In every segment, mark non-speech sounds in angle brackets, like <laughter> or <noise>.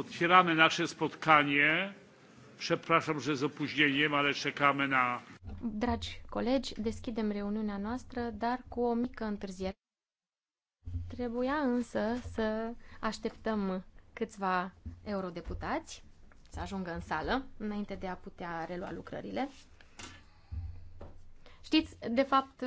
Otwieramy nasze spotkanie. Przepraszam, że z opóźnieniem, ale czekamy na... Dragi colegi, deschidem reuniunea noastră, dar cu o mică întârziere. Trebuia însă să așteptăm câțiva eurodeputați să ajungă în sală, înainte de a putea relua lucrările. Știți, de fapt,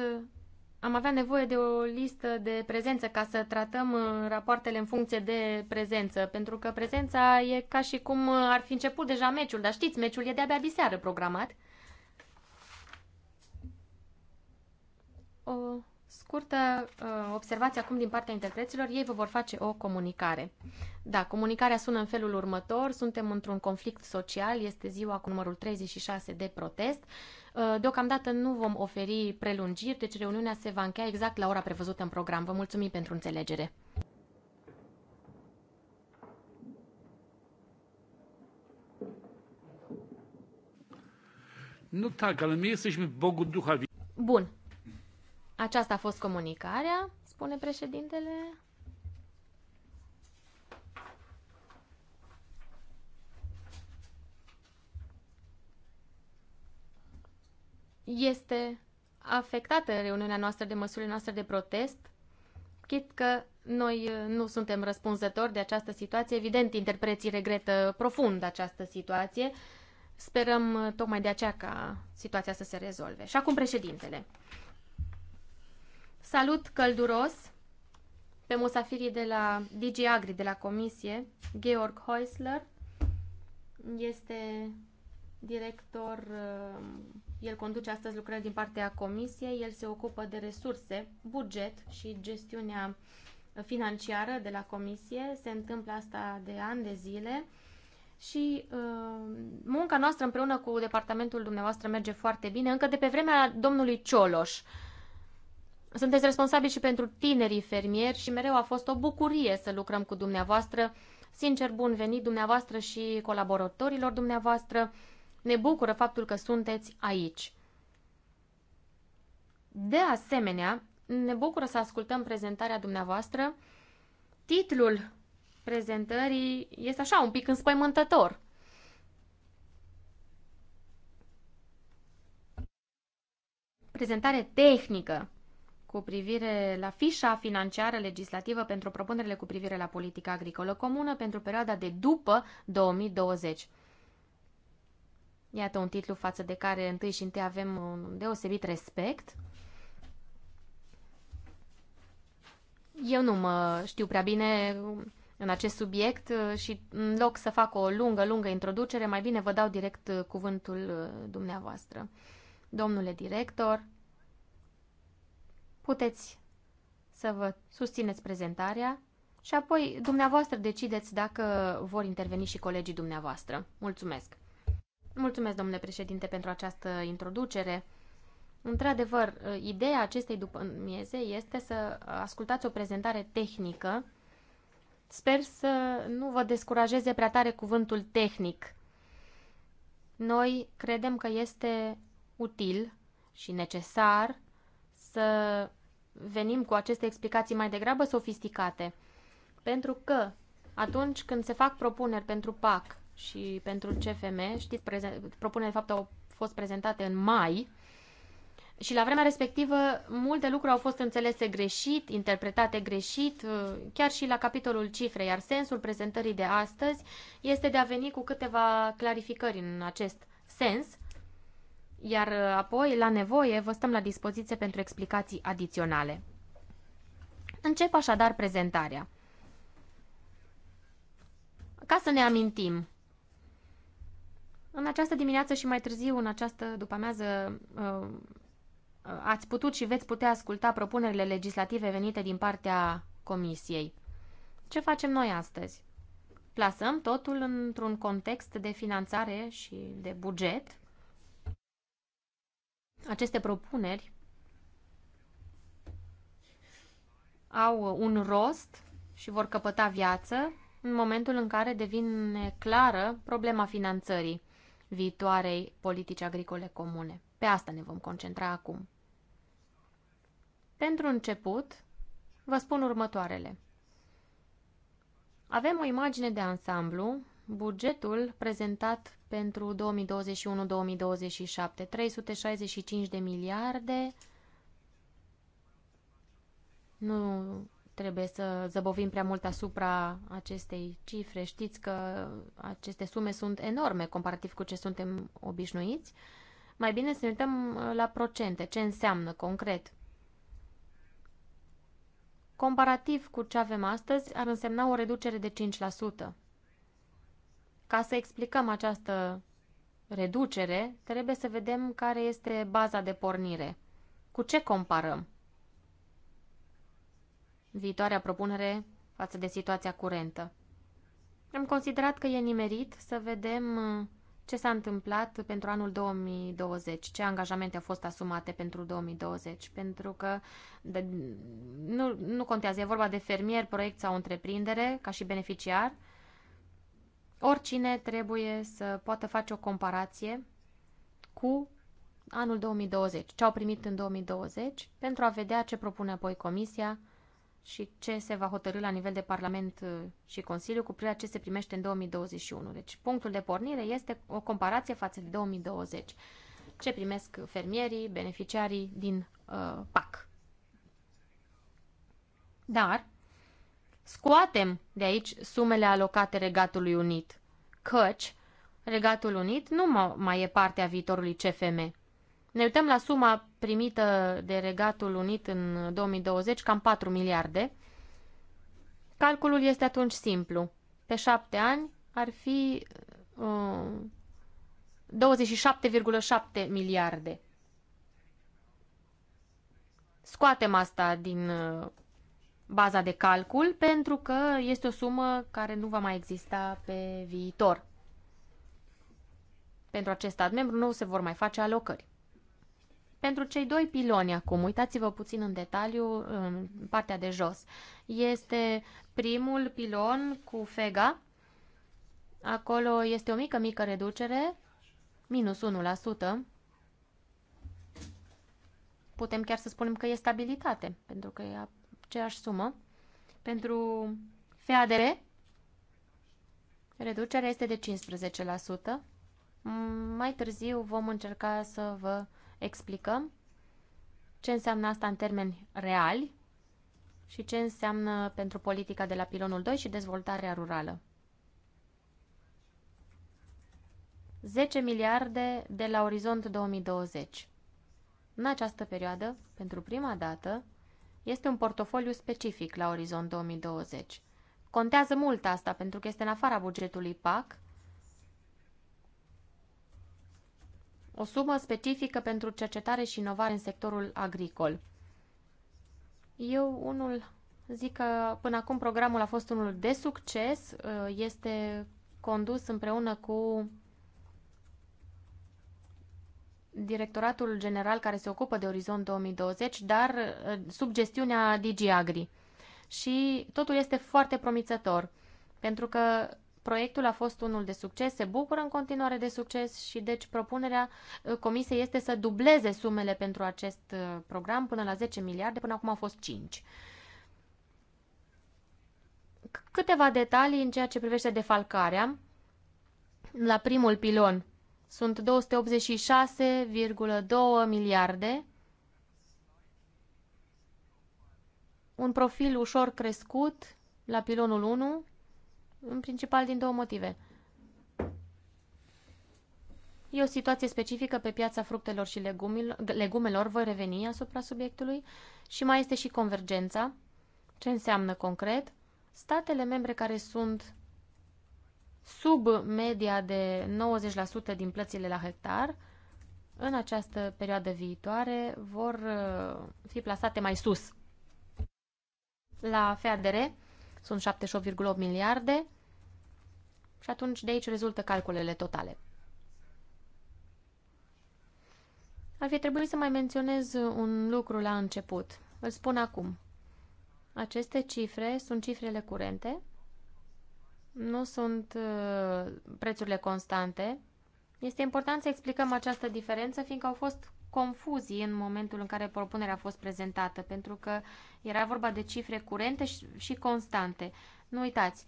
am avea nevoie de o listă de prezență ca să tratăm uh, rapoartele în funcție de prezență, pentru că prezența e ca și cum uh, ar fi început deja meciul, dar știți, meciul e de-abia diseară programat. O scurtă uh, observație acum din partea interpreților, ei vă vor face o comunicare. Da, comunicarea sună în felul următor, suntem într-un conflict social, este ziua cu numărul 36 de protest, uh, Uh, deocamdată nu vom oferi prelungiri, deci reuniunea se va încheia exact la ora prevăzută în program. Vă mulțumim pentru înțelegere. Nu tak, ale my jesteśmy Bogu ducha. Bun. Aceasta a fost comunicarea, spune președintele. este afectată reuniunea noastră de măsurile noastre de protest, chit că noi uh, nu suntem răspunzători de această situație. Evident, interpreții regretă profund această situație. Sperăm uh, tocmai de aceea ca situația să se rezolve. Și acum președintele. Salut călduros pe musafirii de la DG Agri, de la comisie. Georg Heusler este director uh, el conduce astăzi lucrări din partea Comisiei, el se ocupă de resurse, buget și gestiunea financiară de la Comisie. Se întâmplă asta de ani de zile și uh, munca noastră împreună cu departamentul dumneavoastră merge foarte bine, încă de pe vremea domnului Cioloș. Sunteți responsabili și pentru tinerii fermieri și mereu a fost o bucurie să lucrăm cu dumneavoastră. Sincer, bun venit dumneavoastră și colaboratorilor dumneavoastră. Ne bucură faptul că sunteți aici. De asemenea, ne bucură să ascultăm prezentarea dumneavoastră. Titlul prezentării este așa, un pic înspăimântător. Prezentare tehnică cu privire la fișa financiară legislativă pentru propunerile cu privire la politica agricolă comună pentru perioada de după 2020. Iată un titlu față de care întâi și întâi avem un deosebit respect. Eu nu mă știu prea bine în acest subiect uh, și în loc să fac o lungă, lungă introducere, mai bine vă dau direct uh, cuvântul uh, dumneavoastră. Domnule director, puteți să vă susțineți prezentarea și apoi dumneavoastră decideți dacă vor interveni și colegii dumneavoastră. Mulțumesc! Mulțumesc, domnule președinte, pentru această introducere. Într-adevăr, ideea acestei după mieze este să ascultați o prezentare tehnică. Sper să nu vă descurajeze prea tare cuvântul tehnic. Noi credem că este util și necesar să venim cu aceste explicații mai degrabă sofisticate. Pentru că atunci când se fac propuneri pentru PAC și pentru CFM, știți, propunerea de fapt au fost prezentate în mai și la vremea respectivă multe lucruri au fost înțelese greșit, interpretate greșit, chiar și la capitolul cifre, iar sensul prezentării de astăzi este de a veni cu câteva clarificări în acest sens, iar uh, apoi, la nevoie, vă stăm la dispoziție pentru explicații adiționale. Încep așadar prezentarea. Ca să ne amintim, în această dimineață și mai târziu, în această după-amiază, uh, ați putut și veți putea asculta propunerile legislative venite din partea Comisiei. Ce facem noi astăzi? Plasăm totul într-un context de finanțare și de buget. Aceste propuneri au un rost și vor căpăta viață în momentul în care devine clară problema finanțării viitoarei politici agricole comune. Pe asta ne vom concentra acum. Pentru început, vă spun următoarele. Avem o imagine de ansamblu, bugetul prezentat pentru 2021-2027, 365 de miliarde, nu trebuie să zăbovim prea mult asupra acestei cifre. Știți că aceste sume sunt enorme comparativ cu ce suntem obișnuiți. Mai bine să ne uităm uh, la procente, ce înseamnă concret. Comparativ cu ce avem astăzi, ar însemna o reducere de 5%. Ca să explicăm această reducere, trebuie să vedem care este baza de pornire. Cu ce comparăm? viitoarea propunere față de situația curentă. Am considerat că e nimerit să vedem uh, ce s-a întâmplat pentru anul 2020, ce angajamente au fost asumate pentru 2020, pentru că de, nu, nu contează, e vorba de fermier, proiect sau întreprindere, ca și beneficiar. Oricine trebuie să poată face o comparație cu anul 2020, ce au primit în 2020, pentru a vedea ce propune apoi Comisia și ce se va hotărâ la nivel de Parlament uh, și Consiliu cu privire la ce se primește în 2021. Deci punctul de pornire este o comparație față de 2020. Ce primesc fermierii, beneficiarii din uh, PAC. Dar scoatem de aici sumele alocate Regatului Unit, căci Regatul Unit nu mai e parte a viitorului CFM ne uităm la suma primită de Regatul Unit în 2020, cam 4 miliarde, calculul este atunci simplu. Pe 7 ani ar fi uh, 27,7 miliarde. Scoatem asta din uh, baza de calcul pentru că este o sumă care nu va mai exista pe viitor. Pentru acest stat membru nu se vor mai face alocări. Pentru cei doi piloni acum, uitați-vă puțin în detaliu în partea de jos. Este primul pilon cu FEGA. Acolo este o mică, mică reducere, minus 1%. Putem chiar să spunem că e stabilitate, pentru că e aceeași sumă. Pentru FADR, reducerea este de 15%. Mai târziu vom încerca să vă explicăm ce înseamnă asta în termeni reali și ce înseamnă pentru politica de la pilonul 2 și dezvoltarea rurală. 10 miliarde de la orizont 2020. În această perioadă, pentru prima dată, este un portofoliu specific la orizont 2020. Contează mult asta pentru că este în afara bugetului PAC o sumă specifică pentru cercetare și inovare în sectorul agricol. Eu unul zic că până acum programul a fost unul de succes, ă, este condus împreună cu directoratul general care se ocupă de Orizont 2020, dar ă, sub gestiunea DigiAgri. Și totul este foarte promițător, pentru că Proiectul a fost unul de succes, se bucură în continuare de succes și deci propunerea uh, comisiei este să dubleze sumele pentru acest uh, program până la 10 miliarde, până acum au fost 5. Câteva detalii în ceea ce privește defalcarea. La primul pilon sunt 286,2 miliarde, un profil ușor crescut la pilonul 1, în principal din două motive. E o situație specifică pe piața fructelor și legumelor, voi reveni asupra subiectului, și mai este și convergența. Ce înseamnă concret? Statele membre care sunt sub media de 90% din plățile la hectar, în această perioadă viitoare vor uh, fi plasate mai sus. La FADR sunt 78,8 miliarde și atunci de aici rezultă calculele totale. Ar fi trebuit să mai menționez un lucru la început. Îl spun acum. Aceste cifre sunt cifrele curente, nu sunt uh, prețurile constante. Este important să explicăm această diferență, fiindcă au fost confuzii în momentul în care propunerea a fost prezentată, pentru că era vorba de cifre curente și constante. Nu uitați,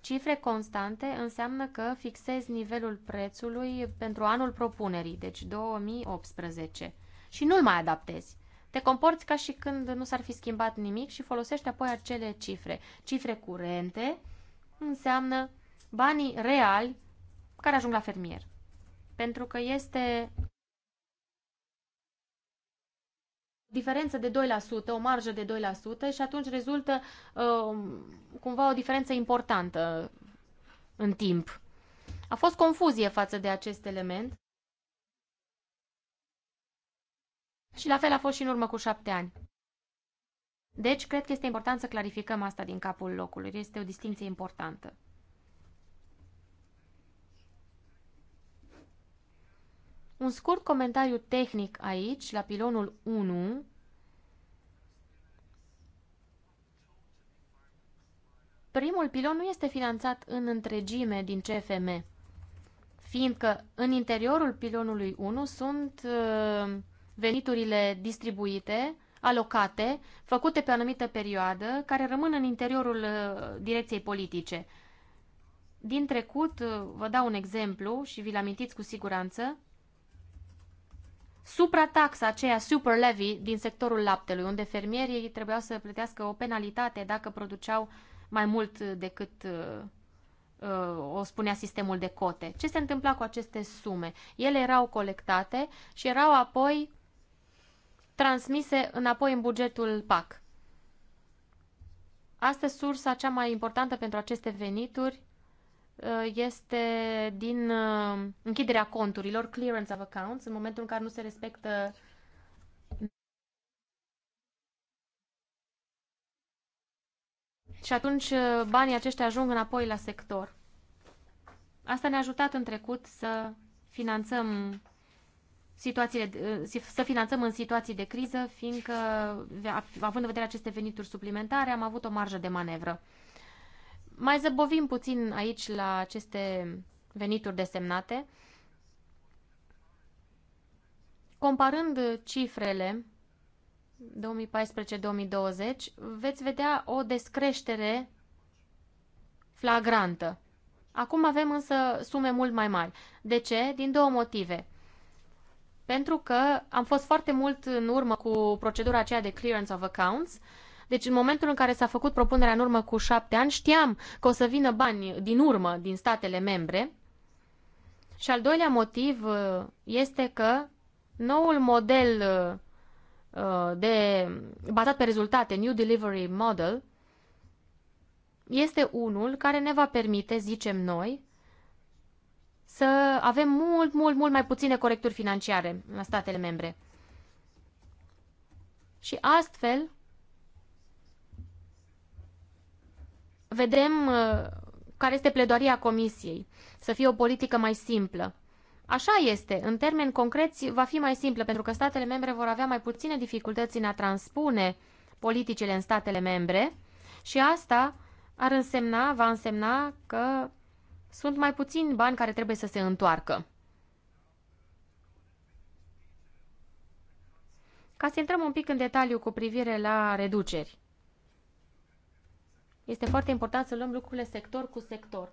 cifre constante înseamnă că fixezi nivelul prețului pentru anul propunerii, deci 2018, și nu-l mai adaptezi. Te comporți ca și când nu s-ar fi schimbat nimic și folosești apoi acele cifre. Cifre curente înseamnă banii reali care ajung la fermier. Pentru că este diferență de 2%, o marjă de 2% și atunci rezultă um, cumva o diferență importantă în timp. A fost confuzie față de acest element și la fel a fost și în urmă cu șapte ani. Deci, cred că este important să clarificăm asta din capul locului. Este o distinție importantă. Un scurt comentariu tehnic aici, la pilonul 1. Primul pilon nu este finanțat în întregime din CFM, fiindcă în interiorul pilonului 1 sunt uh, veniturile distribuite, alocate, făcute pe o anumită perioadă, care rămân în interiorul uh, direcției politice. Din trecut, uh, vă dau un exemplu și vi-l amintiți cu siguranță, suprataxa aceea, super levy, din sectorul laptelui, unde fermierii trebuiau să plătească o penalitate dacă produceau mai mult decât uh, uh, o spunea sistemul de cote. Ce se întâmpla cu aceste sume? Ele erau colectate și erau apoi transmise înapoi în bugetul PAC. Astăzi, sursa cea mai importantă pentru aceste venituri Uh, este din uh, închiderea conturilor, clearance of accounts, în momentul în care nu se respectă și atunci uh, banii aceștia ajung înapoi la sector. Asta ne-a ajutat în trecut să finanțăm situațiile, să finanțăm în situații de criză, fiindcă, având în vedere aceste venituri suplimentare, am avut o marjă de manevră. Mai zăbovim puțin aici la aceste venituri desemnate. Comparând cifrele 2014-2020, veți vedea o descreștere flagrantă. Acum avem însă sume mult mai mari. De ce? Din două motive. Pentru că am fost foarte mult în urmă cu procedura aceea de clearance of accounts, uh, deci în momentul în care s-a făcut propunerea în urmă cu șapte ani, știam că o să vină bani din urmă din statele membre. Și al doilea motiv uh, este că noul model uh, uh, de, bazat pe rezultate, New Delivery Model, este unul care ne va permite, zicem noi, să avem mult, mult, mult mai puține corecturi financiare la statele membre. Și astfel vedem uh, care este pledoaria Comisiei, să fie o politică mai simplă. Așa este, în termeni concreți va fi mai simplă, pentru că statele membre vor avea mai puține dificultăți în a transpune politicile în statele membre și asta ar însemna, va însemna că sunt mai puțini bani care trebuie să se întoarcă. Ca să intrăm un pic în detaliu cu privire la reduceri. Este foarte important să luăm lucrurile sector cu sector.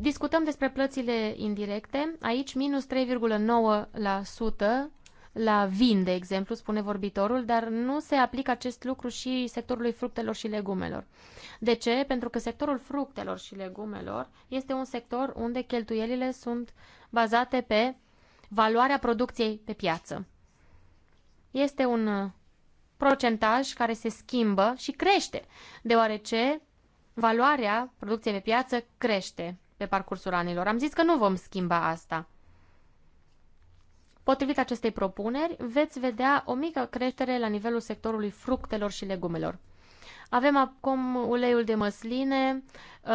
Discutăm despre plățile indirecte. Aici minus 3,9% la vin, de exemplu, spune vorbitorul, dar nu se aplică acest lucru și sectorului fructelor și legumelor. De ce? Pentru că sectorul fructelor și legumelor este un sector unde cheltuielile sunt bazate pe valoarea producției pe piață. Este un uh, procentaj care se schimbă și crește, deoarece valoarea producției pe piață crește pe parcursul anilor. Am zis că nu vom schimba asta. Potrivit acestei propuneri, veți vedea o mică creștere la nivelul sectorului fructelor și legumelor. Avem acum uleiul de măsline, uh,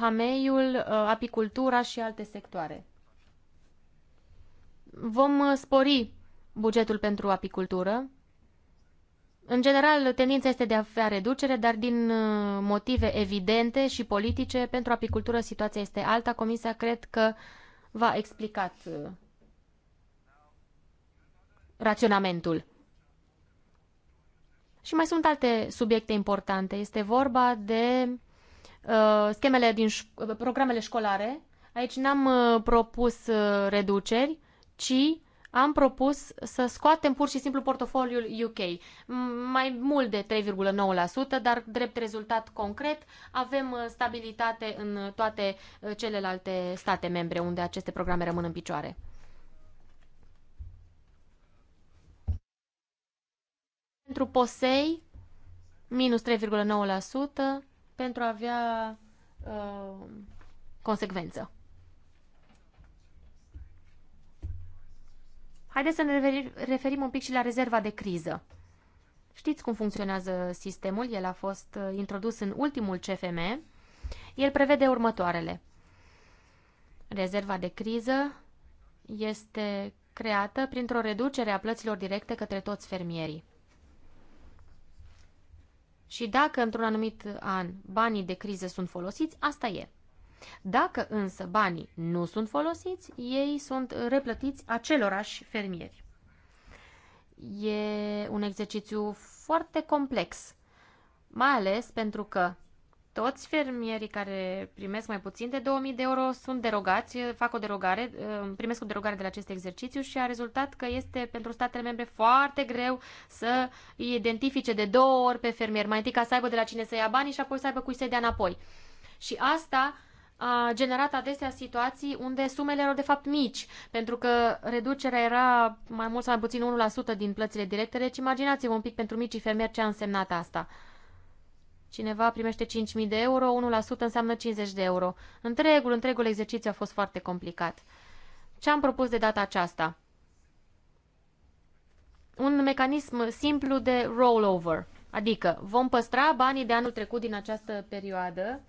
hameiul, uh, apicultura și alte sectoare vom uh, spori bugetul pentru apicultură. În general, tendința este de a avea reducere, dar din uh, motive evidente și politice, pentru apicultură situația este alta. Comisia cred că v-a explicat uh, raționamentul. Și mai sunt alte subiecte importante. Este vorba de uh, schemele din programele școlare. Aici n-am uh, propus uh, reduceri ci am propus să scoatem pur și simplu portofoliul UK. Mai mult de 3,9%, dar drept rezultat concret avem uh, stabilitate în toate uh, celelalte state membre unde aceste programe rămân în picioare. Pentru POSEI, minus 3,9% pentru a avea uh, consecvență. Haideți să ne referim un pic și la rezerva de criză. Știți cum funcționează sistemul, el a fost uh, introdus în ultimul CFM. El prevede următoarele. Rezerva de criză este creată printr-o reducere a plăților directe către toți fermierii. Și dacă într-un anumit an banii de criză sunt folosiți, asta e. Dacă însă banii nu sunt folosiți, ei sunt replătiți acelorași fermieri. E un exercițiu foarte complex, mai ales pentru că toți fermierii care primesc mai puțin de 2000 de euro sunt derogați, fac o derogare, uh, primesc o derogare de la acest exercițiu și a rezultat că este pentru statele membre foarte greu să îi identifice de două ori pe fermier. Mai întâi ca să aibă de la cine să ia banii și apoi să aibă cui să-i dea înapoi. Și asta a generat adesea situații unde sumele erau de fapt mici, pentru că reducerea era mai mult sau mai puțin 1% din plățile directe, deci imaginați-vă un pic pentru micii fermieri ce a însemnat asta. Cineva primește 5.000 de euro, 1% înseamnă 50 de euro. Întregul, întregul exercițiu a fost foarte complicat. Ce am propus de data aceasta? Un mecanism simplu de rollover, adică vom păstra banii de anul trecut din această perioadă,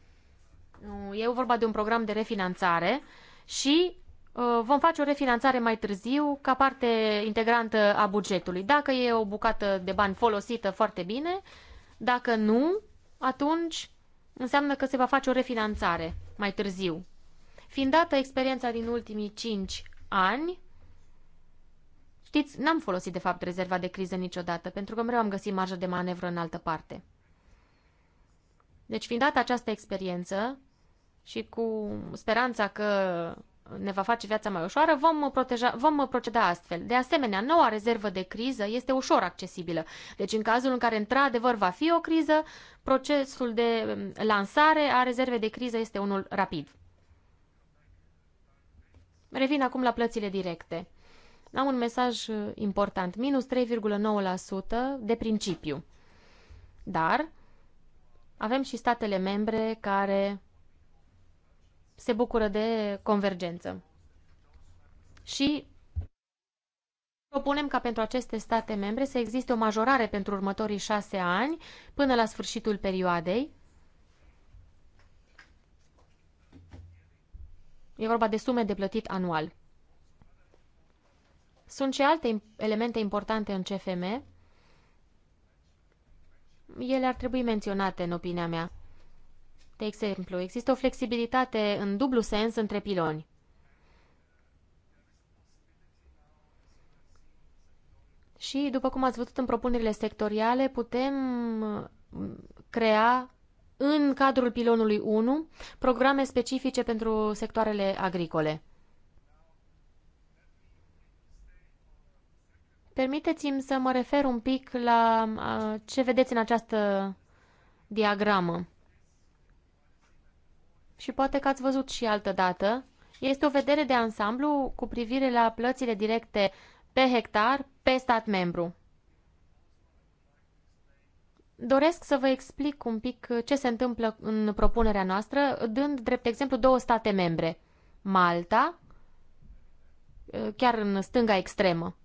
E vorba de un program de refinanțare și uh, vom face o refinanțare mai târziu ca parte integrantă a bugetului. Dacă e o bucată de bani folosită, foarte bine. Dacă nu, atunci înseamnă că se va face o refinanțare mai târziu. Fiind dată experiența din ultimii 5 ani, știți, n-am folosit de fapt rezerva de criză niciodată, pentru că mereu am găsit marjă de manevră în altă parte. Deci, fiind dată această experiență, și cu speranța că ne va face viața mai ușoară, vom, proteja, vom proceda astfel. De asemenea, noua rezervă de criză este ușor accesibilă. Deci, în cazul în care într-adevăr va fi o criză, procesul de mm, lansare a rezervei de criză este unul rapid. Revin acum la plățile directe. Am un mesaj uh, important, minus 3,9% de principiu. Dar avem și statele membre care se bucură de convergență. Și propunem ca pentru aceste state membre să existe o majorare pentru următorii șase ani până la sfârșitul perioadei. E vorba de sume de plătit anual. Sunt și alte elemente importante în CFM. Ele ar trebui menționate, în opinia mea. De exemplu, există o flexibilitate în dublu sens între piloni. Și, după cum ați văzut în propunerile sectoriale, putem mm, crea în cadrul pilonului 1 programe specifice pentru sectoarele agricole. Permiteți-mi să mă refer un pic la ce vedeți în această diagramă și poate că ați văzut și altă dată, este o vedere de ansamblu cu privire la plățile directe pe hectar pe stat membru. Doresc să vă explic un pic ce se întâmplă în propunerea noastră, dând drept exemplu două state membre, Malta, chiar în stânga extremă.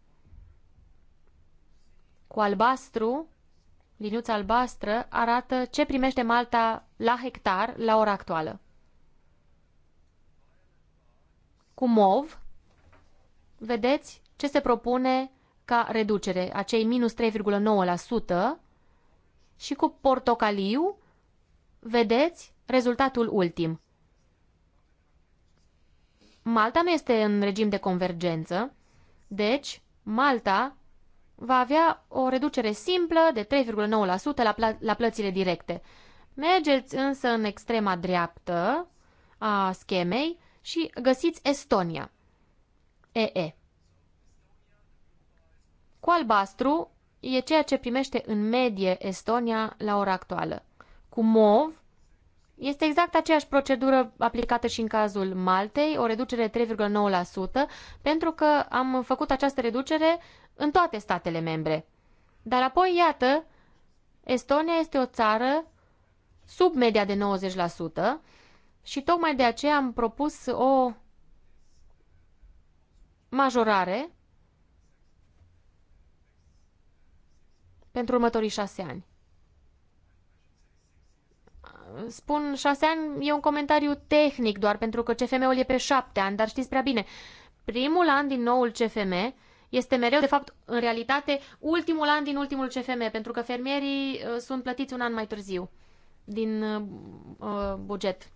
Cu albastru, liniuța albastră arată ce primește Malta la hectar la ora actuală. Cu MOV, vedeți ce se propune ca reducere, acei minus 3,9% și cu portocaliu, vedeți rezultatul ultim. Malta nu este în regim de convergență, deci Malta va avea o reducere simplă de 3,9% la, plă la plățile directe. Mergeți însă în extrema dreaptă a schemei și găsiți Estonia. E E. Cu albastru e ceea ce primește în medie Estonia la ora actuală. Cu mov este exact aceeași procedură aplicată și în cazul Maltei, o reducere 3,9%, pentru că am făcut această reducere în toate statele membre. Dar apoi, iată, Estonia este o țară sub media de 90%, și tocmai de aceea am propus o majorare pentru următorii șase ani. Spun șase ani, e un comentariu tehnic doar, pentru că CFM-ul e pe șapte ani, dar știți prea bine, primul an din noul CFM este mereu, de fapt, în realitate, ultimul an din ultimul CFM, pentru că fermierii uh, sunt plătiți un an mai târziu din uh, uh buget.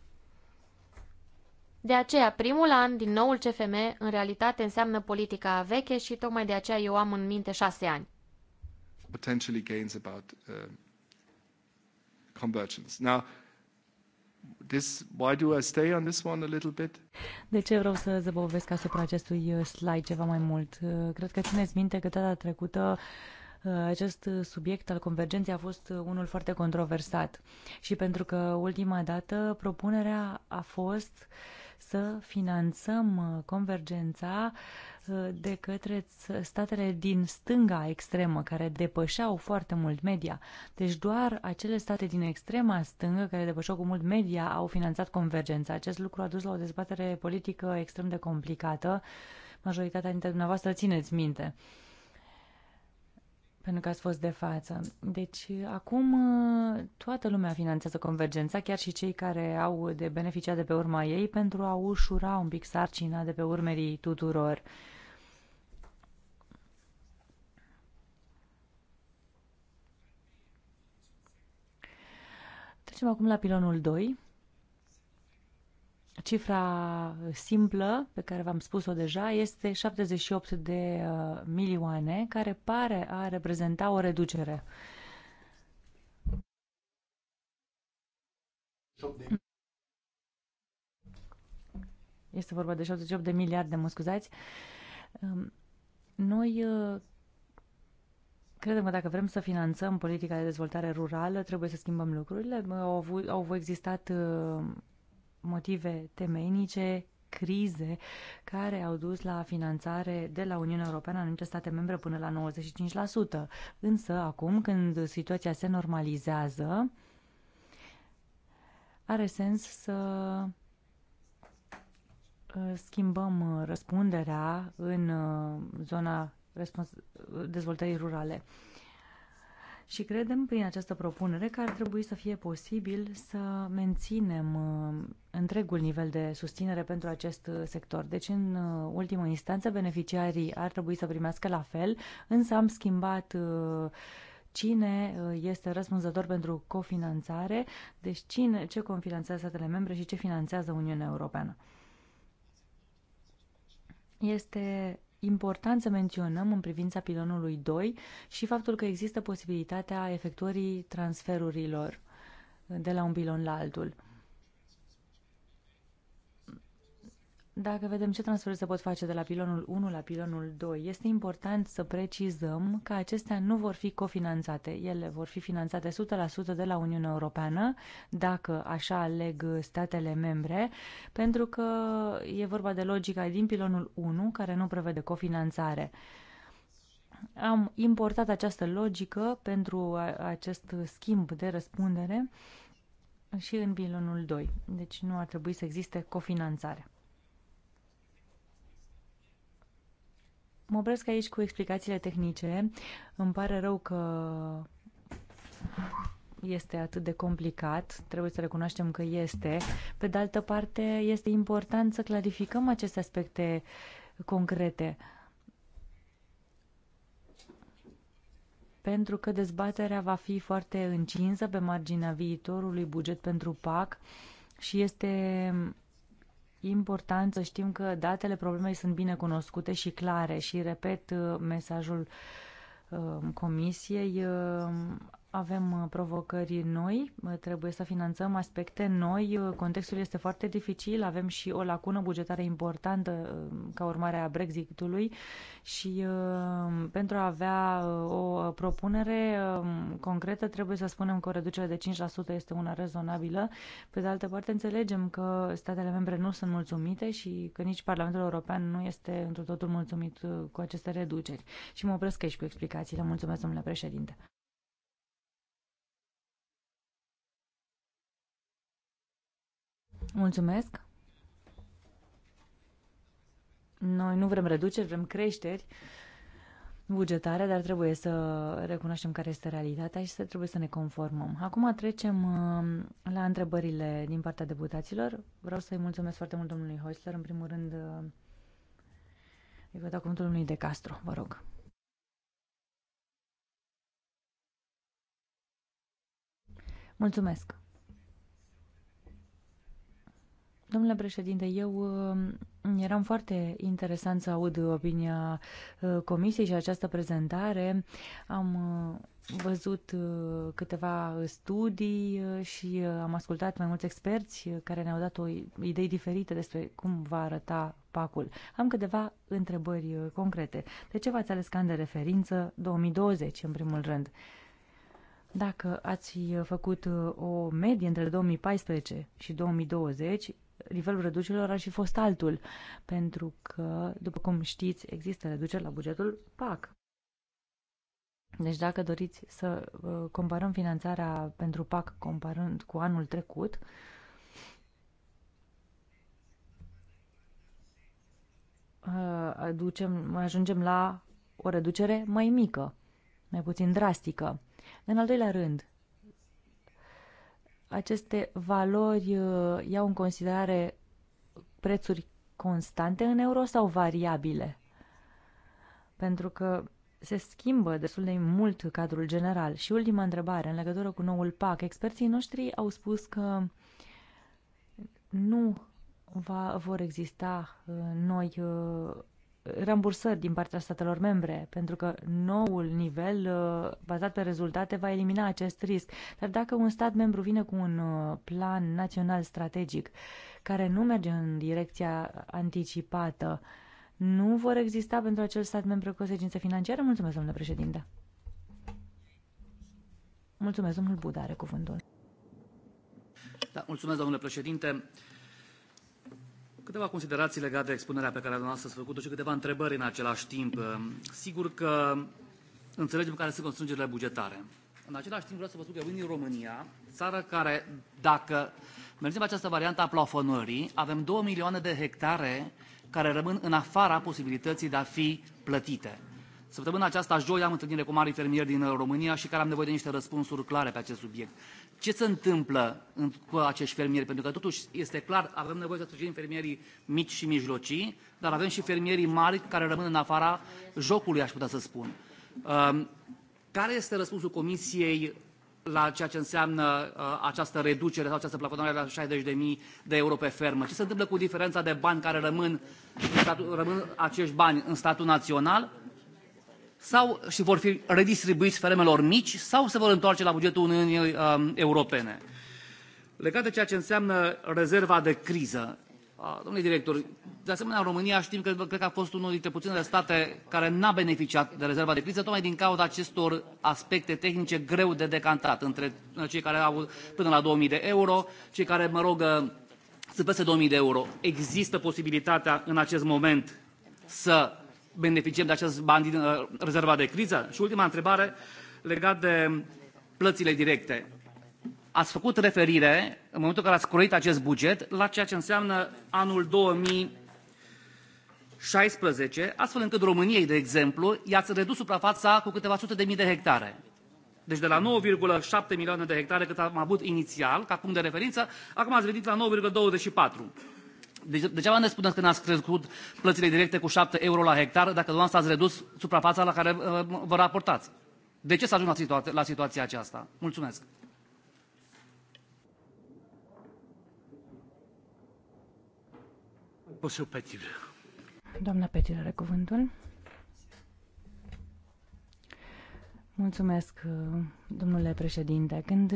De aceea, primul an din noul CFM, în realitate, înseamnă politica veche și tocmai de aceea eu am în minte șase ani. Potentially gains about uh, convergence. Now, This, why do I stay on this one a little bit? De ce vreau să zăbovesc asupra acestui uh, slide ceva mai mult? Uh, cred că țineți minte că data trecută uh, acest subiect al convergenței a fost unul foarte controversat și pentru că ultima dată propunerea a fost uh, să finanțăm uh, convergența uh, de către statele din stânga extremă, care depășeau foarte mult media. Deci doar acele state din extrema stângă, care depășeau cu mult media, au finanțat convergența. Acest lucru a dus la o dezbatere politică extrem de complicată. Majoritatea dintre dumneavoastră țineți minte pentru că ați fost de față. Deci, acum toată lumea finanțează convergența, chiar și cei care au de beneficiat de pe urma ei, pentru a ușura un pic sarcina de pe urmerii tuturor. Trecem acum la pilonul 2. Cifra simplă pe care v-am spus-o deja este 78 de uh, milioane, care pare a reprezenta o reducere. Este vorba de 78 de miliarde, mă scuzați. Um, noi uh, credem că dacă vrem să finanțăm politica de dezvoltare rurală, trebuie să schimbăm lucrurile. Au, avut, au existat uh, motive temeinice, crize care au dus la finanțare de la Uniunea Europeană în anumite state membre până la 95%. Însă acum, când situația se normalizează, are sens să uh, schimbăm uh, răspunderea în uh, zona dezvoltării rurale. Uh, și credem prin această propunere că ar trebui să fie posibil să menținem uh, întregul nivel de susținere pentru acest uh, sector. Deci, în uh, ultimă instanță, beneficiarii ar trebui să primească la fel, însă am schimbat cine este răspunzător pentru cofinanțare, deci cine, ce cofinanțează statele membre și ce finanțează Uniunea Europeană. Este important să menționăm în privința pilonului 2 și faptul că există posibilitatea efectuării transferurilor de la un pilon la altul. Dacă vedem ce transferuri se pot face de la pilonul 1 la pilonul 2, este important să precizăm că acestea nu vor fi cofinanțate. Ele vor fi finanțate 100% de la Uniunea Europeană, dacă așa aleg statele membre, pentru că e vorba de logica din pilonul 1, care nu prevede cofinanțare. Am importat această logică pentru acest schimb de răspundere și în pilonul 2. Deci nu ar trebui să existe cofinanțare. Mă opresc aici cu explicațiile tehnice. Îmi pare rău că este atât de complicat, trebuie să recunoaștem că este. Pe de altă parte, este important să clarificăm aceste aspecte concrete. Pentru că dezbaterea va fi foarte încinsă pe marginea viitorului buget pentru PAC și este important să știm că datele problemei sunt bine cunoscute și clare și repet mesajul uh, Comisiei uh, avem uh, provocări noi, uh, trebuie să finanțăm aspecte noi, uh, contextul este foarte dificil, avem și o lacună bugetară importantă ca urmare a Brexitului și pentru a avea o propunere um, concretă trebuie să spunem că o reducere de 5% este una rezonabilă. Pe de altă parte înțelegem că statele membre nu sunt mulțumite și că nici Parlamentul European nu este într totul mulțumit cu aceste reduceri. Și mă opresc aici cu explicațiile. Mulțumesc, domnule președinte. Mulțumesc. Noi nu vrem reduceri, vrem creșteri bugetare, dar trebuie să recunoaștem care este realitatea și să trebuie să ne conformăm. Acum trecem uh, la întrebările din partea deputaților. Vreau să-i mulțumesc foarte mult domnului Hoistler. În primul rând, uh, îi vă dau cuvântul domnului De Castro, vă rog. Mulțumesc. Domnule președinte, eu um, eram foarte interesant să aud opinia uh, comisiei și această prezentare. Am uh, văzut uh, câteva studii și am ascultat mai mulți experți care ne-au dat o idei diferite despre cum va arăta pacul. Am câteva întrebări concrete. De ce v-ați ales ca de referință 2020, în primul rând? Dacă ați făcut o medie între 2014 și 2020, nivelul reducerilor ar fi fost altul, pentru că, după cum știți, există reduceri la bugetul PAC. Deci dacă doriți să uh, comparăm finanțarea pentru PAC comparând cu anul trecut, uh, aducem, ajungem la o reducere mai mică, mai puțin drastică. În al doilea rând, aceste valori uh, iau în considerare prețuri constante în euro sau variabile? Pentru că se schimbă destul de mult cadrul general. Și ultima întrebare, în legătură cu noul PAC, experții noștri au spus că nu va, vor exista uh, noi uh, rambursări din partea statelor membre, pentru că noul nivel uh, bazat pe rezultate va elimina acest risc. Dar dacă un stat membru vine cu un uh, plan național strategic care nu merge în direcția anticipată, nu vor exista pentru acel stat membru consecințe financiare? Mulțumesc, domnule președinte. Mulțumesc, domnul Buda are cuvântul. Da, mulțumesc, domnule președinte. Câteva considerații legate de expunerea pe care dumneavoastră ați făcut-o și câteva întrebări în același timp. Sigur că înțelegem care sunt constrângerile bugetare. În același timp vreau să vă spun că în România, țară care, dacă mergem această variantă a plafonării, avem 2 milioane de hectare care rămân în afara posibilității de a fi plătite. Săptămâna aceasta, joi, am întâlnire cu mari fermieri din România și care am nevoie de niște răspunsuri clare pe acest subiect ce se întâmplă cu acești fermieri? Pentru că totuși este clar, avem nevoie să sprijinim fermierii mici și mijlocii, dar avem și fermierii mari care rămân în afara jocului, aș putea să spun. Um, care este răspunsul Comisiei la ceea ce înseamnă uh, această reducere sau această plafonare la 60.000 de euro pe fermă? Ce se întâmplă cu diferența de bani care rămân, în statul, rămân acești bani în statul național sau și vor fi redistribuiți fermelor mici sau se vor întoarce la bugetul Uniunii um, Europene. Legat de ceea ce înseamnă rezerva de criză, Domnule director, de asemenea, în România știm că cred că a fost unul dintre puținele state care n-a beneficiat de rezerva de criză, tocmai din cauza acestor aspecte tehnice greu de decantat între uh, cei care au până la 2000 de euro, cei care, mă rog, uh, sunt peste 2000 de euro. Există posibilitatea în acest moment să beneficiem de acest bani din uh, rezerva de criză? Și ultima întrebare legat de plățile directe. Ați făcut referire, în momentul în care ați croit acest buget, la ceea ce înseamnă anul 2016. astfel încât României, de exemplu, i-ați redus suprafața cu câteva sute de mii de hectare. Deci de la 9,7 milioane de hectare cât am avut inițial, ca punct de referință, acum ați venit la 9,24. Degeaba deci, ne spuneți că ne-ați crescut plățile directe cu 7 euro la hectar dacă dumneavoastră ați redus suprafața la care uh, vă raportați. De ce s-a ajuns la, situa- la situația aceasta? Mulțumesc! Posul Petir. Doamna Petir are cuvântul. Mulțumesc, domnule președinte. Când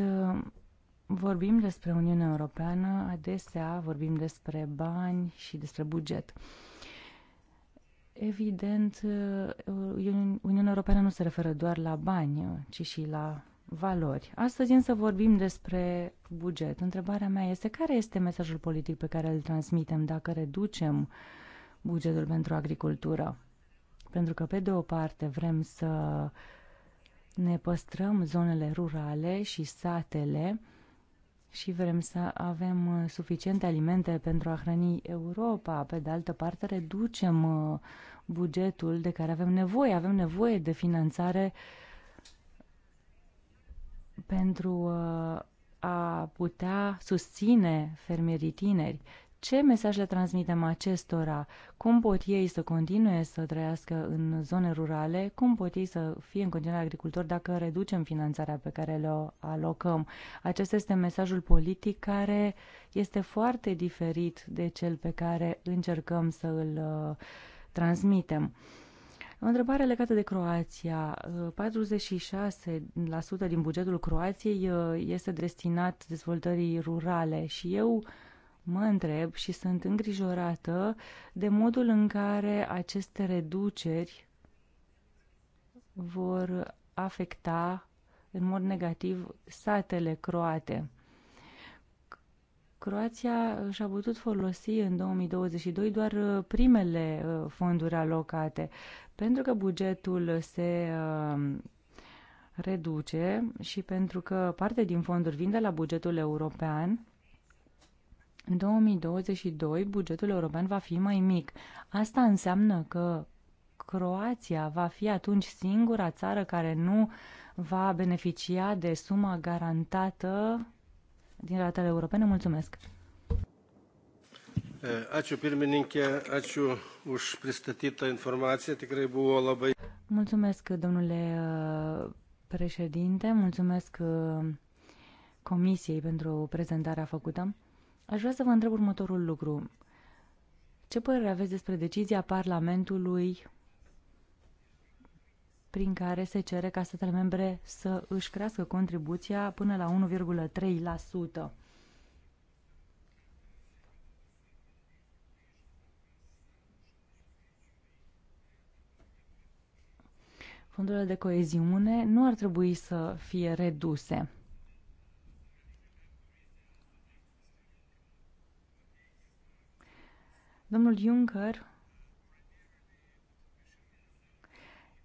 Vorbim despre Uniunea Europeană, adesea vorbim despre bani și despre buget. Evident, eh, Uniunea Europeană nu se referă doar la bani, ci și la valori. Astăzi însă vorbim despre buget. Întrebarea mea este care este mesajul politic pe care îl transmitem dacă reducem bugetul pentru agricultură? Pentru că, pe de o parte, vrem să ne păstrăm zonele rurale și satele, și vrem să avem uh, suficiente alimente pentru a hrăni Europa. Pe de altă parte, reducem uh, bugetul de care avem nevoie. Avem nevoie de finanțare pentru uh, a putea susține fermierii tineri ce mesaj le transmitem acestora? Cum pot ei să continue să trăiască în zone rurale? Cum pot ei să fie în continuare agricultori dacă reducem finanțarea pe care le alocăm? Acesta este mesajul politic care este foarte diferit de cel pe care încercăm să îl uh, transmitem. O întrebare legată de Croația. 46% din bugetul Croației uh, este destinat dezvoltării rurale și eu mă întreb și sunt îngrijorată de modul în care aceste reduceri vor afecta în mod negativ satele croate. Croația și-a putut folosi în 2022 doar uh, primele uh, fonduri alocate, pentru că bugetul se uh, reduce și pentru că parte din fonduri vin de la bugetul european, în 2022 bugetul european va fi mai mic. Asta înseamnă că Croația va fi atunci singura țară care nu va beneficia de suma garantată din ratele europene. Mulțumesc! Ačiū pirmininkė, ačiū už pristatytą informaciją, tikrai buvo labai. Mulțumesc, domnule președinte, mulțumesc comisiei pentru prezentarea făcută. Aș vrea să vă întreb următorul lucru. Ce părere aveți despre decizia Parlamentului prin care se cere ca statele membre să își crească contribuția până la 1,3%? Fondurile de coeziune nu ar trebui să fie reduse. Domnul Juncker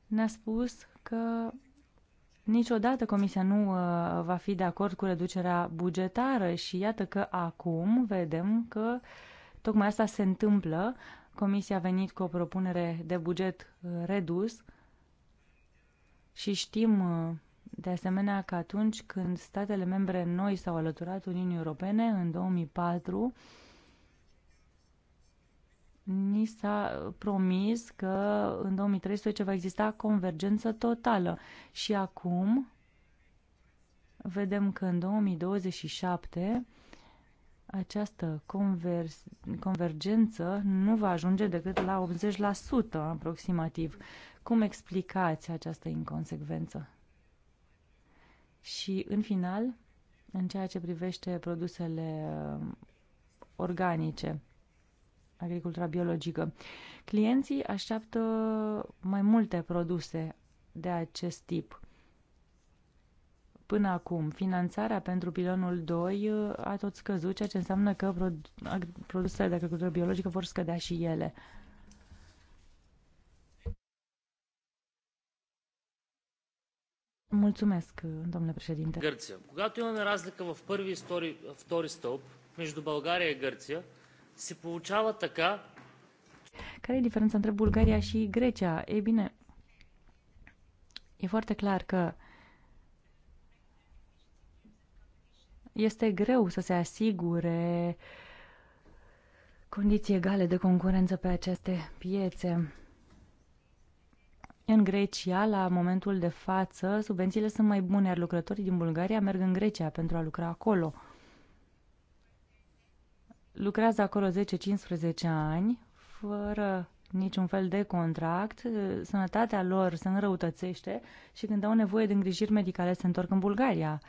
ne-a spus că niciodată Comisia nu uh, va fi de acord cu reducerea bugetară și iată că acum vedem că tocmai asta se întâmplă. Comisia a venit cu o propunere de buget uh, redus și știm uh, de asemenea că atunci când statele membre noi s-au alăturat Uniunii Europene în 2004, ni s-a promis că în 2013 va exista convergență totală și acum vedem că în 2027 această conver- convergență nu va ajunge decât la 80% aproximativ. Cum explicați această inconsecvență? Și în final, în ceea ce privește produsele uh, organice, agricultura biologică. Clienții așteaptă mai multe produse de acest tip. Până acum, finanțarea pentru pilonul 2 a tot scăzut, ceea ce înseamnă că produsele de agricultură biologică vor scădea și ele. Mulțumesc, domnule președinte. Гърция. Когато имаме разлика în първи и втори, stori stop, между България и Гърция, se получава така. Care e diferența între Bulgaria și Grecia? Ei bine, e foarte clar că este greu să se asigure condiții egale de concurență pe aceste piețe. În Grecia, la momentul de față, subvențiile sunt mai bune, iar lucrătorii din Bulgaria merg în Grecia pentru a lucra acolo lucrează acolo 10-15 ani, fără niciun fel de contract, sănătatea lor se înrăutățește și când au nevoie de îngrijiri medicale se întorc în Bulgaria,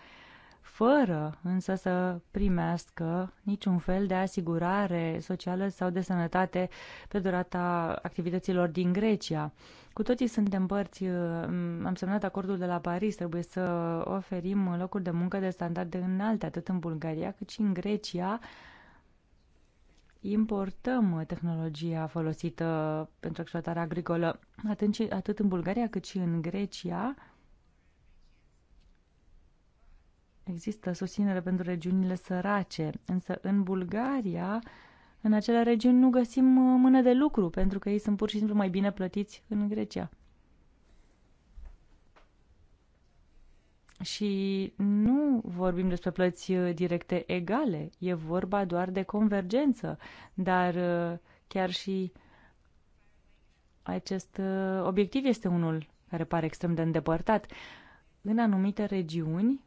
fără însă să primească niciun fel de asigurare socială sau de sănătate pe durata activităților din Grecia. Cu toții suntem părți, mm, am semnat acordul de la Paris, trebuie să oferim locuri de muncă de standarde înalte, atât în Bulgaria cât și în Grecia, importăm tehnologia folosită pentru exploatarea agricolă atât în Bulgaria cât și în Grecia. Există susținere pentru regiunile sărace, însă în Bulgaria, în acele regiuni, nu găsim mână de lucru, pentru că ei sunt pur și simplu mai bine plătiți în Grecia. și nu vorbim despre plăți uh, directe egale, e vorba doar de convergență, dar uh, chiar și acest uh, obiectiv este unul care pare extrem de îndepărtat. În anumite regiuni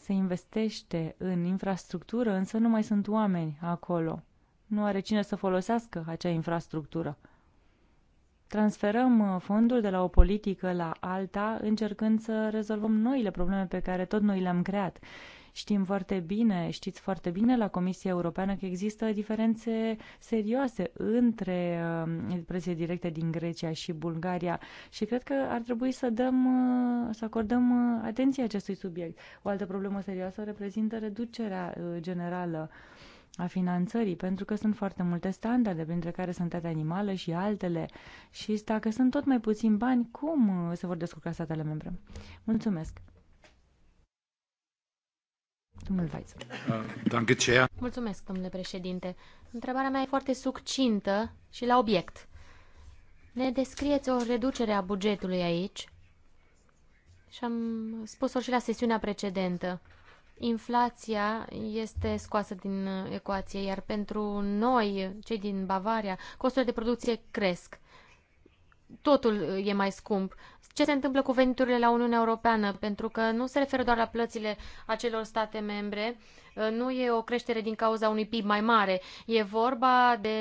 se investește în infrastructură, însă nu mai sunt oameni acolo. Nu are cine să folosească acea infrastructură transferăm uh, fondul de la o politică la alta, încercând să rezolvăm noile probleme pe care tot noi le-am creat. Știm foarte bine, știți foarte bine la Comisia Europeană că există diferențe serioase între uh, presie directe din Grecia și Bulgaria și cred că ar trebui să dăm, uh, să acordăm atenție acestui subiect. O altă problemă serioasă reprezintă reducerea generală uh, a finanțării, pentru că sunt foarte multe standarde, printre care sănătatea animală și altele. Și dacă sunt tot mai puțini bani, cum uh, se vor descurca statele membre? Mulțumesc! Domnul Weiz. Uh, Mulțumesc, domnule președinte. Întrebarea mea e foarte succintă și la obiect. Ne descrieți o reducere a bugetului aici și am spus-o și la sesiunea precedentă inflația este scoasă din uh, ecuație, iar pentru noi, cei din Bavaria, costurile de producție cresc. Totul uh, e mai scump. Ce se întâmplă cu veniturile la Uniunea Europeană? Pentru că nu se referă doar la plățile acelor state membre, uh, nu e o creștere din cauza unui PIB mai mare. E vorba de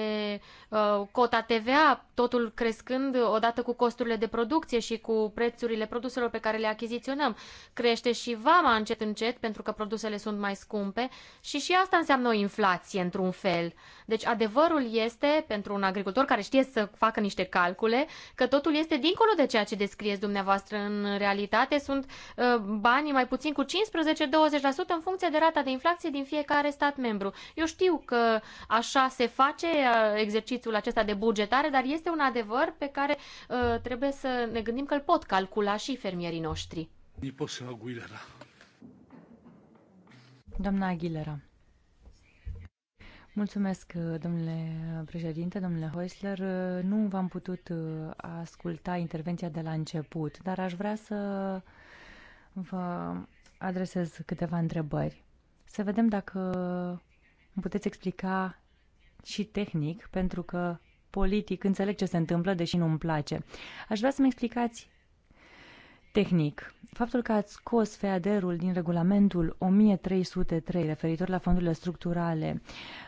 uh, cota TVA, totul crescând odată cu costurile de producție și cu prețurile produselor pe care le achiziționăm. Crește și vama încet încet pentru că produsele sunt mai scumpe și și asta înseamnă o inflație într-un fel. Deci adevărul este, pentru un agricultor care știe să facă niște calcule, că totul este dincolo de ceea ce descrieți dumneavoastră în realitate. Sunt uh, banii mai puțin cu 15-20% în funcție de rata de inflație situație din fiecare stat membru. Eu știu că așa se face uh, exercițiul acesta de bugetare, dar este un adevăr pe care uh, trebuie să ne gândim că îl pot calcula și fermierii noștri. Aguilera. Doamna Aguilera. Mulțumesc, uh, domnule președinte, domnule Heusler. Uh, nu v-am putut asculta intervenția de la început, dar aș vrea să vă adresez câteva întrebări. Să vedem dacă îmi puteți explica și tehnic, pentru că politic înțeleg ce se întâmplă, deși nu îmi place. Aș vrea să-mi explicați tehnic. Faptul că ați scos FEADER-ul din regulamentul 1303 referitor la fondurile structurale,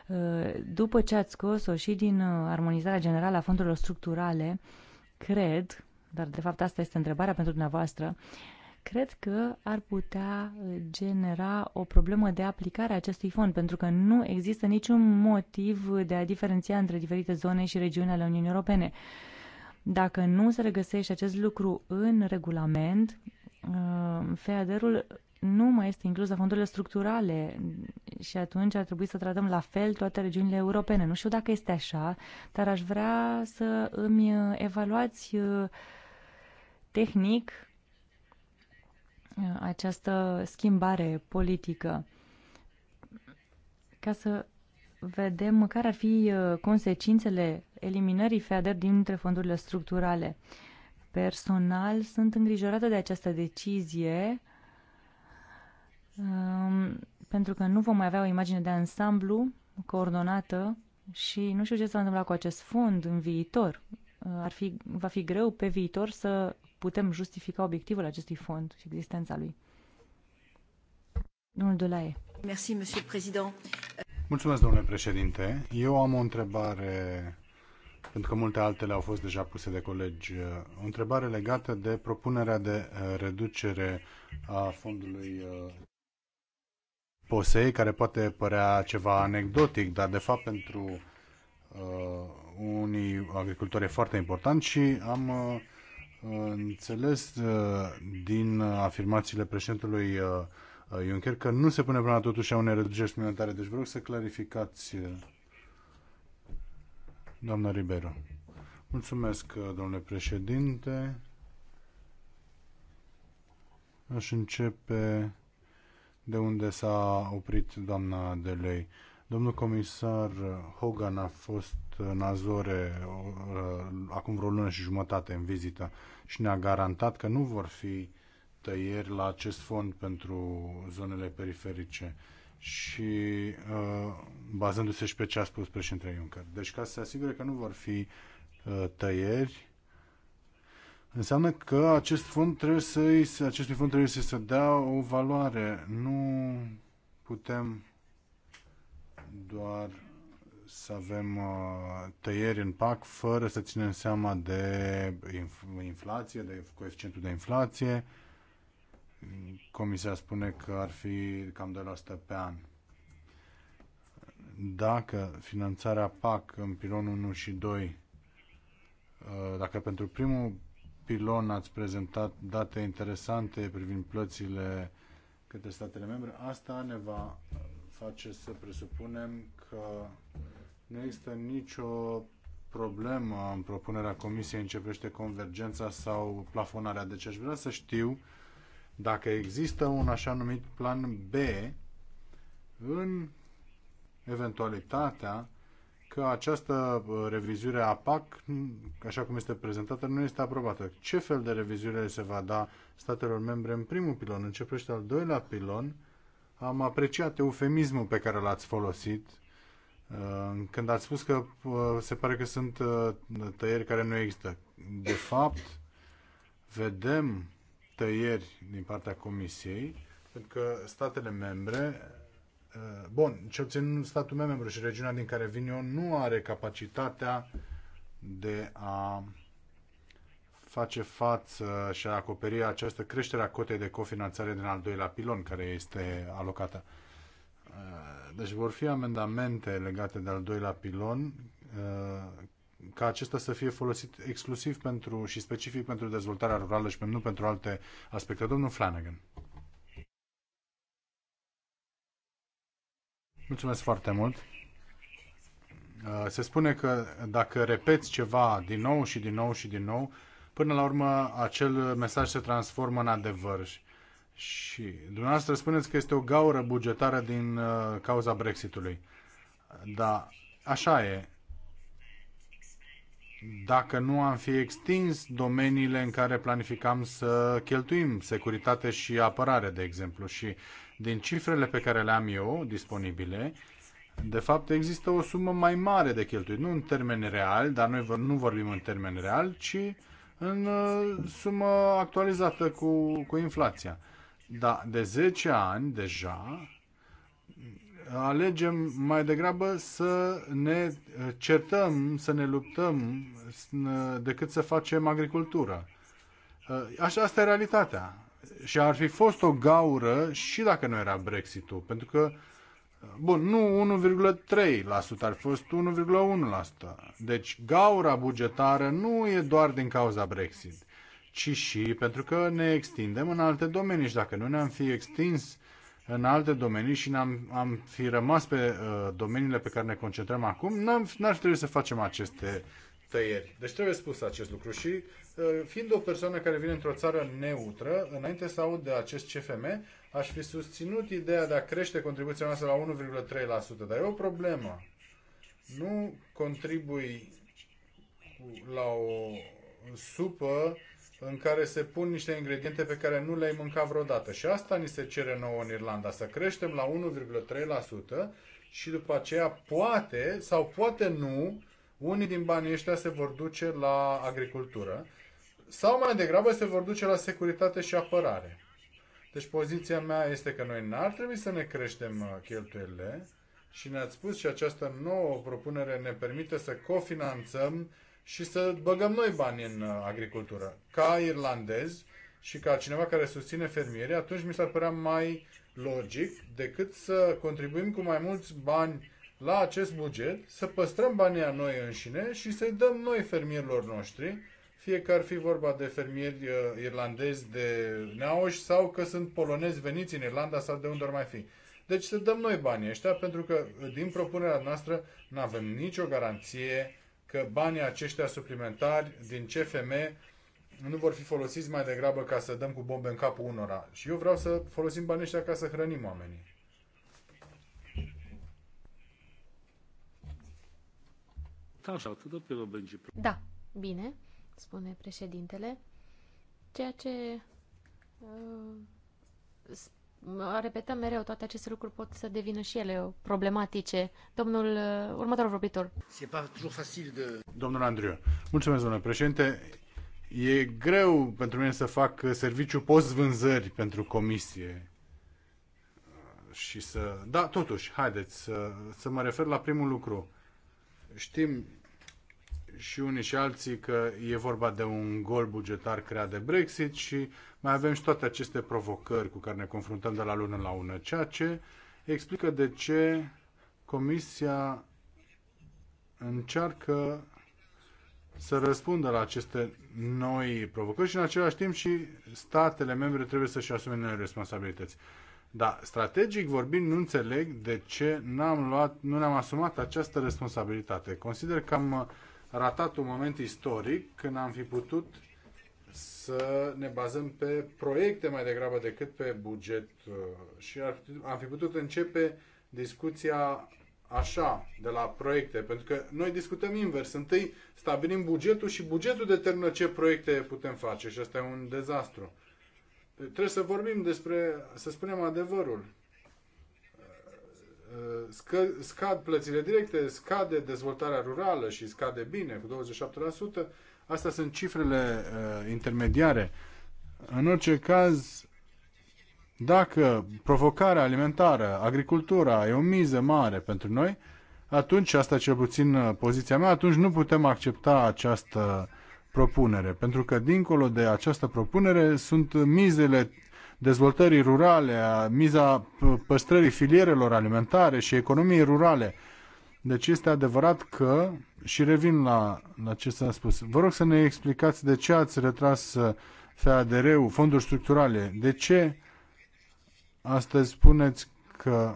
uh, după ce ați scos-o și din uh, armonizarea generală a fondurilor structurale, cred, dar de fapt asta este întrebarea pentru dumneavoastră, cred că ar putea uh, genera o problemă de aplicare a acestui fond, pentru că nu există niciun motiv de a diferenția între diferite zone și regiuni ale Uniunii Europene. Dacă nu se regăsește acest lucru în regulament, uh, FEADER-ul nu mai este inclus la fondurile structurale și atunci ar trebui să tratăm la fel toate regiunile europene. Nu știu dacă este așa, dar aș vrea să îmi evaluați uh, tehnic această schimbare politică ca să vedem care ar fi uh, consecințele eliminării FEADER dintre fondurile structurale. Personal sunt îngrijorată de această decizie um, pentru că nu vom mai avea o imagine de ansamblu coordonată și nu știu ce se a întâmplat cu acest fond în viitor. Uh, ar fi, va fi greu pe viitor să putem justifica obiectivul acestui fond și existența lui. Domnul Dolae. Merci, monsieur président. Mulțumesc, domnule președinte. Eu am o întrebare, pentru că multe altele au fost deja puse de colegi, o întrebare legată de propunerea de uh, reducere a fondului uh, POSEI, care poate părea ceva anecdotic, dar de fapt pentru uh, unii agricultori e foarte important și am uh, înțeles uh, din afirmațiile președintelui uh, uh, Juncker că nu se pune problema totuși a unei reduceri suplimentare. Deci vreau să clarificați, doamna Ribeiro. Mulțumesc, domnule președinte. Aș începe de unde s-a oprit doamna Delei. Domnul comisar Hogan a fost în Azore uh, acum vreo lună și jumătate în vizită și ne-a garantat că nu vor fi tăieri la acest fond pentru zonele periferice și uh, bazându-se și pe ce a spus președintele Juncker. Deci ca să se asigure că nu vor fi uh, tăieri, înseamnă că acest fond trebuie să acestui fond trebuie să se dea o valoare. Nu putem doar să avem uh, tăieri în PAC fără să ținem seama de inflație, de coeficientul de inflație. Comisia spune că ar fi cam 2% pe an. Dacă finanțarea PAC în pilonul 1 și 2, uh, dacă pentru primul pilon ați prezentat date interesante privind plățile către statele membre, asta ne va face să presupunem că nu există nicio problemă în propunerea Comisiei începește convergența sau plafonarea. Deci aș vrea să știu dacă există un așa numit plan B în eventualitatea că această uh, revizuire a PAC, așa cum este prezentată, nu este aprobată. Ce fel de revizuire se va da statelor membre în primul pilon? Începește al doilea pilon am apreciat eufemismul pe care l-ați folosit uh, când ați spus că uh, se pare că sunt uh, tăieri care nu există. De fapt, vedem tăieri din partea Comisiei, pentru că statele membre, bun, cel puțin statul membru și regiunea din care vin eu, nu are capacitatea de a face față și a acoperi această creștere a cotei de cofinanțare din al doilea pilon care este alocată. Uh, deci vor fi amendamente legate de al doilea pilon uh, ca acesta să fie folosit exclusiv pentru și specific pentru dezvoltarea rurală și nu pentru alte aspecte. Domnul Flanagan. Mulțumesc foarte mult. Uh, se spune că dacă repeți ceva din nou și din nou și din nou, Până la urmă, acel mesaj se transformă în adevăr. Și dumneavoastră spuneți că este o gaură bugetară din uh, cauza Brexitului. Da, așa e. Dacă nu am fi extins domeniile în care planificam să cheltuim securitate și apărare, de exemplu, și din cifrele pe care le am eu disponibile, de fapt există o sumă mai mare de cheltuit, nu în termeni real, dar noi nu vorbim în termeni real, ci în uh, sumă actualizată cu, cu inflația. Dar de 10 ani deja alegem mai degrabă să ne uh, certăm, să ne luptăm uh, decât să facem agricultură. Așa, asta e realitatea. Și ar fi fost o gaură și dacă nu era Brexit-ul, pentru că Bun, nu 1,3%, ar fost 1,1%. Deci gaura bugetară nu e doar din cauza Brexit, ci și pentru că ne extindem în alte domenii și dacă nu ne-am fi extins în alte domenii și ne-am am fi rămas pe uh, domeniile pe care ne concentrăm acum, n n-ar trebui să facem aceste tăieri. Deci trebuie spus acest lucru și fiind o persoană care vine într-o țară neutră, înainte să aud de acest CFM, aș fi susținut ideea de a crește contribuția noastră la 1,3%, dar e o problemă. Nu contribui la o supă în care se pun niște ingrediente pe care nu le-ai mâncat vreodată. Și asta ni se cere nouă în Irlanda, să creștem la 1,3% și după aceea poate sau poate nu, unii din banii ăștia se vor duce la agricultură sau mai degrabă se vor duce la securitate și apărare. Deci poziția mea este că noi n-ar trebui să ne creștem uh, cheltuielile și ne-ați spus și această nouă propunere ne permite să cofinanțăm și să băgăm noi bani în uh, agricultură. Ca irlandez și ca cineva care susține fermierii, atunci mi s-ar părea mai logic decât să contribuim cu mai mulți bani la acest buget, să păstrăm banii a noi înșine și să-i dăm noi fermierilor noștri fie că ar fi vorba de fermieri uh, irlandezi de neauși sau că sunt polonezi veniți în Irlanda sau de unde ar mai fi. Deci să dăm noi banii ăștia pentru că din propunerea noastră nu avem nicio garanție că banii aceștia suplimentari din CFM nu vor fi folosiți mai degrabă ca să dăm cu bombe în capul unora. Și eu vreau să folosim banii ăștia ca să hrănim oamenii. Da, bine spune președintele, ceea ce uh, repetăm mereu, toate aceste lucruri pot să devină și ele problematice. Domnul uh, următorul vorbitor. De... Domnul Andriu, mulțumesc, domnule președinte. E greu pentru mine să fac uh, serviciu post-vânzări pentru comisie uh, și să... Da, totuși, haideți să, să mă refer la primul lucru. Știm și unii și alții că e vorba de un gol bugetar creat de Brexit și mai avem și toate aceste provocări cu care ne confruntăm de la lună la lună, ceea ce explică de ce Comisia încearcă să răspundă la aceste noi provocări și în același timp și statele membre trebuie să-și asume noi responsabilități. Dar strategic vorbind nu înțeleg de ce n-am luat, nu ne-am asumat această responsabilitate. Consider că am ratat un moment istoric când am fi putut să ne bazăm pe proiecte mai degrabă decât pe buget uh, și ar, am fi putut începe discuția așa, de la proiecte, pentru că noi discutăm invers. Întâi stabilim bugetul și bugetul determină ce proiecte putem face și asta e un dezastru. Trebuie să vorbim despre, să spunem adevărul. Uh, scă, scad plățile directe, scade dezvoltarea rurală și scade bine cu 27%. Astea sunt cifrele uh, intermediare. În orice caz, dacă provocarea alimentară, agricultura e o miză mare pentru noi, atunci, asta cel puțin uh, poziția mea, atunci nu putem accepta această propunere, pentru că dincolo de această propunere sunt mizele dezvoltării rurale, a miza păstrării filierelor alimentare și economiei rurale. Deci este adevărat că, și revin la, la ce s-a spus, vă rog să ne explicați de ce ați retras uh, FADR-ul, fonduri structurale, de ce astăzi spuneți că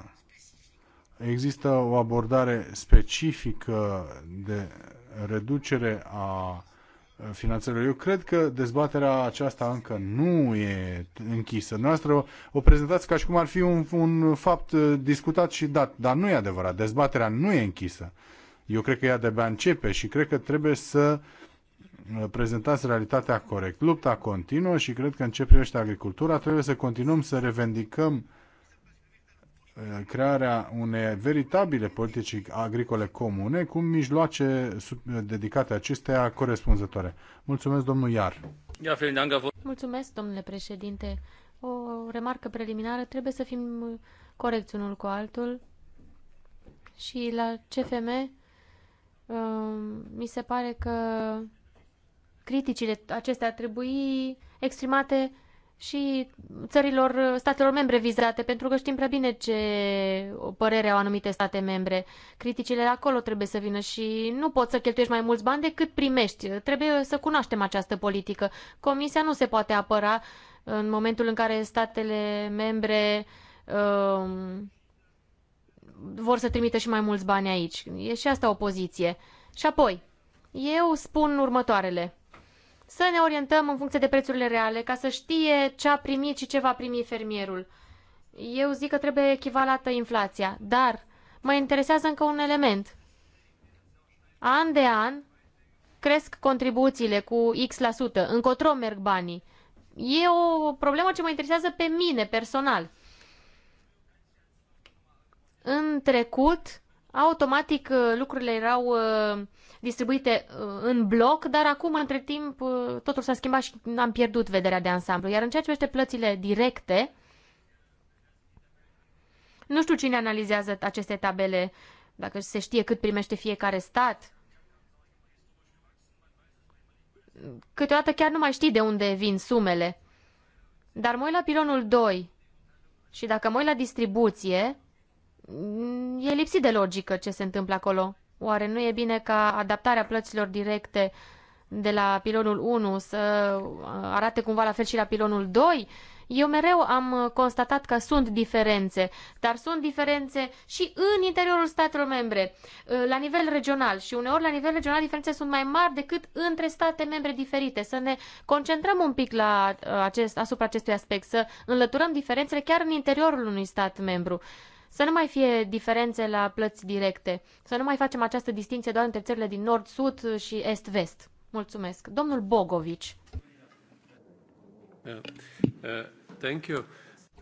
există o abordare specifică de reducere a finanțelor. Eu cred că dezbaterea aceasta încă nu e închisă. Noastră o, o prezentați ca și cum ar fi un, un fapt uh, discutat și dat, dar nu e adevărat. Dezbaterea nu e închisă. Eu cred că ea de-abia începe și cred că trebuie să uh, prezentați realitatea corect. Lupta continuă și cred că în ce privește agricultura trebuie să continuăm să revendicăm uh, Uh, crearea unei veritabile politici agricole comune cu mijloace uh, dedicate acestea corespunzătoare. Mulțumesc, domnul Iar. Mulțumesc, domnule președinte. O remarcă preliminară, trebuie să fim corecți unul cu altul și la CFM uh, mi se pare că criticile acestea ar trebui exprimate și țărilor, statelor membre vizate, pentru că știm prea bine ce părere au anumite state membre. Criticile acolo trebuie să vină și nu poți să cheltuiești mai mulți bani decât primești. Trebuie să cunoaștem această politică. Comisia nu se poate apăra în momentul în care statele membre um, vor să trimită și mai mulți bani aici. E și asta o poziție. Și apoi, eu spun următoarele să ne orientăm în funcție de prețurile reale, ca să știe ce a primit și ce va primi fermierul. Eu zic că trebuie echivalată inflația, dar mă interesează încă un element. An de an cresc contribuțiile cu X%, la sută, încotro merg banii. E o problemă ce mă interesează pe mine personal. În trecut, automatic uh, lucrurile erau uh, distribuite uh, în bloc, dar acum, între timp, uh, totul s-a schimbat și am pierdut vederea de ansamblu. Iar în ceea ce privește plățile directe, nu știu cine analizează aceste tabele, dacă se știe cât primește fiecare stat. Câteodată chiar nu mai știi de unde vin sumele. Dar mă uit la pilonul 2 și dacă mă uit la distribuție, mm, e lipsit de logică ce se întâmplă acolo. Oare nu e bine ca adaptarea plăților directe de la pilonul 1 să uh, arate cumva la fel și la pilonul 2? Eu mereu am uh, constatat că sunt diferențe, dar sunt diferențe și în interiorul statelor membre, uh, la nivel regional și uneori la nivel regional diferențe sunt mai mari decât între state membre diferite. Să ne concentrăm un pic la acest, asupra acestui aspect, să înlăturăm diferențele chiar în interiorul unui stat membru. Să nu mai fie diferențe la plăți directe. Să nu mai facem această distinție doar între țările din nord-sud și est-vest. Mulțumesc. Domnul Bogovici. Uh, thank you.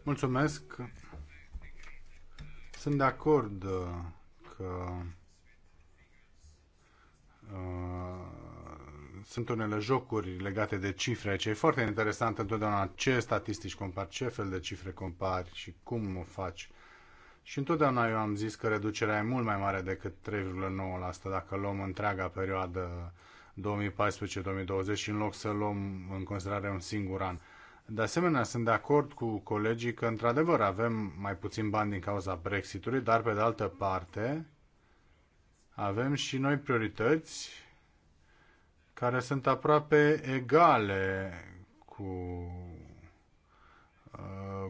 Mulțumesc. Sunt de acord uh, că uh, sunt unele jocuri legate de cifre, ce e foarte interesant întotdeauna ce statistici compari, ce fel de cifre compari și cum o faci. Și întotdeauna eu am zis că reducerea e mult mai mare decât 3,9% dacă luăm întreaga perioadă 2014-2020 și în loc să luăm în considerare un singur an. De asemenea, sunt de acord cu colegii că, într-adevăr, avem mai puțin bani din cauza Brexitului, dar, pe de altă parte, avem și noi priorități care sunt aproape egale cu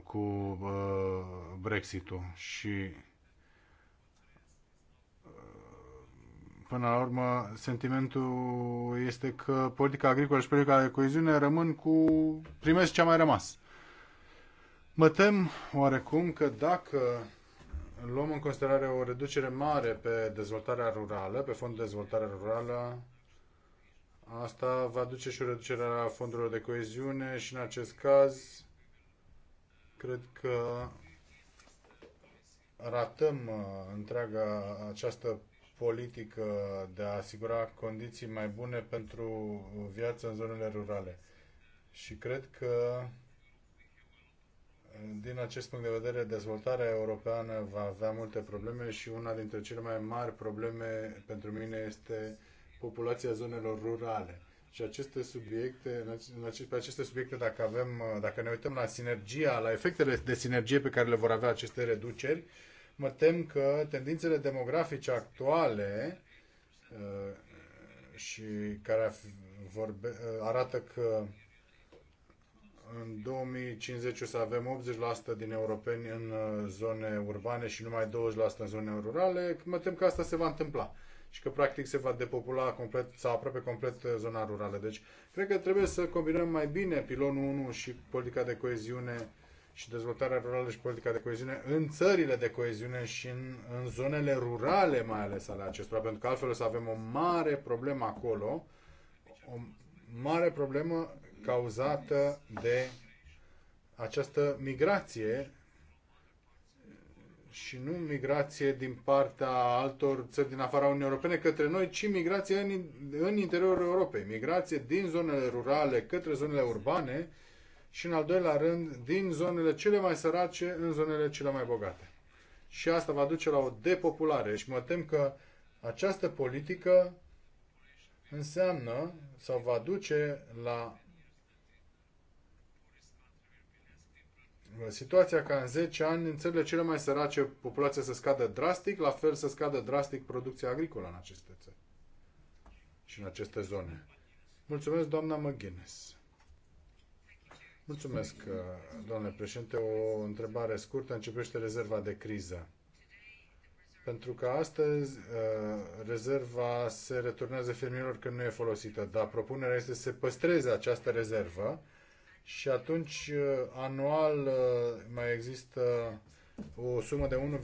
cu uh, Brexit-ul și uh, până la urmă sentimentul este că politica agricolă și politica de coeziune rămân cu primesc ce a mai rămas. Mă tem oarecum că dacă luăm în considerare o reducere mare pe dezvoltarea rurală, pe fondul de dezvoltare rurală, asta va duce și o reducere a fondurilor de coeziune și în acest caz Cred că ratăm uh, întreaga această politică de a asigura condiții mai bune pentru viața în zonele rurale. Și cred că uh, din acest punct de vedere, dezvoltarea europeană va avea multe probleme și una dintre cele mai mari probleme pentru mine este populația zonelor rurale. Și aceste subiecte, pe aceste subiecte, dacă, avem, dacă ne uităm la sinergia, la efectele de sinergie pe care le vor avea aceste reduceri, mă tem că tendințele demografice actuale uh, și care vorbe, uh, arată că în 2050 o să avem 80% din europeni în uh, zone urbane și numai 20% în zone rurale, mă tem că asta se va întâmpla și că practic se va depopula complet sau aproape complet uh, zona rurală. Deci cred că trebuie să combinăm mai bine pilonul 1 și politica de coeziune și dezvoltarea rurală și politica de coeziune în țările de coeziune și în, în zonele rurale mai ales ale acestora, pentru că altfel o să avem o mare problemă acolo, o mare problemă cauzată de această migrație și nu migrație din partea altor țări din afara Uniunii Europene către noi, ci migrație în, în interiorul Europei. Migrație din zonele rurale către zonele urbane și, în al doilea rând, din zonele cele mai sărace în zonele cele mai bogate. Și asta va duce la o depopulare și mă tem că această politică înseamnă sau va duce la situația ca în 10 ani în țările cele mai sărace populația să scadă drastic, la fel să scadă drastic producția agricolă în aceste țări și în aceste zone. Mulțumesc, doamna McGuinness. Mulțumesc, uh, domnule președinte. O întrebare scurtă începește rezerva de criză. Pentru că astăzi uh, rezerva se returnează fermierilor când nu e folosită, dar propunerea este să se păstreze această rezervă și atunci uh, anual uh, mai există o sumă de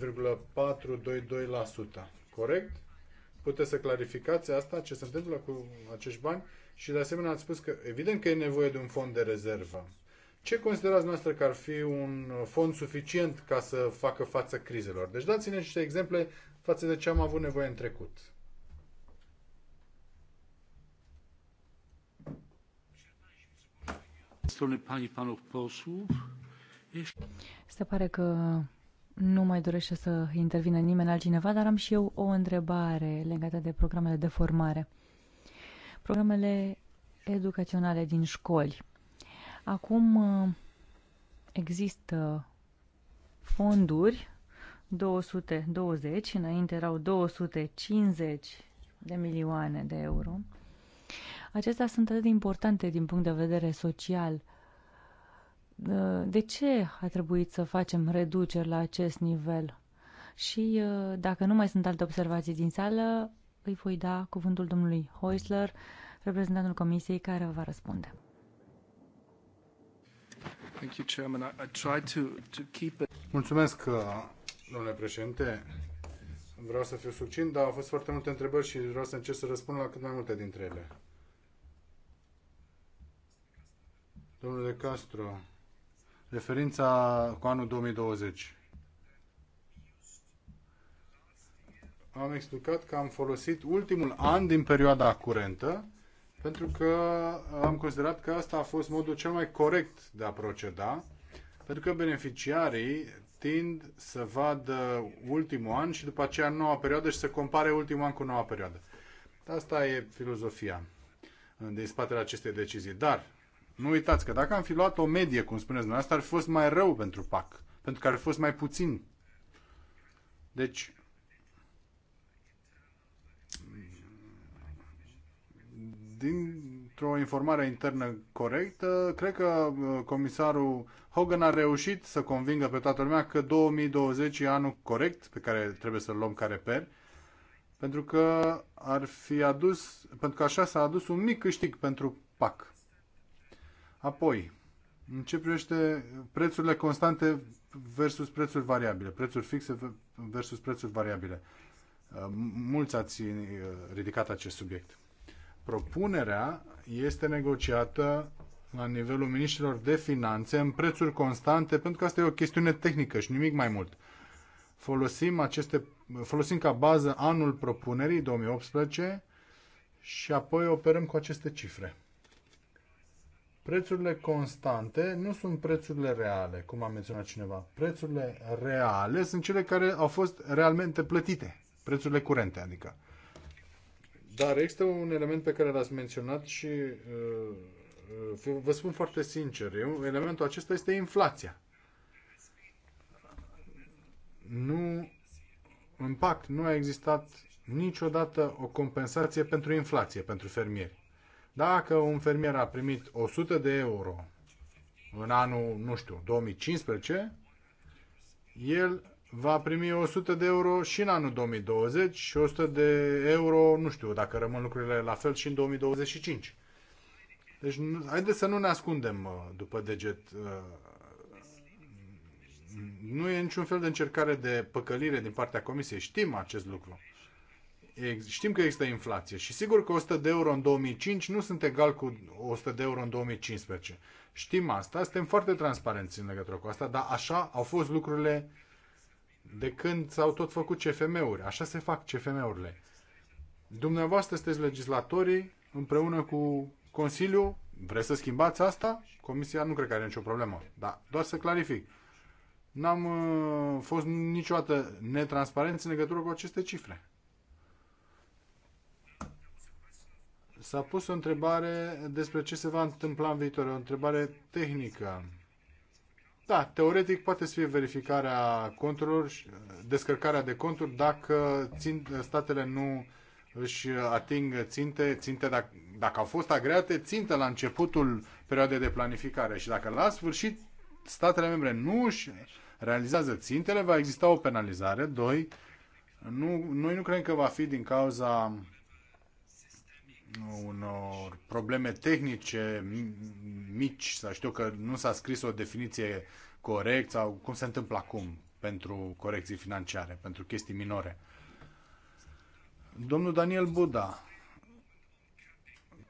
1,422%. Corect? Puteți să clarificați asta, ce se întâmplă cu acești bani și de asemenea ați spus că evident că e nevoie de un fond de rezervă. Ce considerați noastră că ar fi un fond suficient ca să facă față crizelor? Deci dați-ne niște exemple față de ce am avut nevoie în trecut. Se pare că nu mai dorește să intervină nimeni altcineva, dar am și eu o întrebare legată de programele de formare. Programele educaționale din școli. Acum uh, există fonduri 220, înainte erau 250 de milioane de euro Acestea sunt atât de importante din punct de vedere social. Uh, de ce a trebuit să facem reduceri la acest nivel? Și uh, dacă nu mai sunt alte observații din sală, îi voi da cuvântul domnului Heusler, reprezentantul comisiei, care va răspunde. Mulțumesc, domnule președinte. Vreau să fiu succint, dar au fost foarte multe întrebări și vreau să încerc să răspund la cât mai multe dintre ele. Domnule Castro, referința cu anul 2020. Am explicat că am folosit ultimul an din perioada curentă pentru că am considerat că asta a fost modul cel mai corect de a proceda, pentru că beneficiarii tind să vadă ultimul an și după aceea noua perioadă și să compare ultimul an cu noua perioadă. Asta e filozofia din spatele acestei decizii. Dar nu uitați că dacă am fi luat o medie, cum spuneți dumneavoastră, ar fi fost mai rău pentru PAC, pentru că ar fi fost mai puțin. Deci, dintr-o informare internă corectă, cred că uh, comisarul Hogan a reușit să convingă pe toată lumea că 2020 e anul corect pe care trebuie să-l luăm ca reper, pentru că ar fi adus, pentru că așa s-a adus un mic câștig pentru PAC. Apoi, în ce privește prețurile constante versus prețuri variabile, prețuri fixe versus prețuri variabile. Uh, mulți ați uh, ridicat acest subiect. Propunerea este negociată la nivelul ministrilor de finanțe în prețuri constante, pentru că asta e o chestiune tehnică și nimic mai mult. Folosim, aceste, folosim ca bază anul propunerii 2018 și apoi operăm cu aceste cifre. Prețurile constante nu sunt prețurile reale, cum a menționat cineva. Prețurile reale sunt cele care au fost realmente plătite. Prețurile curente, adică. Dar există un element pe care l-ați menționat și uh, uh, vă spun foarte sincer, elementul acesta este inflația. Nu, în pact, nu a existat niciodată o compensație pentru inflație, pentru fermieri. Dacă un fermier a primit 100 de euro în anul, nu știu, 2015, el va primi 100 de euro și în anul 2020 și 100 de euro, nu știu, dacă rămân lucrurile la fel și în 2025. Deci haideți să nu ne ascundem uh, după deget. Uh, nu e niciun fel de încercare de păcălire din partea Comisiei. Știm acest lucru știm că există inflație și sigur că 100 de euro în 2005 nu sunt egal cu 100 de euro în 2015. Știm asta, suntem foarte transparenți în legătură cu asta, dar așa au fost lucrurile de când s-au tot făcut CFM-uri. Așa se fac CFM-urile. Dumneavoastră sunteți legislatorii împreună cu Consiliul. Vreți să schimbați asta? Comisia nu cred că are nicio problemă. Dar doar să clarific. N-am uh, fost niciodată netransparenți în legătură cu aceste cifre. S-a pus o întrebare despre ce se va întâmpla în viitor, o întrebare tehnică. Da, teoretic poate să fie verificarea conturilor, uh, descărcarea de conturi dacă țin, uh, statele nu își ating ținte, ținte dacă, dacă au fost agreate, ținte la începutul perioadei de planificare și dacă la sfârșit statele membre nu își realizează țintele, va exista o penalizare. Doi, nu, noi nu credem că va fi din cauza unor probleme tehnice mici, să știu că nu s-a scris o definiție corect sau cum se întâmplă acum pentru corecții financiare, pentru chestii minore. Domnul Daniel Buda,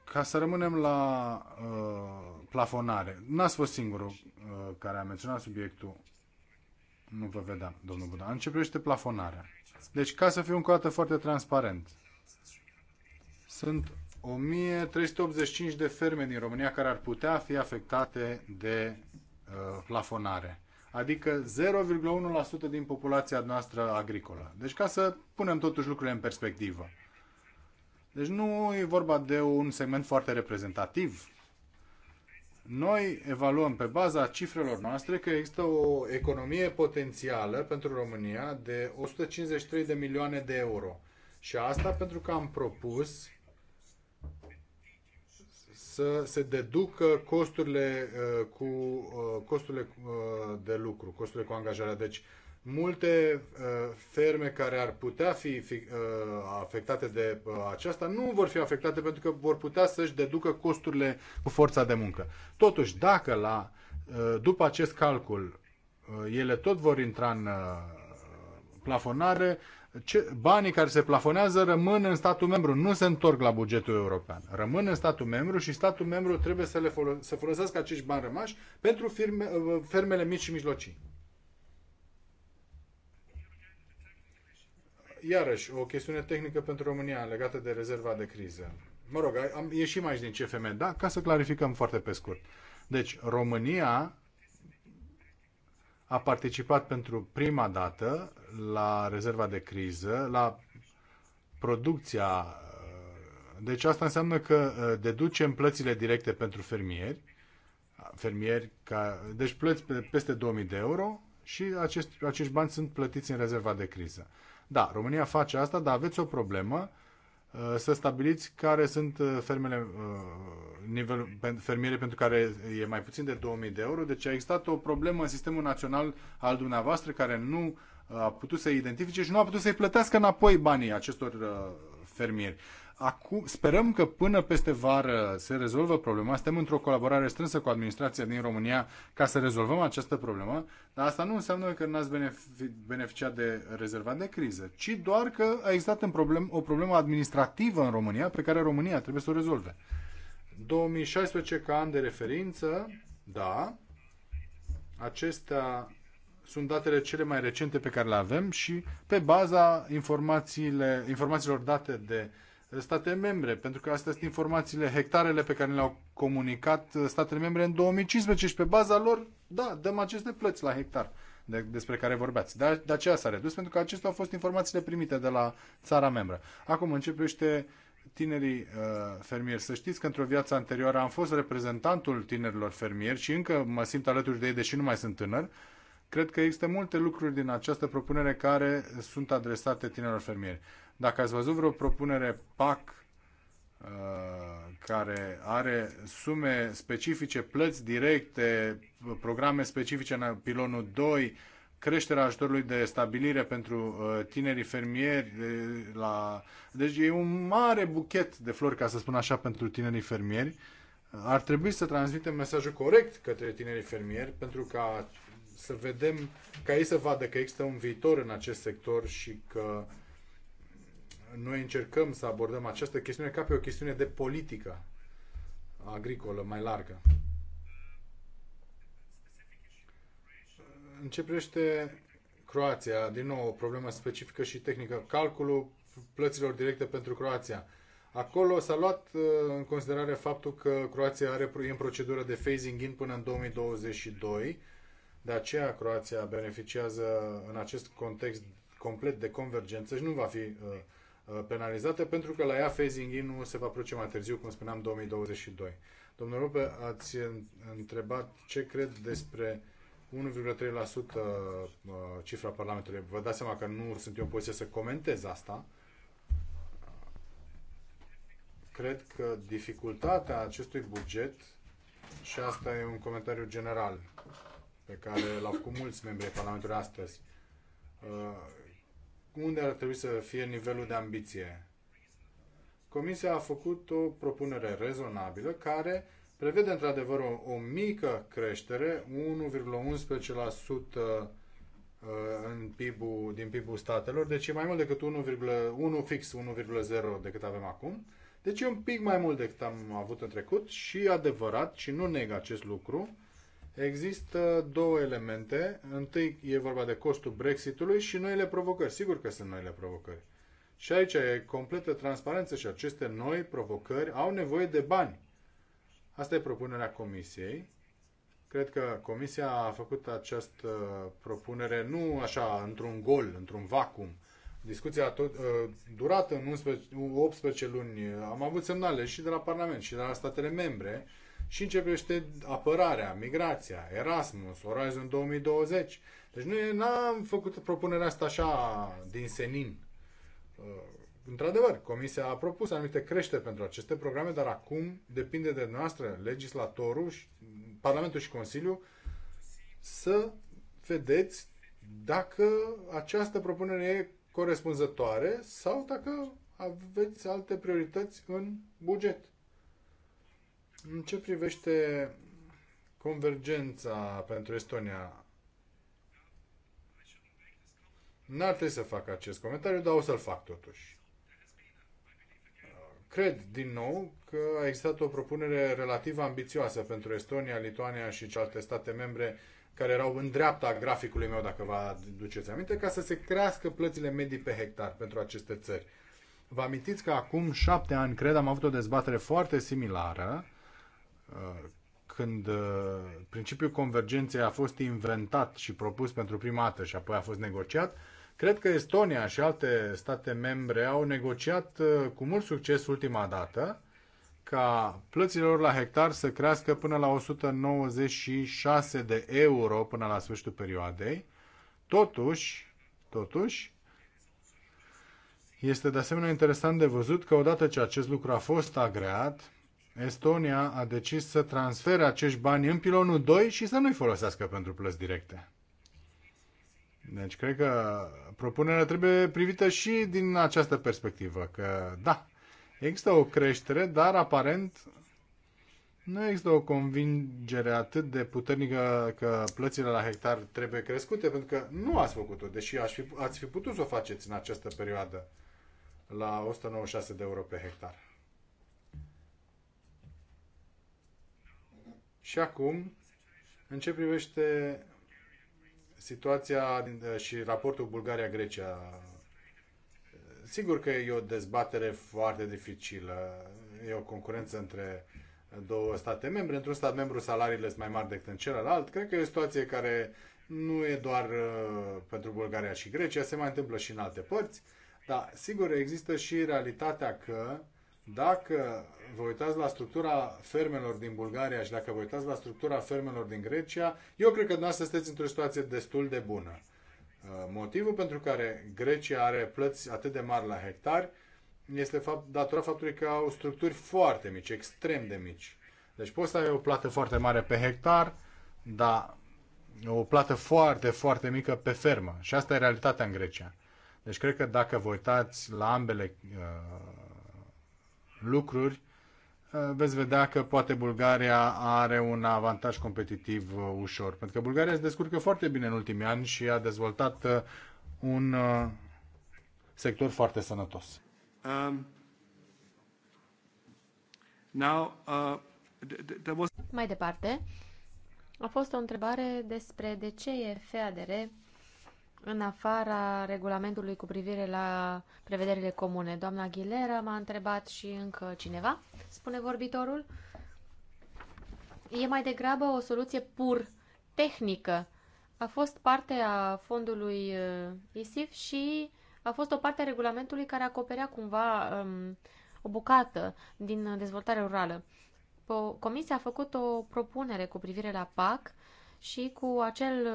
ca să rămânem la uh, plafonare, n-ați fost singurul uh, care a menționat subiectul. Nu vă vedeam, domnul Buda. Începește plafonarea. Deci, ca să fiu încă o dată foarte transparent, sunt 1385 de ferme din România care ar putea fi afectate de uh, plafonare. Adică 0,1% din populația noastră agricolă. Deci ca să punem totuși lucrurile în perspectivă. Deci nu e vorba de un segment foarte reprezentativ. Noi evaluăm pe baza cifrelor noastre că există o economie potențială pentru România de 153 de milioane de euro. Și asta pentru că am propus să se deducă costurile uh, cu uh, costurile uh, de lucru, costurile cu angajarea. Deci multe ferme care ar putea fi afectate de aceasta nu vor fi afectate pentru că vor putea să-și deducă costurile cu forța de muncă. Totuși, dacă la, după acest calcul ele tot vor intra în plafonare, ce, banii care se plafonează rămân în statul membru, nu se întorc la bugetul european. Rămân în statul membru și statul membru trebuie să, le folo- să folosească acești bani rămași pentru firme, uh, fermele mici și mijlocii. Iarăși, o chestiune tehnică pentru România legată de rezerva de criză. Mă rog, am, mai aici din CFM, da? Ca să clarificăm foarte pe scurt. Deci, România a participat pentru prima dată la rezerva de criză, la producția. Uh, deci asta înseamnă că uh, deducem plățile directe pentru fermieri, fermieri ca, deci plăți peste 2000 de euro și acești, acești bani sunt plătiți în rezerva de criză. Da, România face asta, dar aveți o problemă Uh, să stabiliți care sunt uh, fermele, uh, nivel, fermiere pentru care e mai puțin de 2000 de euro. Deci a existat o problemă în sistemul național al dumneavoastră care nu a putut să identifice și nu a putut să-i plătească înapoi banii acestor fermieri. Acum, sperăm că până peste vară se rezolvă problema. Suntem într-o colaborare strânsă cu administrația din România ca să rezolvăm această problemă, dar asta nu înseamnă că n-ați beneficiat de rezerva de criză, ci doar că a existat în problem, o problemă administrativă în România pe care România trebuie să o rezolve. 2016 ca an de referință, da, acestea sunt datele cele mai recente pe care le avem și pe baza informațiile, informațiilor date de uh, state membre, pentru că astea sunt informațiile, hectarele pe care le-au comunicat uh, statele membre în 2015 și pe baza lor, da, dăm aceste plăți la hectar de, despre care vorbeați. De, de aceea s-a redus, pentru că acestea au fost informațiile primite de la țara membră. Acum începește tinerii uh, fermieri. Să știți că într-o viață anterioară am fost reprezentantul tinerilor fermieri și încă mă simt alături de ei, deși nu mai sunt tânăr. Cred că există multe lucruri din această propunere care sunt adresate tinerilor fermieri. Dacă ați văzut vreo propunere PAC uh, care are sume specifice, plăți directe, programe specifice în pilonul 2, creșterea ajutorului de stabilire pentru uh, tinerii fermieri. Uh, la... Deci e un mare buchet de flori, ca să spun așa, pentru tinerii fermieri. Ar trebui să transmitem mesajul corect către tinerii fermieri pentru ca să vedem, ca ei să vadă că există un viitor în acest sector și că noi încercăm să abordăm această chestiune ca pe o chestiune de politică agricolă mai largă. În ce privește Croația, din nou o problemă specifică și tehnică, calculul plăților directe pentru Croația. Acolo s-a luat uh, în considerare faptul că Croația are e în procedură de phasing in până în 2022, de aceea Croația beneficiază în acest context complet de convergență și nu va fi uh, Uh, penalizată pentru că la ea phasing in se va produce mai târziu, cum spuneam, 2022. Domnul Rupe, ați întrebat ce cred despre 1,3% uh, cifra Parlamentului. Vă dați seama că nu sunt eu în poziție să comentez asta. Cred că dificultatea acestui buget, și asta e un comentariu general pe care l-au făcut mulți membri ai Parlamentului astăzi, uh, unde ar trebui să fie nivelul de ambiție. Comisia a făcut o propunere rezonabilă care prevede într-adevăr o, o mică creștere, 1,11% uh, în PIB-ul, din PIB-ul statelor, deci e mai mult decât 1,1 fix 1,0 decât avem acum. Deci e un pic mai mult decât am avut în trecut și adevărat, și nu neg acest lucru, Există două elemente. Întâi e vorba de costul Brexitului și noile provocări. Sigur că sunt noile provocări. Și aici e completă transparență și aceste noi provocări au nevoie de bani. Asta e propunerea Comisiei. Cred că Comisia a făcut această propunere nu așa într-un gol, într-un vacuum. Discuția a tot, uh, durat în 11, 18 luni. Am avut semnale și de la Parlament și de la statele membre și începește apărarea, migrația, Erasmus, Horizon 2020. Deci noi n-am făcut propunerea asta așa din senin. Uh, într-adevăr, Comisia a propus anumite creșteri pentru aceste programe, dar acum depinde de noastră, legislatorul, Parlamentul și Consiliul, să vedeți dacă această propunere e corespunzătoare sau dacă aveți alte priorități în buget. În ce privește convergența pentru Estonia, n-ar trebui să fac acest comentariu, dar o să-l fac totuși. Cred, din nou, că a existat o propunere relativ ambițioasă pentru Estonia, Lituania și celelalte state membre care erau în dreapta graficului meu, dacă vă duceți aminte, ca să se crească plățile medii pe hectar pentru aceste țări. Vă amintiți că acum șapte ani, cred, am avut o dezbatere foarte similară când uh, principiul convergenței a fost inventat și propus pentru prima dată și apoi a fost negociat, cred că Estonia și alte state membre au negociat uh, cu mult succes ultima dată ca plățile lor la hectar să crească până la 196 de euro până la sfârșitul perioadei. Totuși, totuși, este de asemenea interesant de văzut că odată ce acest lucru a fost agreat, Estonia a decis să transfere acești bani în pilonul 2 și să nu-i folosească pentru plăți directe. Deci cred că propunerea trebuie privită și din această perspectivă, că da, există o creștere, dar aparent nu există o convingere atât de puternică că plățile la hectar trebuie crescute, pentru că nu ați făcut-o, deși aș fi, ați fi putut să o faceți în această perioadă la 196 de euro pe hectar. Și acum, în ce privește situația și raportul Bulgaria-Grecia, sigur că e o dezbatere foarte dificilă. E o concurență între două state membre. Într-un stat membru salariile sunt mai mari decât în celălalt. Cred că e o situație care nu e doar uh, pentru Bulgaria și Grecia, se mai întâmplă și în alte părți. Dar, sigur, există și realitatea că uh, dacă vă uitați la structura fermelor din Bulgaria și dacă vă uitați la structura fermelor din Grecia, eu cred că dumneavoastră sunteți într-o situație destul de bună. Uh, motivul pentru care Grecia are plăți atât de mari la hectari este fapt, datorat faptului că au structuri foarte mici, extrem de mici. Deci poți să ai o plată foarte mare pe hectar, dar o plată foarte, foarte mică pe fermă. Și asta e realitatea în Grecia. Deci cred că dacă vă uitați la ambele uh, lucruri, eh, veți vedea că poate Bulgaria are un avantaj competitiv eh, ușor. Pentru că Bulgaria se descurcă foarte bine în ultimii ani și a dezvoltat eh, un sector foarte sănătos. Um, now, uh, there was... Mai departe, a fost o întrebare despre de ce e FADR în afara regulamentului cu privire la prevederile comune. Doamna Aguilera m-a întrebat și încă cineva, spune vorbitorul. E mai degrabă o soluție pur tehnică. A fost parte a fondului uh, ISIF și a fost o parte a regulamentului care acoperea cumva um, o bucată din dezvoltare rurală. Comisia a făcut o propunere cu privire la PAC și cu acel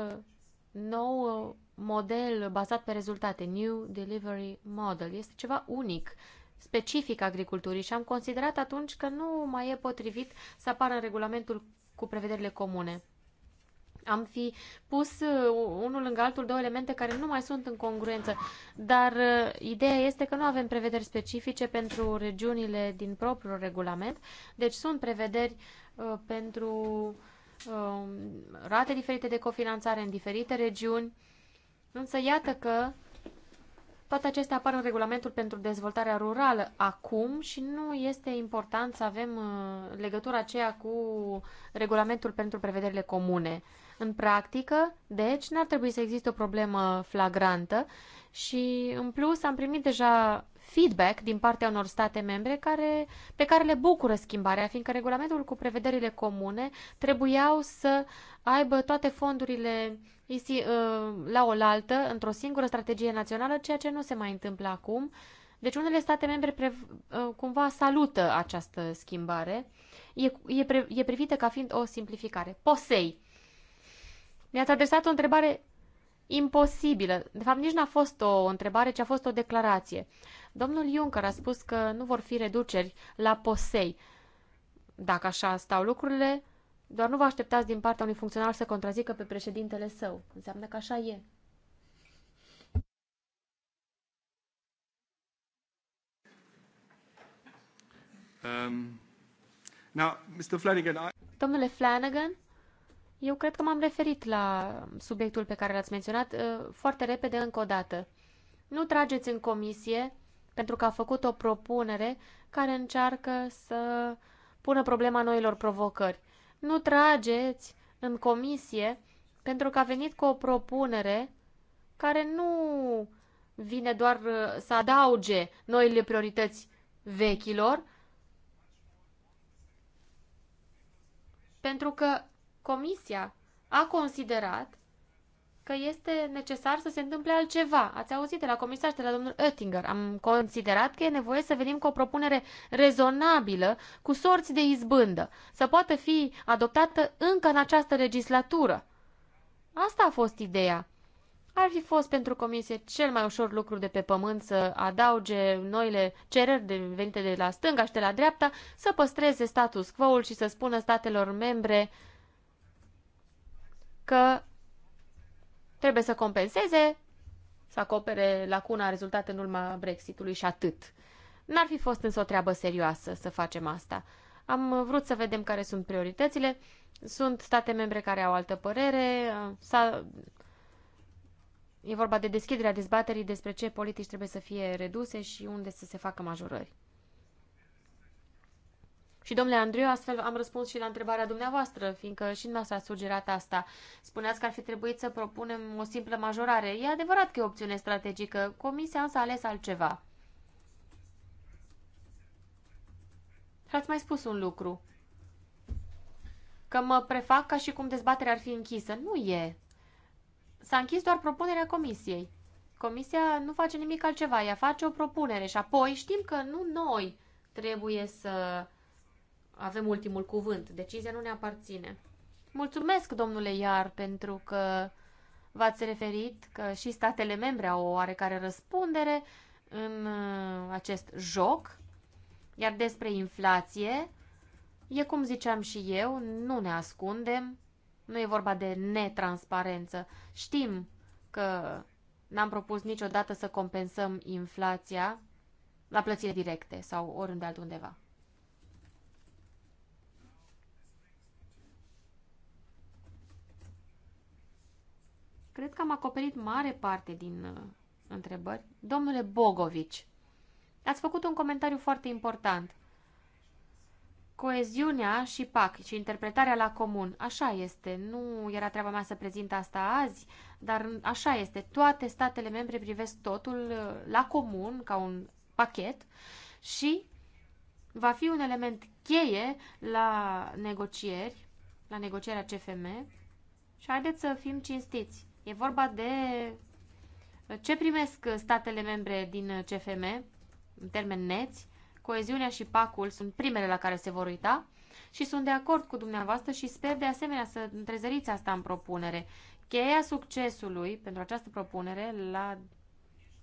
nou model bazat pe rezultate, New Delivery Model. Este ceva unic, specific agriculturii și am considerat atunci că nu mai e potrivit să apară în regulamentul cu prevederile comune. Am fi pus uh, unul lângă altul două elemente care nu mai sunt în congruență, dar uh, ideea este că nu avem prevederi specifice pentru regiunile din propriul regulament, deci sunt prevederi uh, pentru uh, rate diferite de cofinanțare în diferite regiuni, Însă iată că toate acestea apar în regulamentul pentru dezvoltarea rurală acum și nu este important să avem uh, legătura aceea cu regulamentul pentru prevederile comune. În practică, deci, n-ar trebui să existe o problemă flagrantă și, în plus, am primit deja feedback din partea unor state membre care, pe care le bucură schimbarea, fiindcă regulamentul cu prevederile comune trebuiau să aibă toate fondurile uh, la oaltă, într-o singură strategie națională, ceea ce nu se mai întâmplă acum. Deci unele state membre uh, cumva salută această schimbare. E, e, pre, e privită ca fiind o simplificare. POSEI. Mi-ați adresat o întrebare imposibilă. De fapt, nici n-a fost o întrebare, ci a fost o declarație. Domnul Juncker a spus că nu vor fi reduceri la posei. Dacă așa stau lucrurile, doar nu vă așteptați din partea unui funcționar să contrazică pe președintele său. Înseamnă că așa e. Um, now, Mr. Flanagan, I... Domnule Flanagan, eu cred că m-am referit la subiectul pe care l-ați menționat uh, foarte repede încă o dată. Nu trageți în comisie pentru că a făcut o propunere care încearcă să pună problema noilor provocări. Nu trageți în comisie pentru că a venit cu o propunere care nu vine doar uh, să adauge noile priorități vechilor, pentru că comisia a considerat că este necesar să se întâmple altceva. Ați auzit de la comisar, de la domnul Oettinger. Am considerat că e nevoie să venim cu o propunere rezonabilă, cu sorți de izbândă, să poată fi adoptată încă în această legislatură. Asta a fost ideea. Ar fi fost pentru comisie cel mai ușor lucru de pe pământ să adauge noile cereri de venite de la stânga și de la dreapta, să păstreze status quo-ul și să spună statelor membre că trebuie să compenseze, să acopere lacuna rezultată în urma Brexitului și atât. N-ar fi fost însă o treabă serioasă să facem asta. Am vrut să vedem care sunt prioritățile. Sunt state membre care au altă părere. S-a... E vorba de deschiderea dezbaterii despre ce politici trebuie să fie reduse și unde să se facă majorări. Și, domnule Andreu, astfel am răspuns și la întrebarea dumneavoastră, fiindcă și s-a sugerat asta. Spuneați că ar fi trebuit să propunem o simplă majorare. E adevărat că e o opțiune strategică. Comisia însă a ales altceva. Și ați mai spus un lucru. Că mă prefac ca și cum dezbaterea ar fi închisă. Nu e. S-a închis doar propunerea comisiei. Comisia nu face nimic altceva, ea face o propunere și apoi știm că nu noi trebuie să avem ultimul cuvânt. Decizia nu ne aparține. Mulțumesc, domnule Iar, pentru că v-ați referit că și statele membre au o oarecare răspundere în uh, acest joc. Iar despre inflație, e cum ziceam și eu, nu ne ascundem, nu e vorba de netransparență. Știm că n-am propus niciodată să compensăm inflația la plățile directe sau oriunde altundeva. Cred că am acoperit mare parte din uh, întrebări. Domnule Bogovici, ați făcut un comentariu foarte important. Coeziunea și PAC și interpretarea la comun. Așa este. Nu era treaba mea să prezint asta azi, dar așa este. Toate statele membre privesc totul uh, la comun, ca un pachet și va fi un element cheie la negocieri, la negocierea CFM și haideți să fim cinstiți. E vorba de ce primesc statele membre din CFM, în termen neți. Coeziunea și pacul sunt primele la care se vor uita și sunt de acord cu dumneavoastră și sper de asemenea să întrezăriți asta în propunere. Cheia succesului pentru această propunere la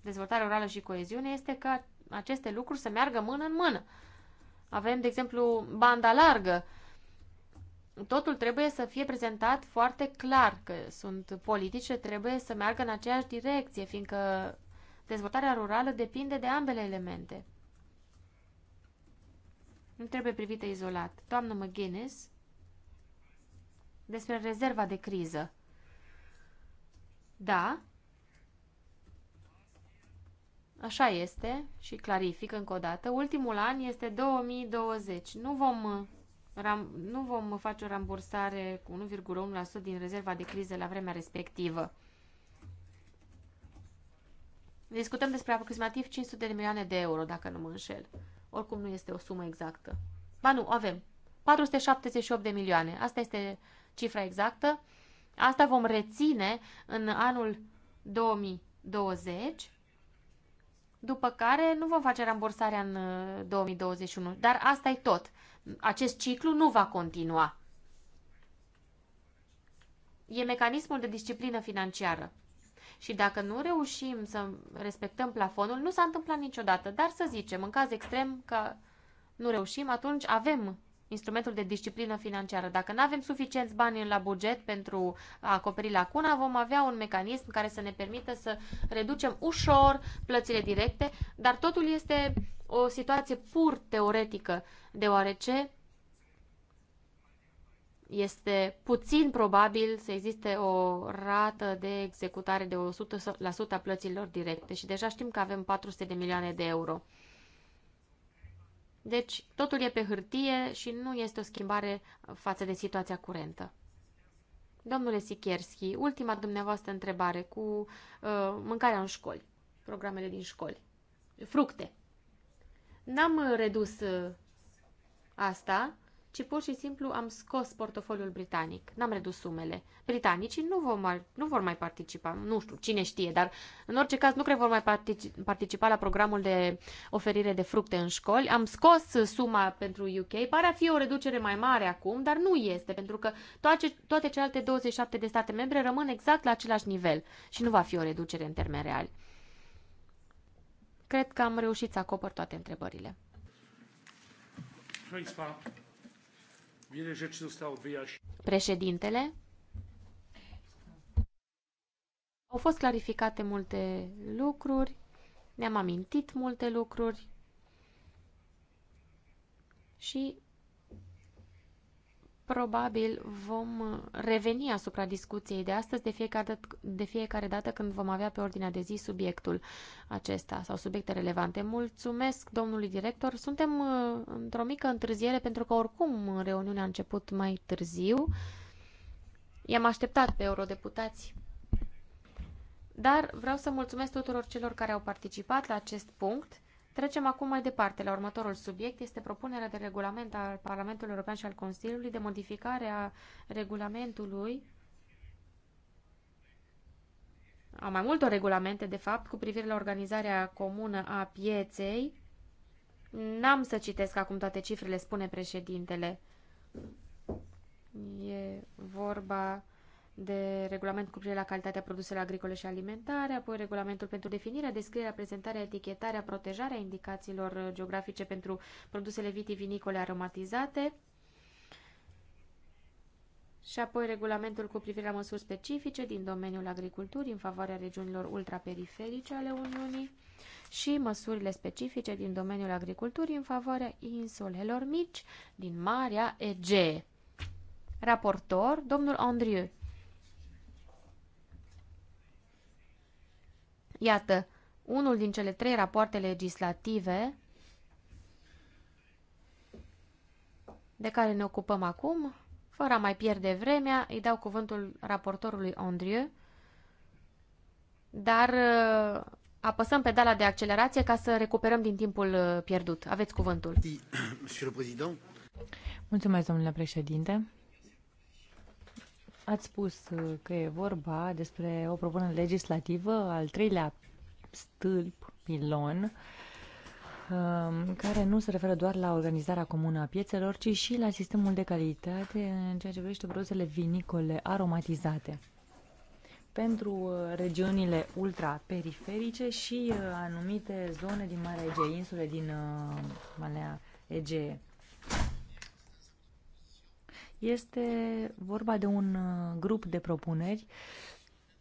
dezvoltare orală și coeziune este că aceste lucruri să meargă mână în mână. Avem, de exemplu, banda largă totul trebuie să fie prezentat foarte clar că sunt politice, trebuie să meargă în aceeași direcție, fiindcă dezvoltarea rurală depinde de ambele elemente. Nu trebuie privită izolat. Doamnă McGuinness, despre rezerva de criză. Da, Așa este și clarific încă o dată. Ultimul an este 2020. Nu vom ram, nu vom face o rambursare cu 1,1% din rezerva de criză la vremea respectivă. Discutăm despre aproximativ 500 de milioane de euro, dacă nu mă înșel. Oricum nu este o sumă exactă. Ba nu, avem. 478 de milioane. Asta este cifra exactă. Asta vom reține în anul 2020 după care nu vom face rambursarea în 2021. Uh, dar asta e tot. Acest ciclu nu va continua. E mecanismul de disciplină financiară. Și dacă nu reușim să respectăm plafonul, nu s-a întâmplat niciodată, dar să zicem, în caz extrem că nu reușim, atunci avem instrumentul de disciplină financiară. Dacă nu avem suficienți bani la buget pentru a acoperi lacuna, vom avea un mecanism care să ne permită să reducem ușor plățile directe, dar totul este o situație pur teoretică, deoarece este puțin probabil să existe o rată de executare de 100% a plăților directe și deja știm că avem 400 de milioane de euro. Deci totul e pe hârtie și nu este o schimbare față de situația curentă. Domnule Sikierski, ultima dumneavoastră întrebare cu uh, mâncarea în școli, programele din școli, fructe. N-am redus uh, asta, ci pur și simplu am scos portofoliul britanic. N-am redus sumele. Britanicii nu vor, mai, nu vor mai participa, nu știu, cine știe, dar în orice caz nu cred vor mai participa la programul de oferire de fructe în școli. Am scos suma pentru UK, pare a fi o reducere mai mare acum, dar nu este, pentru că toate, toate celelalte 27 de state membre rămân exact la același nivel și nu va fi o reducere în termeni reali. Cred că am reușit să acopăr toate întrebările. Please, Președintele, au fost clarificate multe lucruri, ne-am amintit multe lucruri și Probabil vom reveni asupra discuției de astăzi de fiecare, dată, de fiecare dată când vom avea pe ordinea de zi subiectul acesta sau subiecte relevante. Mulțumesc domnului director. Suntem uh, într-o mică întârziere pentru că oricum reuniunea a început mai târziu. I-am așteptat pe eurodeputați. Dar vreau să mulțumesc tuturor celor care au participat la acest punct. Trecem acum mai departe la următorul subiect. Este propunerea de regulament al Parlamentului European și al Consiliului de modificare a regulamentului a mai multor regulamente, de fapt, cu privire la organizarea comună a pieței. N-am să citesc acum toate cifrele, spune președintele. E vorba de regulament cu privire la calitatea produselor agricole și alimentare, apoi regulamentul pentru definirea, descrierea, prezentarea, etichetarea, protejarea indicațiilor geografice pentru produsele vitivinicole aromatizate, și apoi regulamentul cu privire la măsuri specifice din domeniul agriculturii în favoarea regiunilor ultraperiferice ale Uniunii și măsurile specifice din domeniul agriculturii în favoarea insulelor mici din Marea Egee. Raportor, domnul Andrieu. Iată, unul din cele trei rapoarte legislative de care ne ocupăm acum, fără a mai pierde vremea, îi dau cuvântul raportorului Andrieu, dar uh, apăsăm pedala de accelerație ca să recuperăm din timpul uh, pierdut. Aveți cuvântul. <coughs> Mulțumesc, domnule președinte. Ați spus uh, că e vorba despre o propunere legislativă, al treilea stâlp, pilon, um, care nu se referă doar la organizarea comună a piețelor, ci și la sistemul de calitate în ceea ce privește produsele vinicole aromatizate pentru uh, regiunile ultraperiferice și uh, anumite zone din Marea Egee, insule din Marea Egee. Este vorba de un uh, grup de propuneri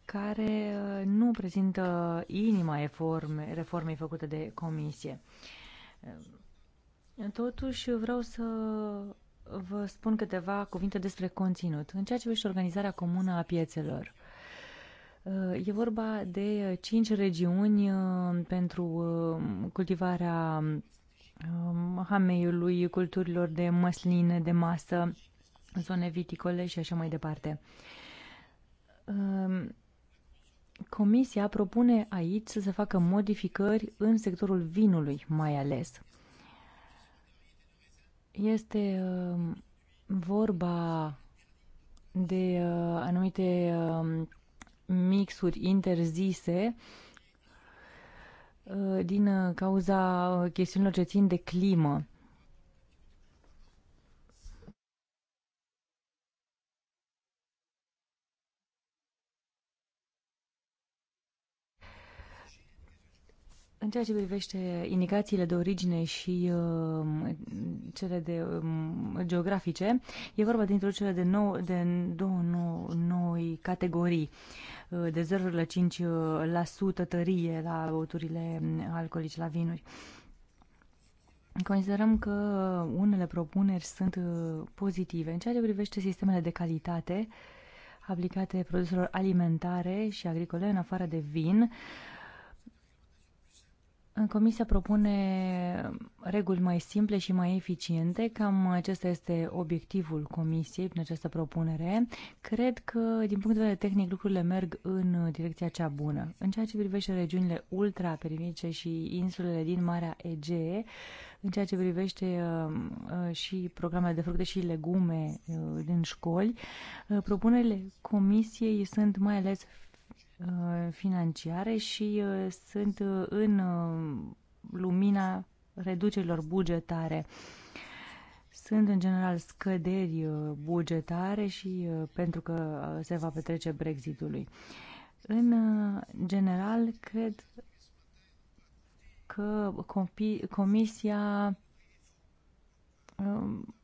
care uh, nu prezintă inima reforme, reformei făcute de comisie. Uh, totuși vreau să vă spun câteva cuvinte despre conținut. În ceea ce vește organizarea comună a piețelor, e vorba de cinci regiuni pentru cultivarea hameiului, culturilor de măsline, de masă, zone viticole și așa mai departe. Ehm, Comisia propune aici să se facă modificări în sectorul vinului, mai ales. Este ehm, vorba de ehm, anumite mixuri interzise din cauza chestiunilor ce țin de climă. În ceea ce privește indicațiile de origine și uh, cele de um, geografice, e vorba de introducerea de, nou, de două nou, noi categorii uh, de 0,5% tărie la băuturile alcoolice, la vinuri. Considerăm că unele propuneri sunt uh, pozitive. În ceea ce privește sistemele de calitate aplicate produselor alimentare și agricole în afară de vin, uh, Comisia propune reguli mai simple și mai eficiente, cam acesta este obiectivul Comisiei prin această propunere. Cred că, din punct de vedere tehnic, lucrurile merg în direcția cea bună. În ceea ce privește regiunile ultraperiferice și insulele din Marea Egee, în ceea ce privește uh, uh, și programele de fructe și legume uh, din școli, propunerile Comisiei sunt mai ales Uh, financiare și uh, sunt uh, în lumina reducerilor bugetare. Sunt în general scăderi bugetare și pentru că se va petrece Brexitului. În general, cred că Comisia um,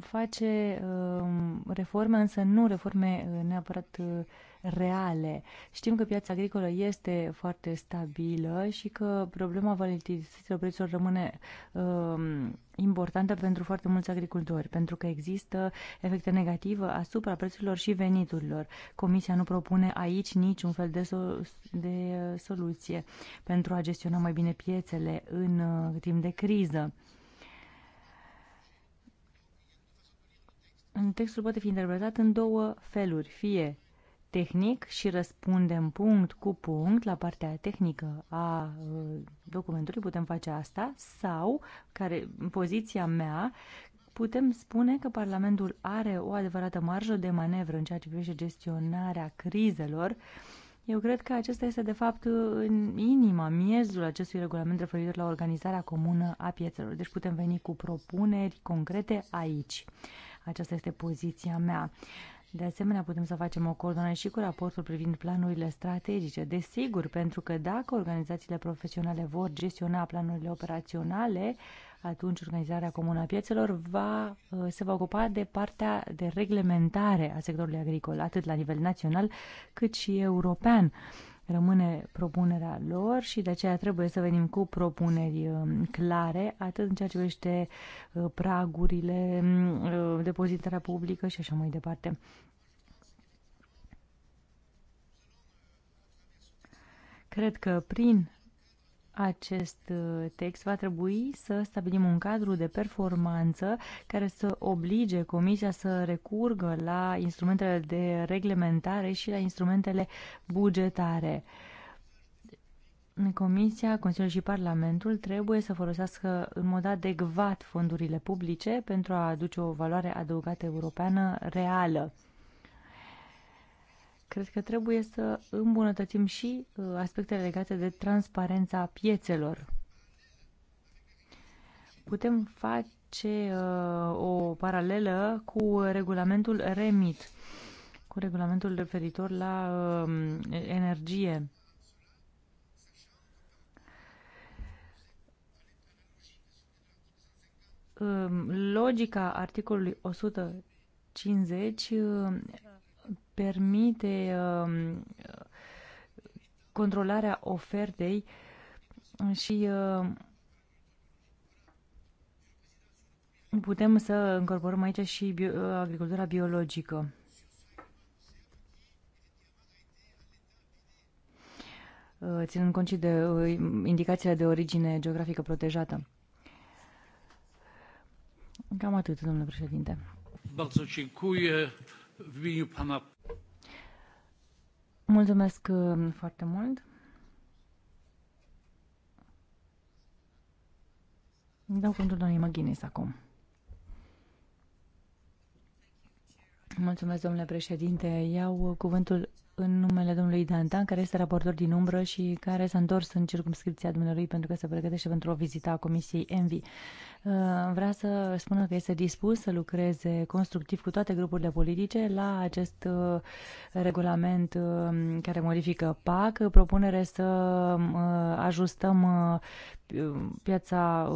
face um, reforme, însă nu reforme neapărat uh, reale. Știm că piața agricolă este foarte stabilă și că problema volatilităților prețurilor rămâne um, importantă pentru foarte mulți agricultori, pentru că există efecte negative asupra prețurilor și veniturilor. Comisia nu propune aici niciun fel de, so- de soluție pentru a gestiona mai bine piețele în uh, timp de criză. În textul poate fi interpretat în două feluri, fie tehnic și răspundem punct cu punct la partea tehnică a uh, documentului, putem face asta, sau, care poziția mea, putem spune că Parlamentul are o adevărată marjă de manevră în ceea ce privește gestionarea crizelor. Eu cred că acesta este, de fapt, în inima, miezul acestui regulament referitor la organizarea comună a piețelor. Deci putem veni cu propuneri concrete aici. Aceasta este poziția mea. De asemenea, putem să facem o coordonare și cu raportul privind planurile strategice. Desigur, pentru că dacă organizațiile profesionale vor gestiona planurile operaționale, atunci organizarea comună a piețelor va, uh, se va ocupa de partea de reglementare a sectorului agricol, atât la nivel național cât și european rămâne propunerea lor și de aceea trebuie să venim cu propuneri um, clare, atât în ceea ce privește uh, pragurile, um, uh, depozitarea publică și așa mai departe. Cred că prin acest uh, text va trebui să stabilim un cadru de performanță care să oblige Comisia să recurgă la instrumentele de reglementare și la instrumentele bugetare. Comisia, Consiliul și Parlamentul trebuie să folosească în mod adecvat fondurile publice pentru a aduce o valoare adăugată europeană reală. Cred că trebuie să îmbunătățim și uh, aspectele legate de transparența piețelor. Putem face uh, o paralelă cu regulamentul REMIT, cu regulamentul referitor la um, energie. Um, logica articolului 150 permite um, controlarea ofertei și um, putem să incorporăm aici și bio, agricultura biologică. Uh, ținând cont și de uh, indicațiile de origine geografică protejată. Cam atât, domnule președinte. Mulțumesc. dziękuję w pana Mulțumesc uh, foarte mult. Dau cuvântul doamnei McGuinness acum. Mulțumesc, domnule președinte. Iau cuvântul în numele domnului Dantan, care este raportor din umbră și care s-a întors în circumscripția dumnealui pentru că se pregătește pentru o vizită a Comisiei Envi. Uh, vrea să spună că este dispus să lucreze constructiv cu toate grupurile politice la acest uh, regulament uh, care modifică PAC, propunere să ajustăm piața,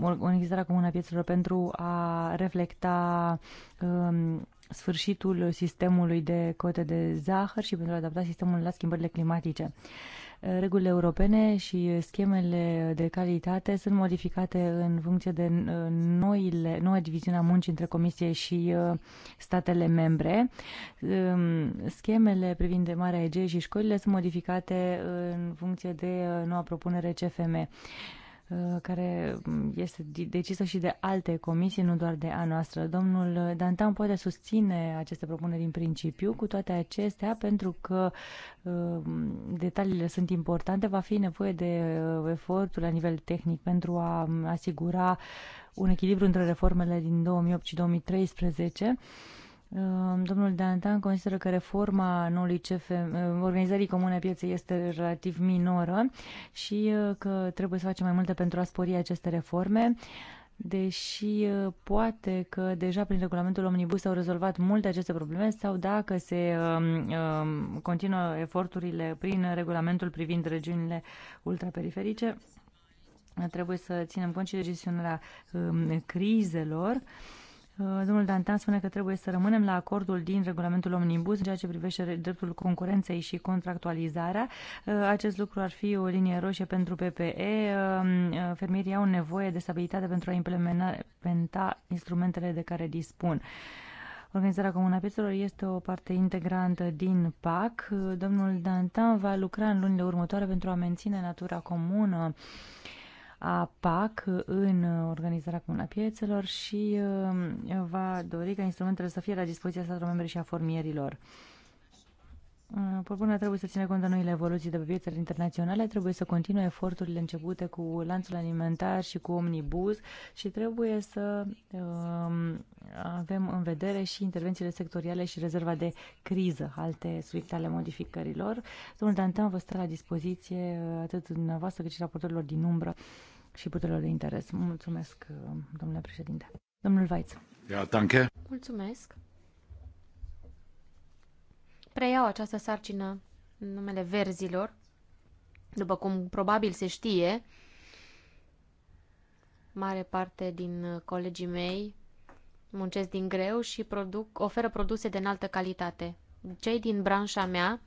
organizarea comună a piețelor pentru a reflecta um, sfârșitul sistemului de cote de zahăr și pentru a adapta sistemul la schimbările climatice. Regulile europene și schemele de calitate sunt modificate în funcție de uh, noile, noua diviziune a muncii între Comisie și uh, statele membre. Um, schemele privind Marea Ege și școlile sunt modificate în funcție de uh, noua propunere CFM. Uh, care mm, este decisă și de alte comisii, nu doar de a noastră. Domnul Dantan poate susține aceste propuneri din principiu, cu toate acestea, pentru că uh, detaliile sunt importante, va fi nevoie de uh, efortul la nivel tehnic pentru a mm, asigura un echilibru între reformele din 2008 și 2013 Ehm, domnul Dantan consideră că reforma noului CFM, ehm, organizării comune a pieței este relativ minoră și că trebuie să facem mai multe pentru a spori aceste reforme. Deși poate că deja prin regulamentul omnibus s-au rezolvat multe aceste probleme sau dacă se um, continuă eforturile prin regulamentul privind regiunile ultraperiferice, trebuie să ținem cont și de gestionarea um, crizelor. Uh, Uh, domnul Dantan spune că trebuie să rămânem la acordul din regulamentul Omnibus în ceea ce privește dreptul concurenței și contractualizarea. Uh, acest lucru ar fi o linie roșie pentru PPE. Uh, fermierii au nevoie de stabilitate pentru a implementa instrumentele de care dispun. Organizarea Comuna Piețelor este o parte integrantă din PAC. Domnul Dantan va lucra în lunile următoare pentru a menține natura comună uh, a PAC în organizarea comună piețelor și uh, va dori ca instrumentele să fie la dispoziția statelor membre și a formierilor. Mm, Propunerea trebuie să ține cont de noile evoluții de pe piețele internaționale, trebuie să continue eforturile începute cu lanțul alimentar și cu omnibus și trebuie să um, avem în vedere și intervențiile sectoriale și rezerva de criză, alte subiecte ale modificărilor. Domnul Dantan vă stă la dispoziție atât dumneavoastră cât și raportorilor din umbră și puterilor de interes. Mulțumesc, uh, domnule președinte. Domnul Vaiță. Ja, danke. Mulțumesc preiau această sarcină în numele verzilor, după cum probabil se știe, mare parte din colegii mei muncesc din greu și produc, oferă produse de înaltă calitate. Cei din branșa mea,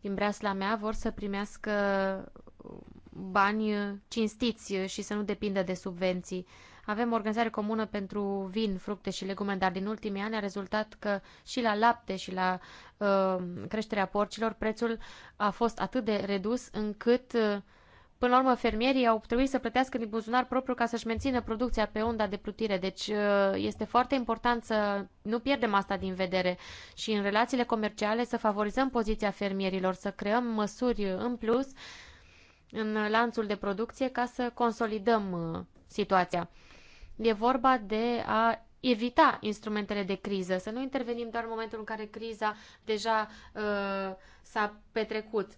din breasla mea, vor să primească bani cinstiți și să nu depindă de subvenții. Avem o organizare comună pentru vin, fructe și legume, dar din ultimii ani a rezultat că și la lapte și la uh, creșterea porcilor prețul a fost atât de redus încât uh, Până la urmă, fermierii au trebuit să plătească din buzunar propriu ca să-și mențină producția pe onda de plutire. Deci uh, este foarte important să nu pierdem asta din vedere și în relațiile comerciale să favorizăm poziția fermierilor, să creăm măsuri în plus în lanțul de producție ca să consolidăm uh, situația. E vorba de a evita instrumentele de criză, să nu intervenim doar în momentul în care criza deja uh, s-a petrecut.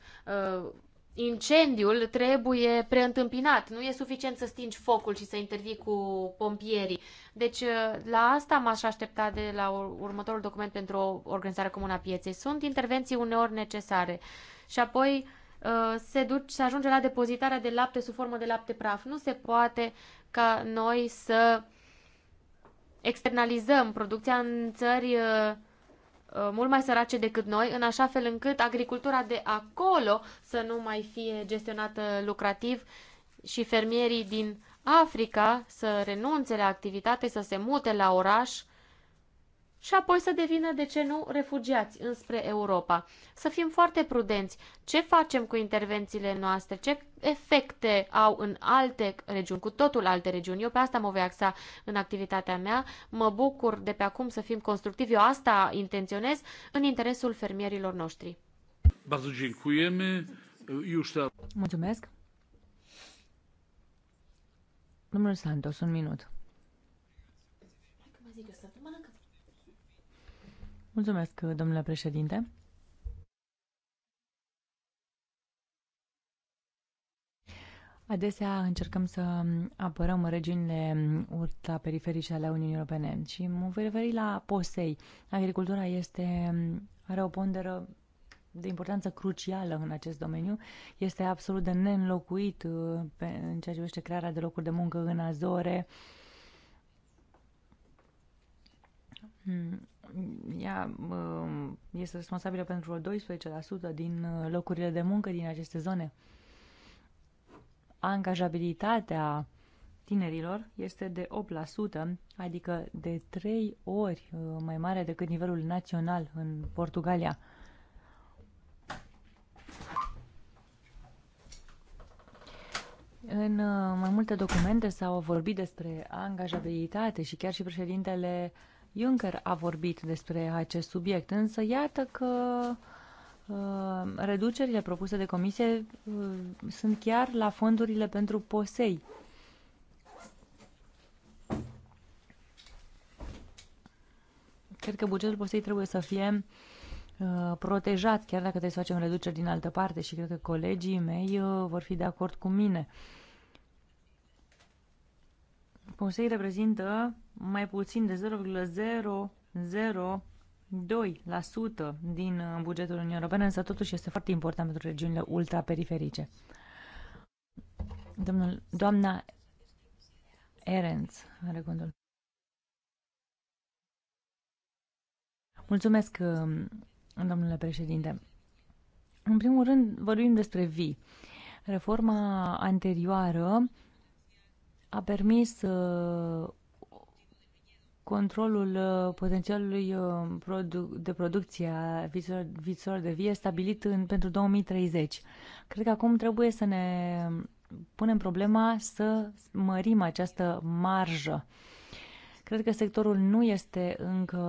Uh, incendiul trebuie preîntâmpinat. Nu e suficient să stingi focul și să intervii cu pompierii. Deci uh, la asta m-aș aștepta de la următorul document pentru organizare comună a pieței. Sunt intervenții uneori necesare. Și apoi uh, se, duce, se ajunge la depozitarea de lapte sub formă de lapte praf. Nu se poate ca noi să externalizăm producția în țări uh, uh, mult mai sărace decât noi, în așa fel încât agricultura de acolo să nu mai fie gestionată lucrativ și fermierii din Africa să renunțe la activitate, să se mute la oraș și apoi să devină, de ce nu, refugiați înspre Europa. Să fim foarte prudenți. Ce facem cu intervențiile noastre? Ce efecte au în alte regiuni, cu totul alte regiuni? Eu pe asta mă voi axa în activitatea mea. Mă bucur de pe acum să fim constructivi. Eu asta intenționez în interesul fermierilor noștri. Mulțumesc. Domnul Santos, un minut. Mulțumesc, domnule președinte. Adesea încercăm să apărăm regiunile periferice ale Uniunii Europene și mă voi referi la POSEI. Agricultura este, are o ponderă de importanță crucială în acest domeniu. Este absolut de neînlocuit uh, pe, în ceea ce privește crearea de locuri de muncă în Azore. Hmm ea um, este responsabilă pentru 12% din uh, locurile de muncă din aceste zone. Angajabilitatea tinerilor este de 8%, adică de 3 ori uh, mai mare decât nivelul național în Portugalia. În uh, mai multe documente s-au vorbit despre angajabilitate și chiar și președintele uh, Juncker a vorbit despre acest subiect, însă iată că uh, reducerile propuse de comisie uh, sunt chiar la fondurile pentru POSEI. Cred că bugetul POSEI trebuie să fie uh, protejat, chiar dacă trebuie să facem reduceri din altă parte și cred că colegii mei uh, vor fi de acord cu mine. Consei reprezintă mai puțin de 0,002% din uh, bugetul Uniunii Europene, însă totuși este foarte important pentru regiunile ultraperiferice. Domnul, doamna Erenț are gândul. Mulțumesc, um, domnule președinte. În primul rând, vorbim despre vii. Reforma anterioară a permis uh, controlul uh, potențialului uh, de producție a viitorilor de vie stabilit în, pentru 2030. Cred că acum trebuie să ne punem problema să mărim această marjă Cred că sectorul nu este încă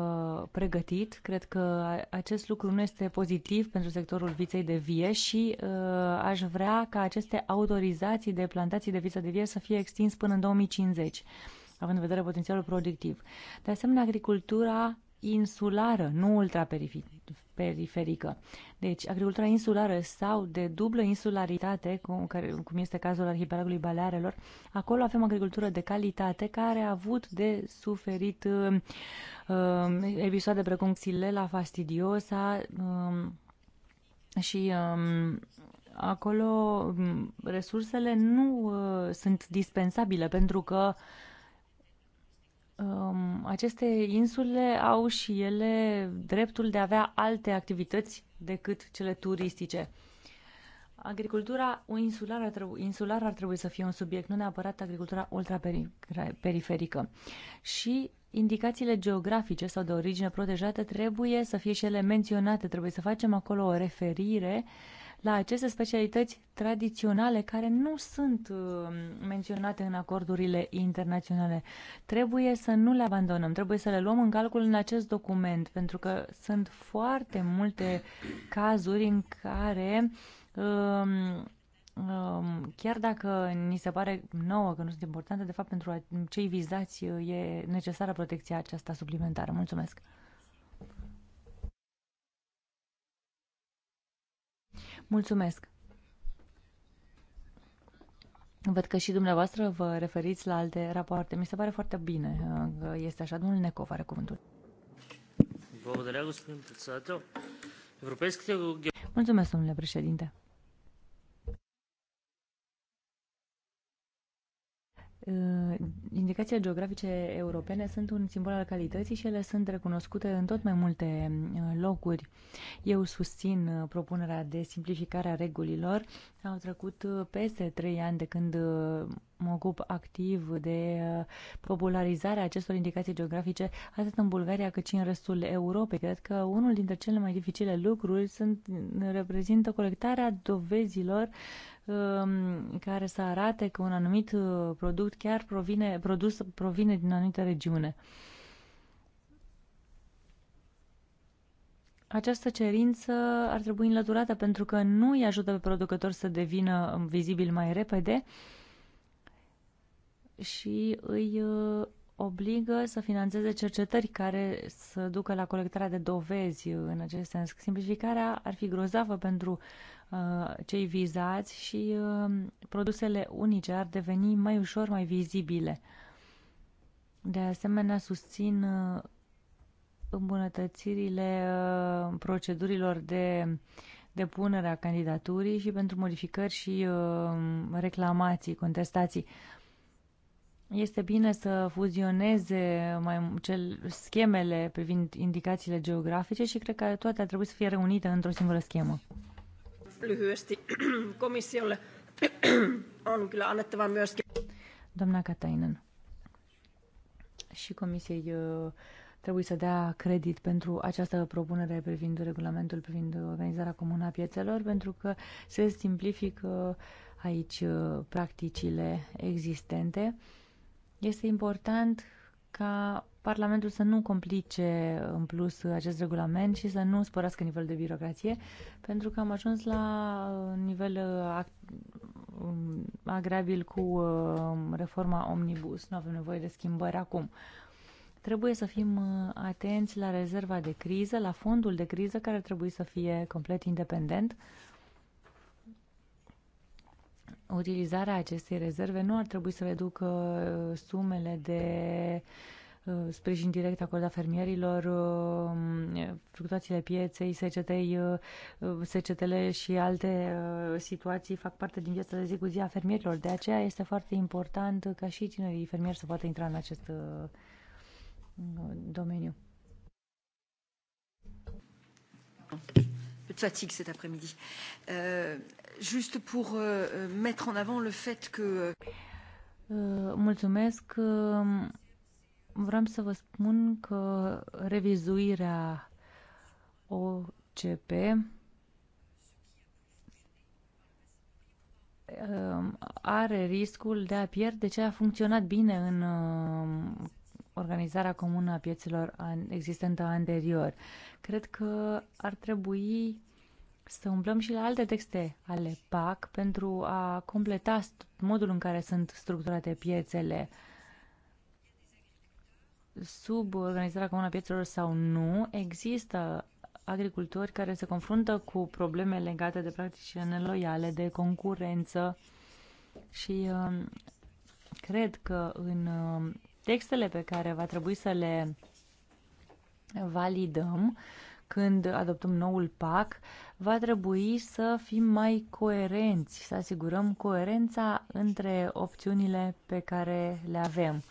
pregătit, cred că acest lucru nu este pozitiv pentru sectorul viței de vie și uh, aș vrea ca aceste autorizații de plantații de viță de vie să fie extins până în 2050 având în vedere potențialul productiv. De asemenea, agricultura insulară, nu ultraperiferică. Deci, agricultura insulară sau de dublă insularitate, cum, care, cum este cazul arhipelagului Balearelor, acolo avem agricultură de calitate care a avut de suferit uh, episoade precum Xilela fastidiosa uh, și uh, acolo resursele nu uh, sunt dispensabile pentru că uh, um, aceste insule au și ele dreptul de a avea alte activități decât cele turistice. Agricultura insulară ar, trebui, insulară ar trebui să fie un subiect, nu neapărat agricultura ultraperiferică. Și indicațiile geografice sau de origine protejată trebuie să fie și ele menționate, trebuie să facem acolo o referire uh, la aceste specialități tradiționale care nu sunt uh, menționate în acordurile internaționale. Trebuie să nu le abandonăm, trebuie să le luăm în calcul în acest document, pentru că sunt foarte multe cazuri în care um, um, chiar dacă ni se pare nouă că nu sunt importante, de fapt pentru cei vizați e necesară protecția aceasta suplimentară. Mulțumesc! Mulțumesc! Văd că și dumneavoastră vă referiți la alte rapoarte. Mi se pare foarte bine că este așa. Domnul Necov are cuvântul. Mulțumesc, domnule președinte. Uh, indicațiile geografice europene sunt un simbol al calității și ele sunt recunoscute în tot mai multe uh, locuri. Eu susțin uh, propunerea de simplificare a regulilor. Au trecut peste trei ani de când mă ocup activ de popularizarea acestor indicații geografice atât în Bulgaria cât și în restul Europei. Cred că unul dintre cele mai dificile lucruri sunt, reprezintă colectarea dovezilor uh, Um, care să arate că un anumit uh, produs chiar provine, produs provine din anumită regiune. Această cerință ar trebui înlăturată pentru că nu îi ajută pe producător să devină vizibil mai repede și îi uh, obligă să finanțeze cercetări care să ducă la colectarea de dovezi în acest sens. Simplificarea ar fi grozavă pentru uh, cei vizați și uh, produsele unice ar deveni mai ușor mai vizibile. De asemenea, susțin uh, îmbunătățirile uh, procedurilor de depunere a candidaturii și pentru modificări și uh, reclamații, contestații. Uh, este bine să fuzioneze mai cel, schemele privind indicațiile geografice și cred că toate ar trebui să fie reunite într-o singură schemă. Lyhyesti <clears throat> komissiolle <clears throat> on kyllä annettava myöskin... Doamna Katainen și comisiei uh, trebuie să dea credit pentru această propunere privind regulamentul privind organizarea comună a piețelor, pentru că se simplifică uh, aici uh, practicile existente este important ca Parlamentul să nu complice în plus acest regulament și să nu spărească nivelul de birocrație, pentru că am ajuns la nivel agreabil cu um, reforma Omnibus. Nu avem nevoie de schimbări acum. Trebuie să fim uh, atenți la rezerva de criză, la fondul de criză care trebuie să fie complet independent utilizarea acestei rezerve nu ar trebui să reducă uh, sumele de uh, sprijin direct acordat fermierilor, um, fluctuațiile pieței, secetei, uh, secetele și alte situații fac parte din viața de zi cu zi a fermierilor. De aceea este foarte important ca și tinerii fermieri să poată intra în acest domeniu de fatigue cet après-midi. Euh, juste pour euh, euh mettre en avant le fait que... Uh, mulțumesc. Um, vreau să vă spun că revizuirea OCP um, are riscul de a pierde ce a funcționat bine în um, organizarea comună a piețelor existentă anterior. Cred că ar trebui să umblăm și la alte texte ale PAC pentru a completa modul în care sunt structurate piețele sub organizarea comună a piețelor sau nu, există agricultori care se confruntă cu probleme legate de practicile neloiale, de concurență și um, cred că în um, textele pe care va trebui să le validăm când adoptăm noul PAC, va trebui să fim mai coerenți, să asigurăm coerența între opțiunile pe care le avem.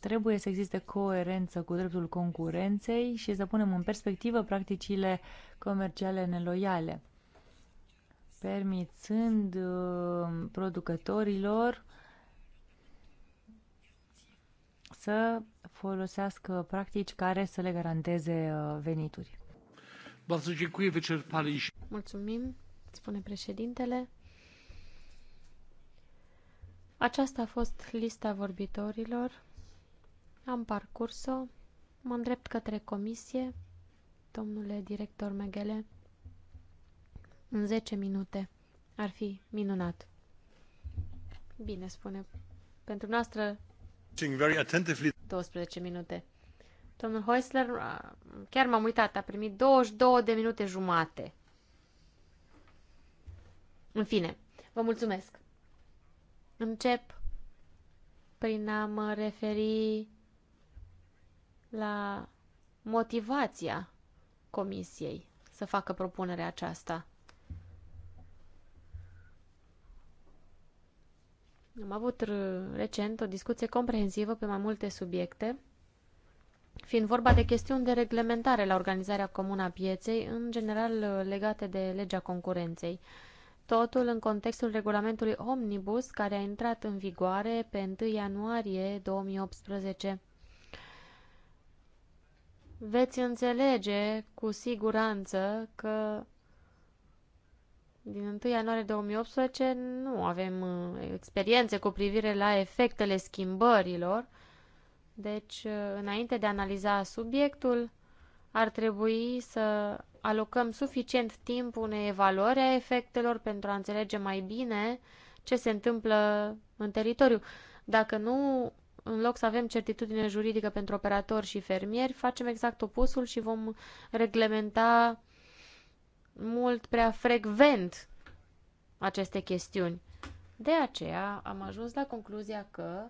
Trebuie să existe coerență cu dreptul concurenței și să punem în perspectivă practicile comerciale neloiale, permițând uh, producătorilor să folosească practici care să le garanteze uh, venituri. Mulțumim, spune președintele. Aceasta a fost lista vorbitorilor. Am parcurs-o. Mă îndrept către comisie, domnule director Meghele. În 10 minute. Ar fi minunat. Bine, spune. Pentru noastră 12 minute. Domnul Heusler, chiar m-am uitat, a primit 22 de minute jumate. În fine, vă mulțumesc. Încep prin a mă referi la motivația comisiei să facă propunerea aceasta. Am avut recent o discuție comprehensivă pe mai multe subiecte, fiind vorba de chestiuni de reglementare la organizarea comună a pieței, în general uh, legate de legea concurenței. Totul în contextul regulamentului Omnibus, care a intrat în vigoare pe 1 ianuarie 2018. Veți înțelege cu siguranță că din 1 ianuarie 2018 nu avem uh, experiențe cu privire la efectele schimbărilor, deci uh, înainte de a analiza subiectul, ar trebui să alocăm suficient timp unei evaluări a efectelor pentru a înțelege mai bine ce se întâmplă în teritoriu. Dacă nu, în loc să avem certitudine juridică pentru operatori și fermieri, facem exact opusul și vom reglementa mult prea frecvent aceste chestiuni. De aceea am ajuns la concluzia că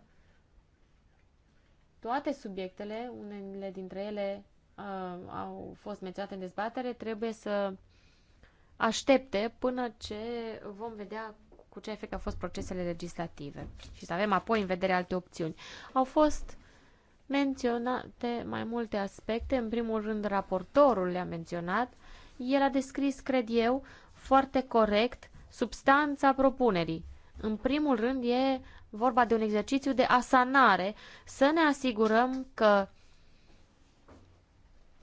toate subiectele, unele dintre ele uh, au fost menționate în dezbatere, trebuie să aștepte până ce vom vedea cu ce efect au fost procesele legislative și să avem apoi în vedere alte opțiuni. Au fost menționate mai multe aspecte. În primul rând, raportorul le-a menționat. El a descris, cred eu, foarte corect substanța propunerii. În primul rând e vorba de un exercițiu de asanare, să ne asigurăm că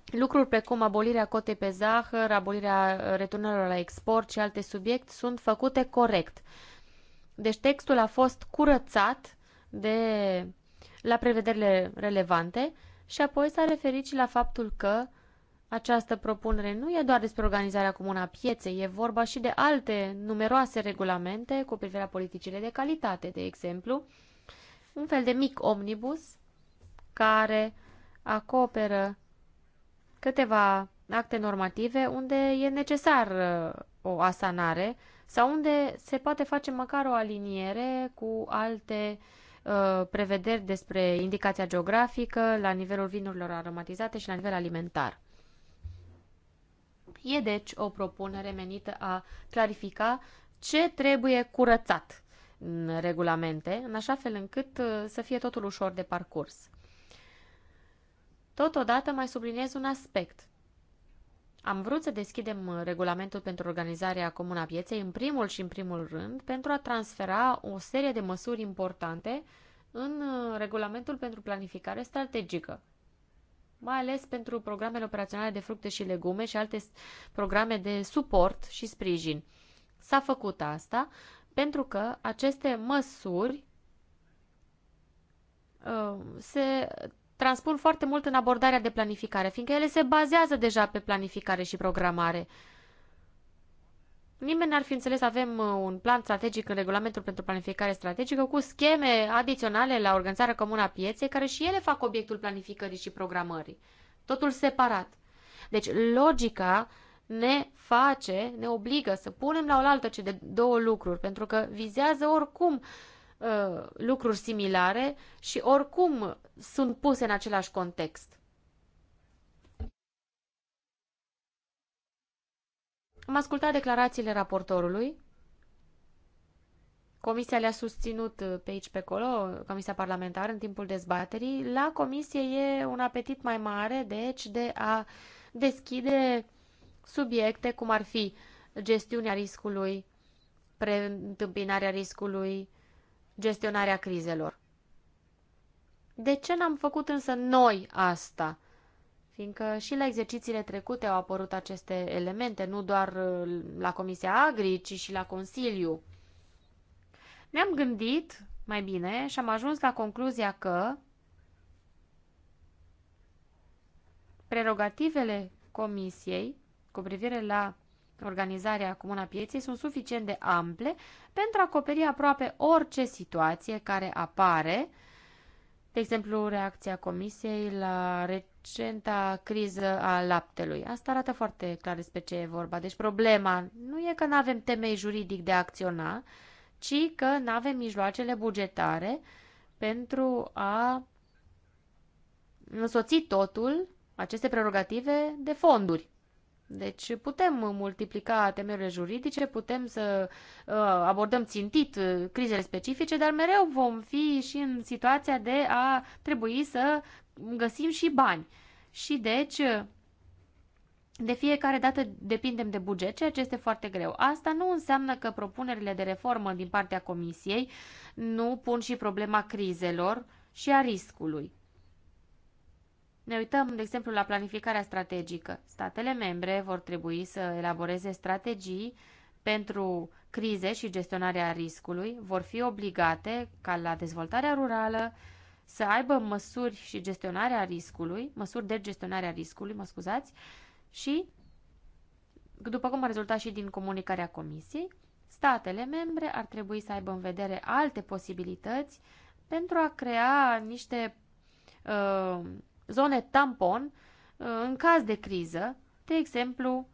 lucruri precum abolirea cotei pe zahăr, abolirea returnărilor la export și alte subiecte sunt făcute corect. Deci textul a fost curățat de la prevederile relevante și apoi s-a referit și la faptul că această propunere nu e doar despre organizarea comună a pieței, e vorba și de alte numeroase regulamente cu privire la politicile de calitate, de exemplu, un fel de mic omnibus care acoperă câteva acte normative unde e necesar uh, o asanare sau unde se poate face măcar o aliniere cu alte uh, prevederi despre indicația geografică la nivelul vinurilor aromatizate și la nivel alimentar. E deci o propunere menită a clarifica ce trebuie curățat în regulamente, în așa fel încât uh, să fie totul ușor de parcurs. Totodată mai subliniez un aspect. Am vrut să deschidem uh, regulamentul pentru organizarea a Pieței în primul și în primul rând pentru a transfera o serie de măsuri importante în uh, regulamentul pentru planificare strategică mai ales pentru programele operaționale de fructe și legume și alte programe de suport și sprijin. S-a făcut asta pentru că aceste măsuri uh, se transpun foarte mult în abordarea de planificare, fiindcă ele se bazează deja pe planificare și programare. Nimeni n-ar fi înțeles, avem uh, un plan strategic în regulamentul pentru planificare strategică cu scheme adiționale la organizarea comună a pieței, care și ele fac obiectul planificării și programării. Totul separat. Deci logica ne face, ne obligă să punem la oaltă cele două lucruri, pentru că vizează oricum uh, lucruri similare și oricum sunt puse în același context. Am ascultat declarațiile raportorului. Comisia le-a susținut uh, pe aici, pe acolo, Comisia Parlamentară, în timpul dezbaterii. La Comisie e un apetit mai mare, deci, de a deschide subiecte cum ar fi gestiunea riscului, preîntâmpinarea riscului, gestionarea crizelor. De ce n-am făcut însă noi asta? fiindcă și la exercițiile trecute au apărut aceste elemente, nu doar uh, la Comisia Agri, ci și la Consiliu. Ne-am gândit mai bine și am ajuns la concluzia că prerogativele Comisiei cu privire la organizarea comuna pieței sunt suficient de ample pentru a acoperi aproape orice situație care apare de exemplu, reacția Comisiei la recenta criză a laptelui. Asta arată foarte clar despre ce e vorba. Deci problema nu e că nu avem temei juridic de a acționa, ci că nu avem mijloacele bugetare pentru a însoți totul, aceste prerogative, de fonduri. Deci putem multiplica temerile juridice, putem să uh, abordăm țintit uh, crizele specifice, dar mereu vom fi și în situația de a trebui să găsim și bani. Și deci de fiecare dată depindem de buget, ceea ce este foarte greu. Asta nu înseamnă că propunerile de reformă din partea Comisiei nu pun și problema crizelor și a riscului. Ne uităm, de exemplu, la planificarea strategică. Statele membre vor trebui să elaboreze strategii pentru crize și gestionarea riscului, vor fi obligate, ca la dezvoltarea rurală, să aibă măsuri și gestionarea riscului, măsuri de gestionare a riscului, mă scuzați, și, după cum a rezultat și din comunicarea Comisiei, statele membre ar trebui să aibă în vedere alte posibilități pentru a crea niște uh, zone tampon uh, în caz de criză, de exemplu,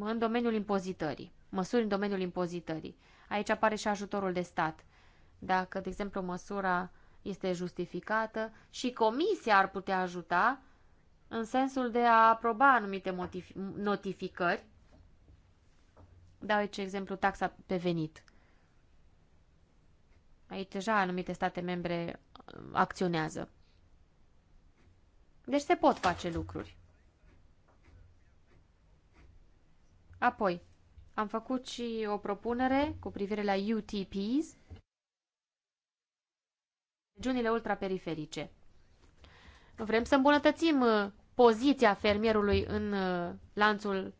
în domeniul impozitării, măsuri în domeniul impozitării. Aici apare și ajutorul de stat. Dacă, de exemplu, măsura este justificată și comisia ar putea ajuta în sensul de a aproba anumite notificări. Dau aici exemplu taxa pe venit. Aici deja anumite state membre acționează. Deci se pot face lucruri. Apoi, am făcut și o propunere cu privire la UTPs, regiunile ultraperiferice. Vrem să îmbunătățim uh, poziția fermierului în uh, lanțul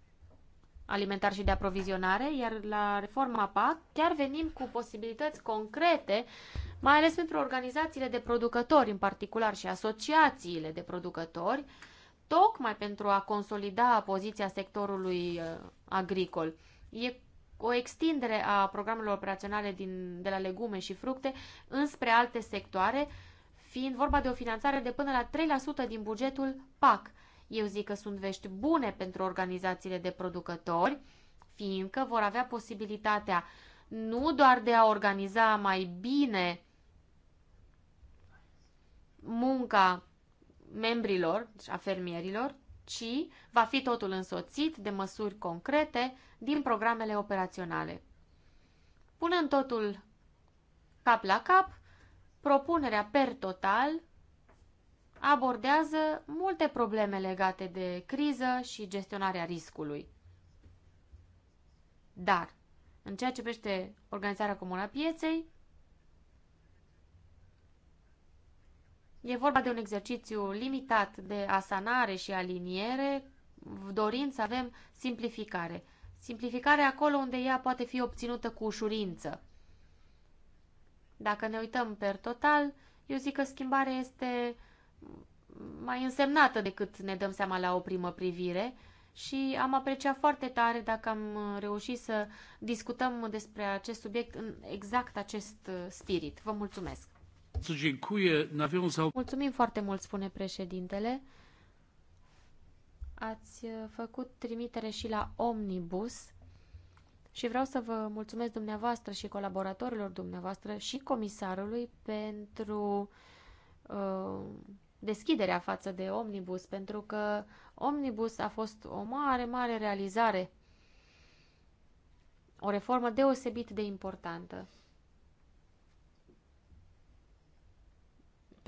alimentar și de aprovizionare, iar la reforma PAC chiar venim cu posibilități concrete mai ales pentru organizațiile de producători în particular și asociațiile de producători, tocmai pentru a consolida poziția sectorului uh, agricol. E o extindere a programelor operaționale din, de la legume și fructe înspre alte sectoare, fiind vorba de o finanțare de până la 3% din bugetul PAC. Eu zic că sunt vești bune pentru organizațiile de producători, fiindcă vor avea posibilitatea nu doar de a organiza mai bine munca membrilor, a fermierilor, ci va fi totul însoțit de măsuri concrete din programele operaționale. Punând totul cap la cap, propunerea per total abordează multe probleme legate de criză și gestionarea riscului. Dar, în ceea ce privește organizarea comună a pieței, E vorba de un exercițiu limitat de asanare și aliniere, dorind să avem simplificare. Simplificare acolo unde ea poate fi obținută cu ușurință. Dacă ne uităm per total, eu zic că schimbarea este mai însemnată decât ne dăm seama la o primă privire și am apreciat foarte tare dacă am reușit să discutăm despre acest subiect în exact acest spirit. Vă mulțumesc! Mulțumim foarte mult, spune președintele. Ați făcut trimitere și la Omnibus și vreau să vă mulțumesc dumneavoastră și colaboratorilor dumneavoastră și comisarului pentru uh, deschiderea față de Omnibus, pentru că Omnibus a fost o mare, mare realizare, o reformă deosebit de importantă.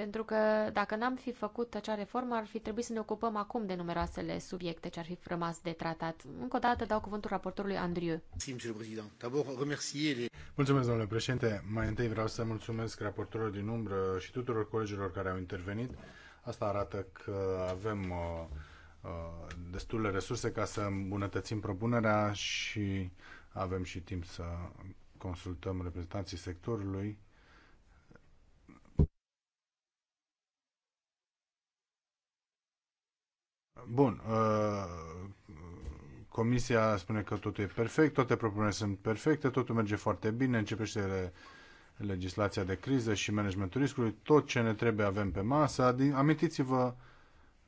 Pentru că dacă n-am fi făcut acea reformă, ar fi trebuit să ne ocupăm acum de numeroasele subiecte ce ar fi rămas de tratat. Încă o dată dau cuvântul raportorului Andriu. Mulțumesc, domnule președinte. Mai întâi vreau să mulțumesc raportorului din umbră și tuturor colegilor care au intervenit. Asta arată că avem uh, uh, destule resurse ca să îmbunătățim propunerea și avem și timp să consultăm reprezentanții sectorului Bun. Uh, comisia spune că totul e perfect, toate propunerile sunt perfecte, totul merge foarte bine, le legislația de criză și managementul riscului, tot ce ne trebuie avem pe masă. Amintiți-vă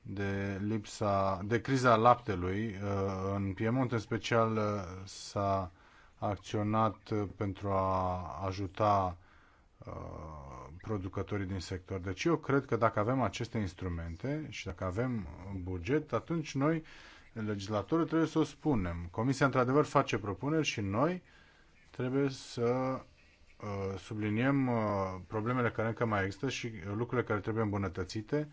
de lipsa, de criza laptelui. Uh, în Piemont, în special, uh, s-a acționat pentru a ajuta producătorii din sector. Deci eu cred că dacă avem aceste instrumente și dacă avem buget, atunci noi, legislatorul, trebuie să o spunem. Comisia, într-adevăr, face propuneri și noi trebuie să uh, subliniem uh, problemele care încă mai există și lucrurile care trebuie îmbunătățite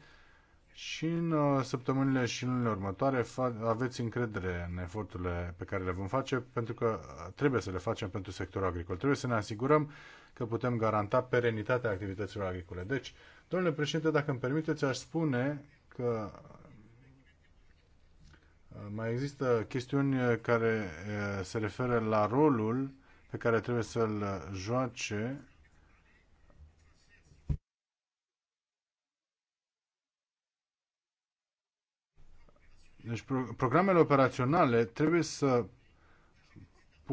și în uh, săptămânile și în lunile următoare aveți încredere în eforturile pe care le vom face pentru că trebuie să le facem pentru sectorul agricol. Trebuie să ne asigurăm că putem garanta perenitatea activităților agricole. Deci, domnule președinte, dacă îmi permiteți, aș spune că uh, mai există chestiuni uh, care uh, se referă la rolul pe care trebuie să-l joace Deci programele operaționale trebuie să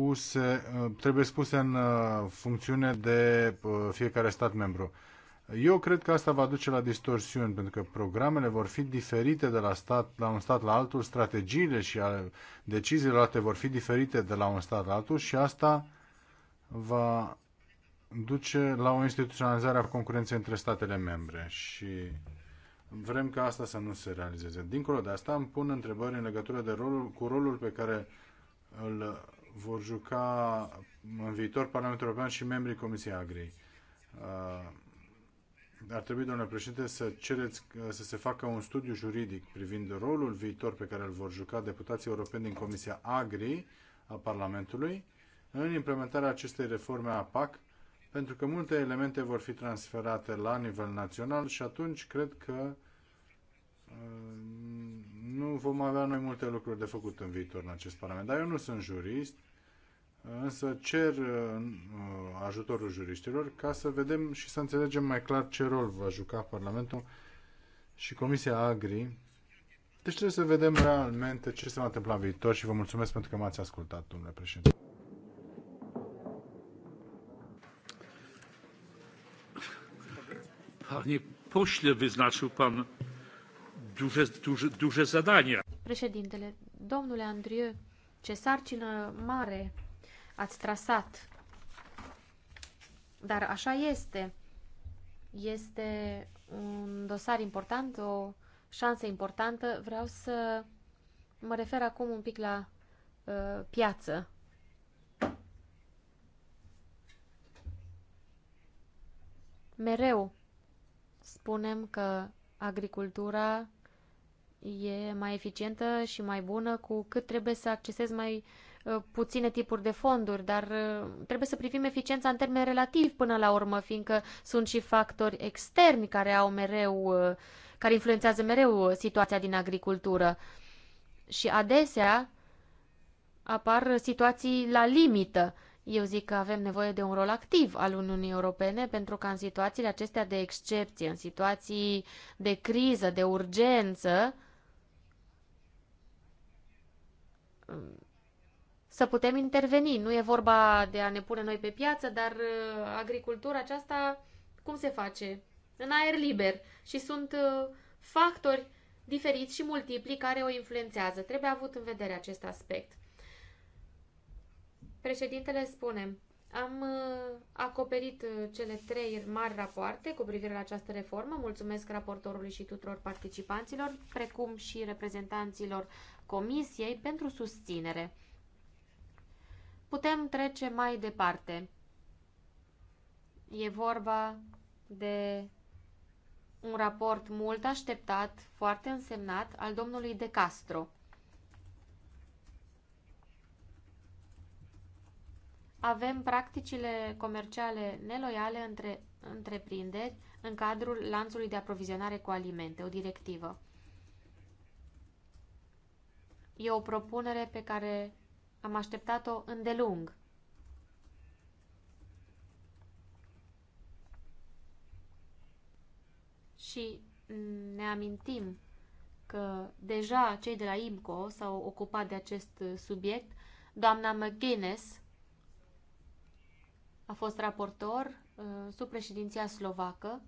puse, uh, trebuie spuse în uh, funcțiune de uh, fiecare stat membru. Eu cred că asta va duce la distorsiuni, pentru că programele vor fi diferite de la, stat, la un stat la altul, strategiile și deciziile luate vor fi diferite de la un stat la altul și asta va duce la o instituționalizare a concurenței între statele membre și vrem ca asta să nu se realizeze. Dincolo de asta îmi pun întrebări în legătură de rolul, cu rolul pe care îl vor juca în viitor Parlamentul European și membrii Comisiei Agri. Uh, ar trebui, domnule președinte, să cereți uh, să se facă un studiu juridic privind rolul viitor pe care îl vor juca deputații europeni din Comisia Agri a Parlamentului în implementarea acestei reforme a PAC, pentru că multe elemente vor fi transferate la nivel național și atunci cred că uh, nu vom avea noi multe lucruri de făcut în viitor în acest Parlament. Dar eu nu sunt jurist, însă cer uh, uh, ajutorul juriștilor ca să vedem și să înțelegem mai clar ce rol va juca Parlamentul și Comisia Agri. Deci trebuie să vedem realmente ce se va întâmpla în viitor și vă mulțumesc pentru că m-ați ascultat, domnule președinte. Panie pośle, wyznaczył pan duże, duże, duże zadania. Președintele, domnule Andrieu, ce sarcină mare ați trasat. Dar așa este. Este un dosar important, o șansă importantă. Vreau să mă refer acum un pic la uh, piață. Mereu spunem că agricultura e mai eficientă și mai bună cu cât trebuie să accesezi mai uh, puține tipuri de fonduri, dar uh, trebuie să privim eficiența în termen relativ până la urmă, fiindcă sunt și factori externi care au mereu, uh, care influențează mereu situația din agricultură. Și adesea apar situații la limită. Eu zic că avem nevoie de un rol activ al Uniunii Europene pentru ca în situațiile acestea de excepție, în situații de criză, de urgență, să putem interveni. Nu e vorba de a ne pune noi pe piață, dar uh, agricultura aceasta cum se face? În aer liber și sunt uh, factori diferiți și multipli care o influențează. Trebuie avut în vedere acest aspect. Președintele spune, am uh, acoperit cele trei mari rapoarte cu privire la această reformă. Mulțumesc raportorului și tuturor participanților, precum și reprezentanților Comisiei pentru susținere. Putem trece mai departe. E vorba de un raport mult așteptat, foarte însemnat, al domnului De Castro. Avem practicile comerciale neloiale între întreprinderi în cadrul lanțului de aprovizionare cu alimente, o directivă. E o propunere pe care am așteptat-o îndelung. Și ne amintim că deja cei de la IMCO s-au ocupat de acest subiect. Doamna McGuinness a fost raportor uh, sub președinția slovacă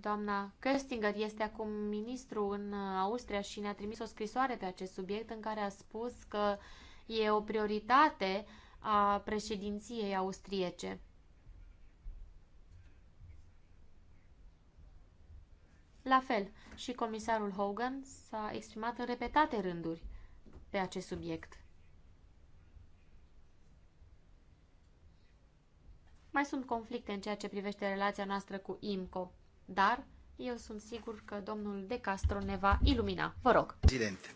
Doamna Köstinger este acum ministru în uh, Austria și ne-a trimis o scrisoare pe acest subiect în care a spus că e o prioritate a președinției austriece. La fel, și comisarul Hogan s-a exprimat în repetate rânduri pe acest subiect. Mai sunt conflicte în ceea ce privește relația noastră cu IMCO dar eu sunt sigur că domnul De Castro ne va ilumina. Vă rog. Presidente.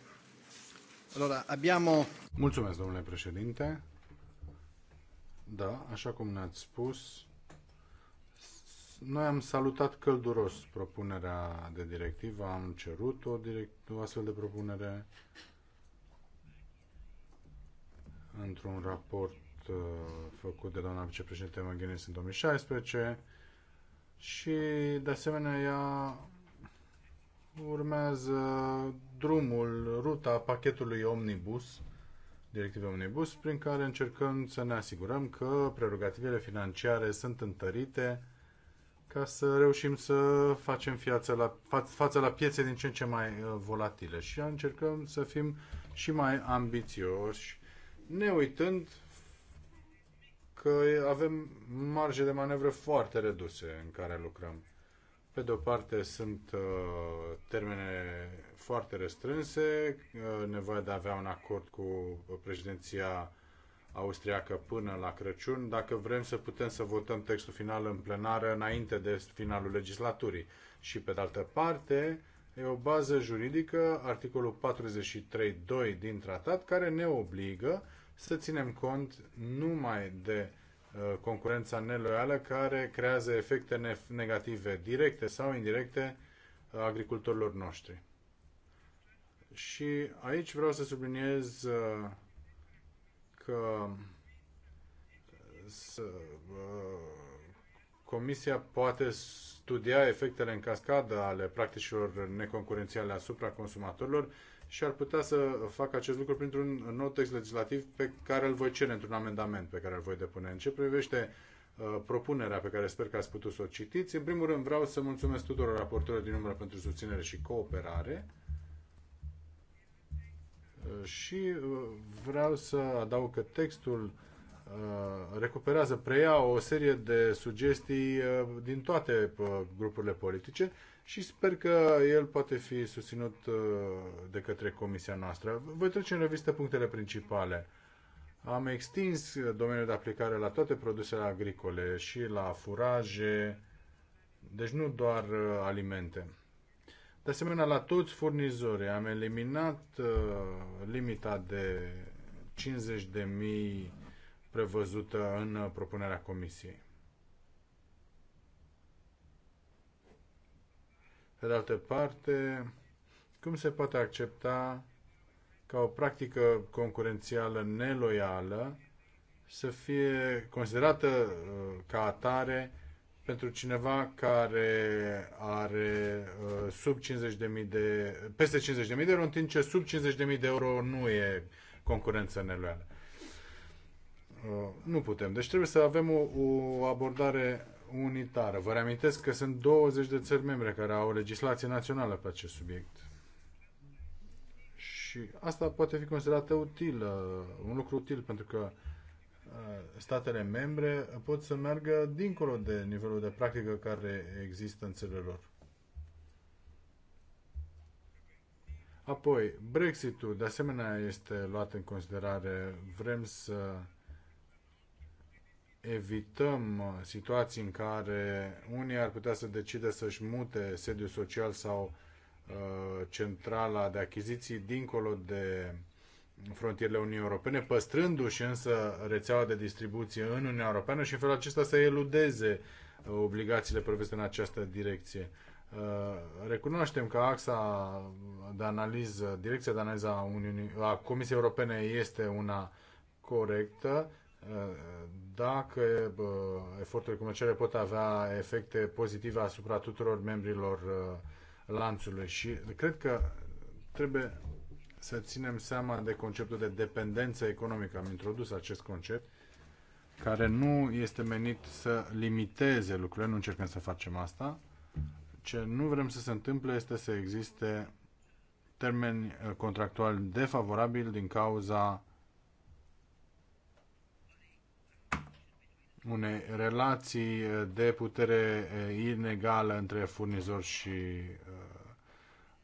Allora, abbiamo... Mulțumesc, domnule președinte. Da, așa cum ne-ați spus, noi am salutat călduros propunerea de directivă, am cerut o, direct, o astfel de propunere într-un raport uh, făcut de doamna vicepreședinte Măghenis în 2016 și de asemenea ea urmează drumul, ruta pachetului Omnibus, directive Omnibus, prin care încercăm să ne asigurăm că prerogativele financiare sunt întărite ca să reușim să facem fiață la, fa- față la piețe din ce în ce mai uh, volatile și încercăm să fim și mai ambițioși, ne uitând că avem marge de manevră foarte reduse în care lucrăm. Pe de o parte sunt uh, termene foarte restrânse, uh, nevoia de a avea un acord cu președinția austriacă până la Crăciun, dacă vrem să putem să votăm textul final în plenară înainte de finalul legislaturii. Și pe de altă parte, e o bază juridică, articolul 43.2 din tratat, care ne obligă să ținem cont numai de uh, concurența neloială care creează efecte negative directe sau indirecte uh, agricultorilor noștri. Și aici vreau să subliniez uh, că Comisia poate studia efectele în cascadă ale practicilor neconcurențiale asupra consumatorilor și ar putea să facă acest lucru printr-un nou text legislativ pe care îl voi cere într-un amendament pe care îl voi depune. În ce privește uh, propunerea pe care sper că ați putut să o citiți. În primul rând vreau să mulțumesc tuturor raportorilor din umbră pentru susținere și cooperare uh, și uh, vreau să adaug că textul recuperează, preia o serie de sugestii din toate grupurile politice și sper că el poate fi susținut uh, de către comisia noastră. Voi trece în revistă punctele principale. Am extins domeniul de aplicare la toate produsele agricole și la furaje, deci nu doar uh, alimente. De asemenea, la toți furnizorii am eliminat uh, limita de 50.000 prevăzută în propunerea comisiei. Pe de altă parte, cum se poate accepta ca o practică concurențială neloială să fie considerată uh, ca atare pentru cineva care are uh, sub 50.000 de, peste 50.000 de euro, în timp ce sub 50.000 de euro nu e concurență neloială. Uh, nu putem. Deci trebuie să avem o, o abordare unitară. Vă reamintesc că sunt 20 de țări membre care au legislație națională pe acest subiect. Și asta poate fi considerată util, un lucru util, pentru că uh, statele membre pot să meargă dincolo de nivelul de practică care există în țările lor. Apoi, Brexitul, de asemenea, este luat în considerare. Vrem să evităm uh, situații în care unii ar putea să decide să-și mute sediul social sau uh, centrala de achiziții dincolo de frontierele Uniunii Europene, păstrându-și însă rețeaua de distribuție în Uniunea Europeană și în felul acesta să eludeze uh, obligațiile prevăzute în această direcție. Uh, recunoaștem că axa de analiză, direcția de analiză a, Uniunii, a Comisiei Europene este una corectă, dacă eforturile comerciale pot avea efecte pozitive asupra tuturor membrilor uh, lanțului și cred că trebuie să ținem seama de conceptul de dependență economică. Am introdus acest concept care nu este menit să limiteze lucrurile, nu încercăm să facem asta. Ce nu vrem să se întâmple este să existe termeni uh, contractuali defavorabili din cauza unei relații de putere eh, inegală între furnizor și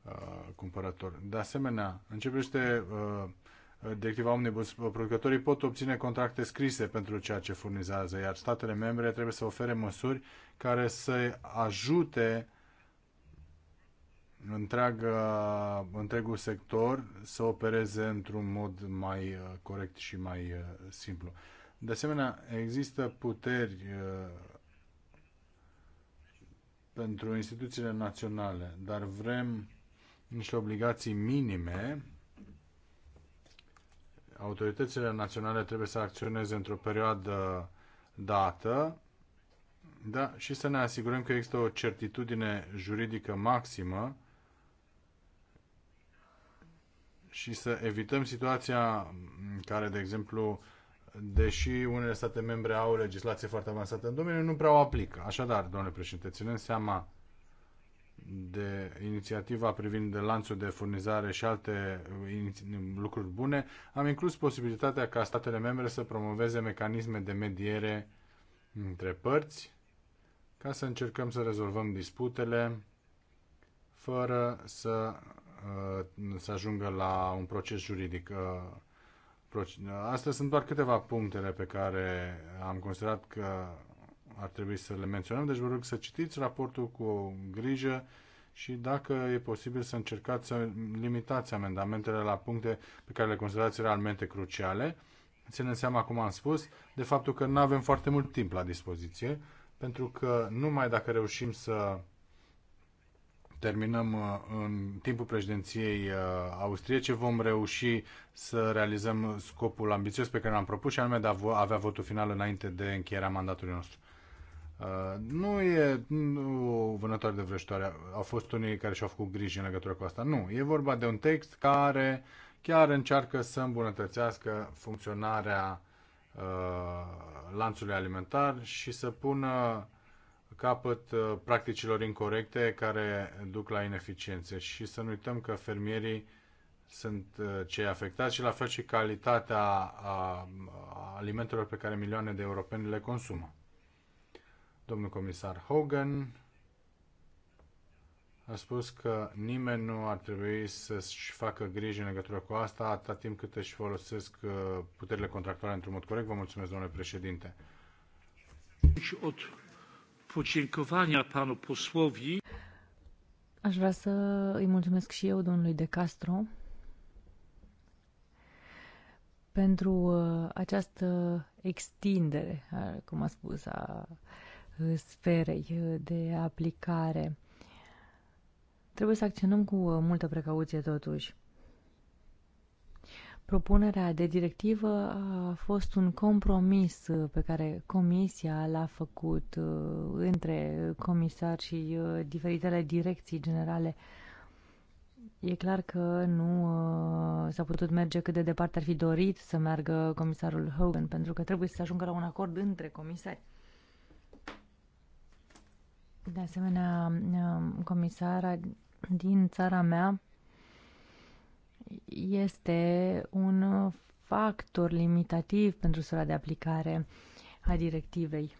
uh, cumpărător. De asemenea, începește uh, directiva Omnibus, producătorii pot obține contracte scrise pentru ceea ce furnizează, iar statele membre trebuie să ofere măsuri care să ajute întreagă, întregul sector să opereze într-un mod mai corect și mai simplu. De asemenea, există puteri uh, pentru instituțiile naționale, dar vrem niște obligații minime. Autoritățile naționale trebuie să acționeze într-o perioadă dată da, și să ne asigurăm că există o certitudine juridică maximă și să evităm situația în care, de exemplu, deși unele state membre au legislație foarte avansată în domeniu, nu prea o aplică. Așadar, domnule președinte, ținând seama de inițiativa privind de lanțul de furnizare și alte uh, lucruri bune, am inclus posibilitatea ca statele membre să promoveze mecanisme de mediere între părți ca să încercăm să rezolvăm disputele fără să, uh, să ajungă la un proces juridic. Uh, Astea sunt doar câteva punctele pe care am considerat că ar trebui să le menționăm, deci vă rog să citiți raportul cu grijă și dacă e posibil să încercați să limitați amendamentele la puncte pe care le considerați realmente cruciale. Ținem seama, cum am spus, de faptul că nu avem foarte mult timp la dispoziție, pentru că numai dacă reușim să terminăm uh, în timpul președinției uh, austriece, vom reuși să realizăm scopul ambițios pe care l-am propus și anume de a avea votul final înainte de încheierea mandatului nostru. Uh, nu e nu vânătoare de vrăjitoare. Au fost unii care și-au făcut griji în legătură cu asta. Nu, e vorba de un text care chiar încearcă să îmbunătățească funcționarea lanțului alimentar și să pună capăt uh, practicilor incorrecte care duc la ineficiențe și să nu uităm că fermierii sunt uh, cei afectați și la fel și calitatea a alimentelor pe care milioane de europeni le consumă. Domnul comisar Hogan a spus că nimeni nu ar trebui să-și facă griji în legătură cu asta atât timp cât își folosesc uh, puterile contractuale într-un mod corect. Vă mulțumesc, domnule președinte podziękowania panu posłowi. Aș vrea să îi mulțumesc și eu domnului De Castro pentru uh, această extindere, uh, cum a spus, a uh, sferei de aplicare. Trebuie să acționăm cu multă precauție totuși. Propunerea de directivă a fost un compromis uh, pe care Comisia l-a făcut uh, între comisar și uh, diferitele direcții generale. E clar că nu s-a putut merge cât de departe ar fi dorit să meargă comisarul Hogan, pentru că trebuie să ajungă la un acord între comisari. De asemenea, um, comisara din țara mea este un factor limitativ pentru sora de aplicare a directivei.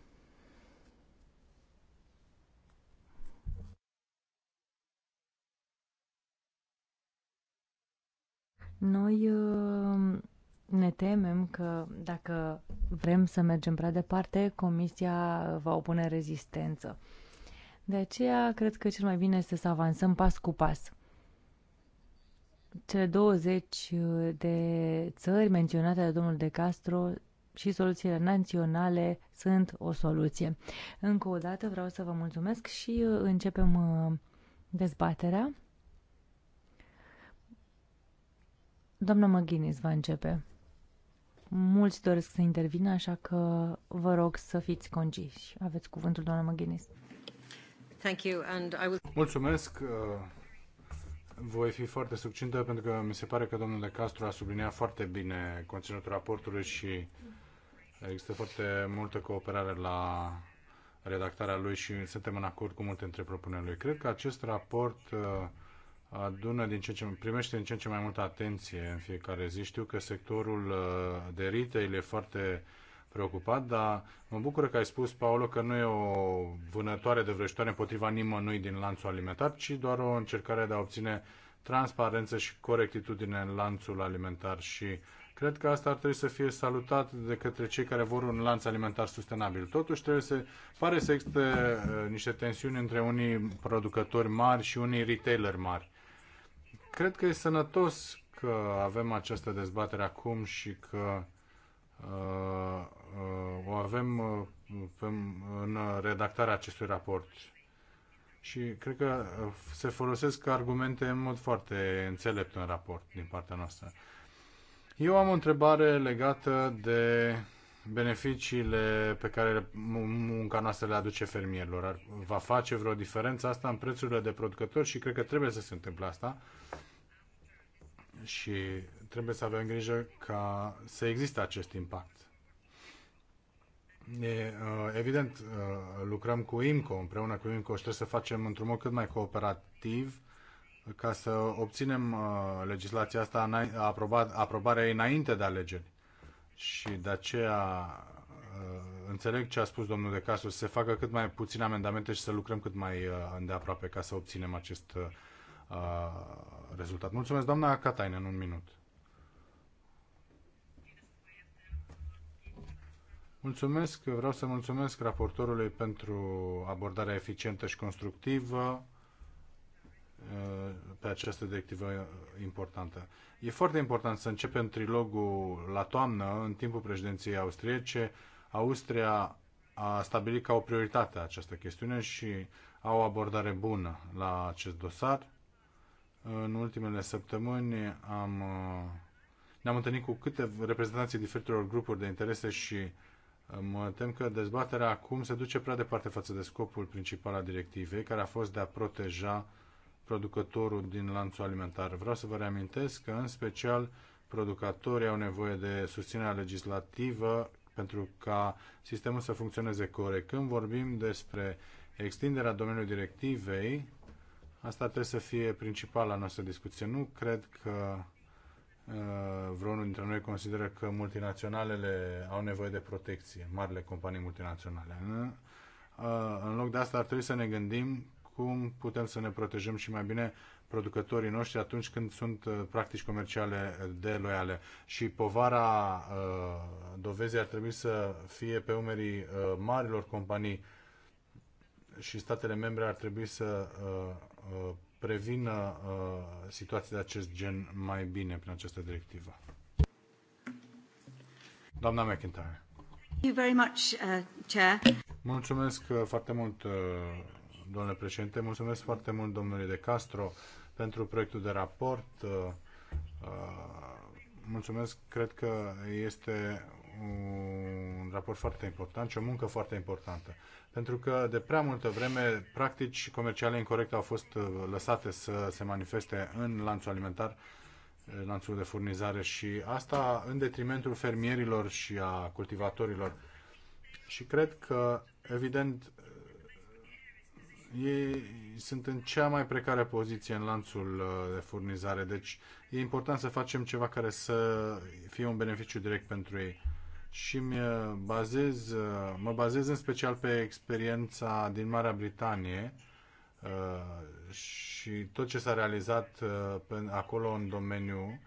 Noi uh, ne temem că dacă vrem să mergem prea departe, Comisia va opune rezistență. De aceea, cred că cel mai bine este să avansăm pas cu pas cele 20 uh, de țări menționate de domnul De Castro și soluțiile naționale sunt o soluție. Încă o dată vreau să vă mulțumesc și uh, începem uh, dezbaterea. Doamna McGuinness va începe. Mulți doresc să intervină, așa că vă rog să fiți conciși. Aveți cuvântul, doamna McGuinness. Mulțumesc. Voi fi foarte succintă pentru că mi se pare că domnul De Castro a subliniat foarte bine conținutul raportului și există foarte multă cooperare la redactarea lui și suntem în acord cu multe dintre propunerile lui. Cred că acest raport uh, adună din ce ce, primește din ce în ce mai multă atenție în fiecare zi. Știu că sectorul uh, de retail e foarte uh, preocupat, dar mă bucur că ai spus, Paolo, că nu e o vânătoare de vrăjitoare împotriva nimănui din lanțul alimentar, ci doar o încercare de a obține transparență și corectitudine în lanțul alimentar și cred că asta ar trebui să fie salutat de către cei care vor un lanț alimentar sustenabil. Totuși, trebuie să, pare să existe uh, niște tensiuni între unii producători mari și unii retaileri mari. Cred că e sănătos că avem această dezbatere acum și că Uh, uh, o uh, avem în redactarea acestui raport. Și cred că se folosesc argumente în mod foarte înțelept în raport din partea noastră. Eu am o întrebare legată de beneficiile pe care munca noastră le aduce fermierilor. Va face vreo diferență asta în prețurile de producători și cred că trebuie să se întâmple asta. Și trebuie să avem grijă ca să existe acest impact. E, uh, evident, uh, lucrăm cu IMCO, împreună cu IMCO și trebuie să facem într-un mod cât mai cooperativ ca să obținem uh, legislația asta, aprobarea ei înainte de alegeri. Și de aceea înțeleg ce a spus domnul De Castro, să se facă cât mai puține amendamente și să lucrăm cât mai îndeaproape ca să obținem acest rezultat. Mulțumesc, doamna Catainen, un minut. Mulțumesc, vreau să mulțumesc raportorului pentru abordarea eficientă și constructivă uh, pe această directivă importantă. E foarte important să începem trilogul la toamnă, în timpul președinției austriece. Austria a stabilit ca o prioritate această chestiune și a o abordare bună la acest dosar. În ultimele săptămâni am, uh, ne-am întâlnit cu câte reprezentanții diferitelor grupuri de interese și Mă tem că dezbaterea acum se duce prea departe față de scopul principal al directivei, care a fost de a proteja producătorul din lanțul alimentar. Vreau să vă reamintesc că, în special, producătorii au nevoie de susținerea legislativă pentru ca sistemul să funcționeze corect. Când vorbim despre extinderea domeniului directivei, asta trebuie să fie principala noastră discuție. Nu cred că Eh, vreunul dintre noi consideră că multinaționalele au nevoie de protecție, marile companii multinaționale. Eh, în loc de asta ar trebui să ne gândim cum putem să ne protejăm și mai bine producătorii noștri atunci când sunt eh, practici comerciale deloiale. Și povara dovezii ar trebui să fie pe umerii marilor companii și statele membre ar trebui să prevină uh, situații de acest gen mai bine prin această directivă. Doamna McIntyre. Thank you very much, uh, Chair. Mulțumesc uh, foarte mult, uh, domnule președinte. Mulțumesc foarte mult, domnului De Castro, pentru proiectul de raport. Uh, uh mulțumesc. Cred că este un raport foarte important și o muncă foarte importantă. Pentru că de prea multă vreme practici comerciale incorrecte au fost uh, lăsate să se manifeste în lanțul alimentar, uh, lanțul de furnizare și asta în detrimentul fermierilor și a cultivatorilor. Și cred că, evident, uh, ei sunt în cea mai precară poziție în lanțul de furnizare, deci e important să facem ceva care să fie un beneficiu direct pentru ei și -mi bazez, uh, mă bazez în special pe experiența din Marea Britanie uh, și tot ce s-a realizat uh, acolo în domeniu.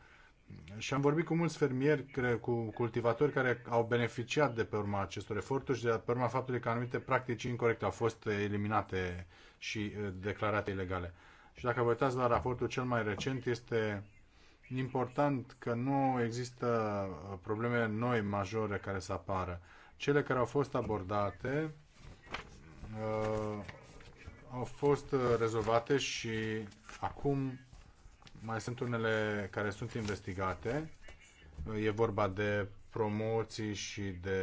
Și am vorbit cu mulți fermieri, cu cultivatori care au beneficiat de pe urma acestor eforturi și de pe urma faptului că anumite practici incorrecte au fost eliminate și declarate ilegale. Și dacă vă uitați la raportul cel mai recent, este important că nu există uh, probleme noi majore care să apară. Cele care au fost abordate uh, au fost uh, rezolvate și acum mai sunt unele care sunt investigate. Uh, e vorba de promoții și de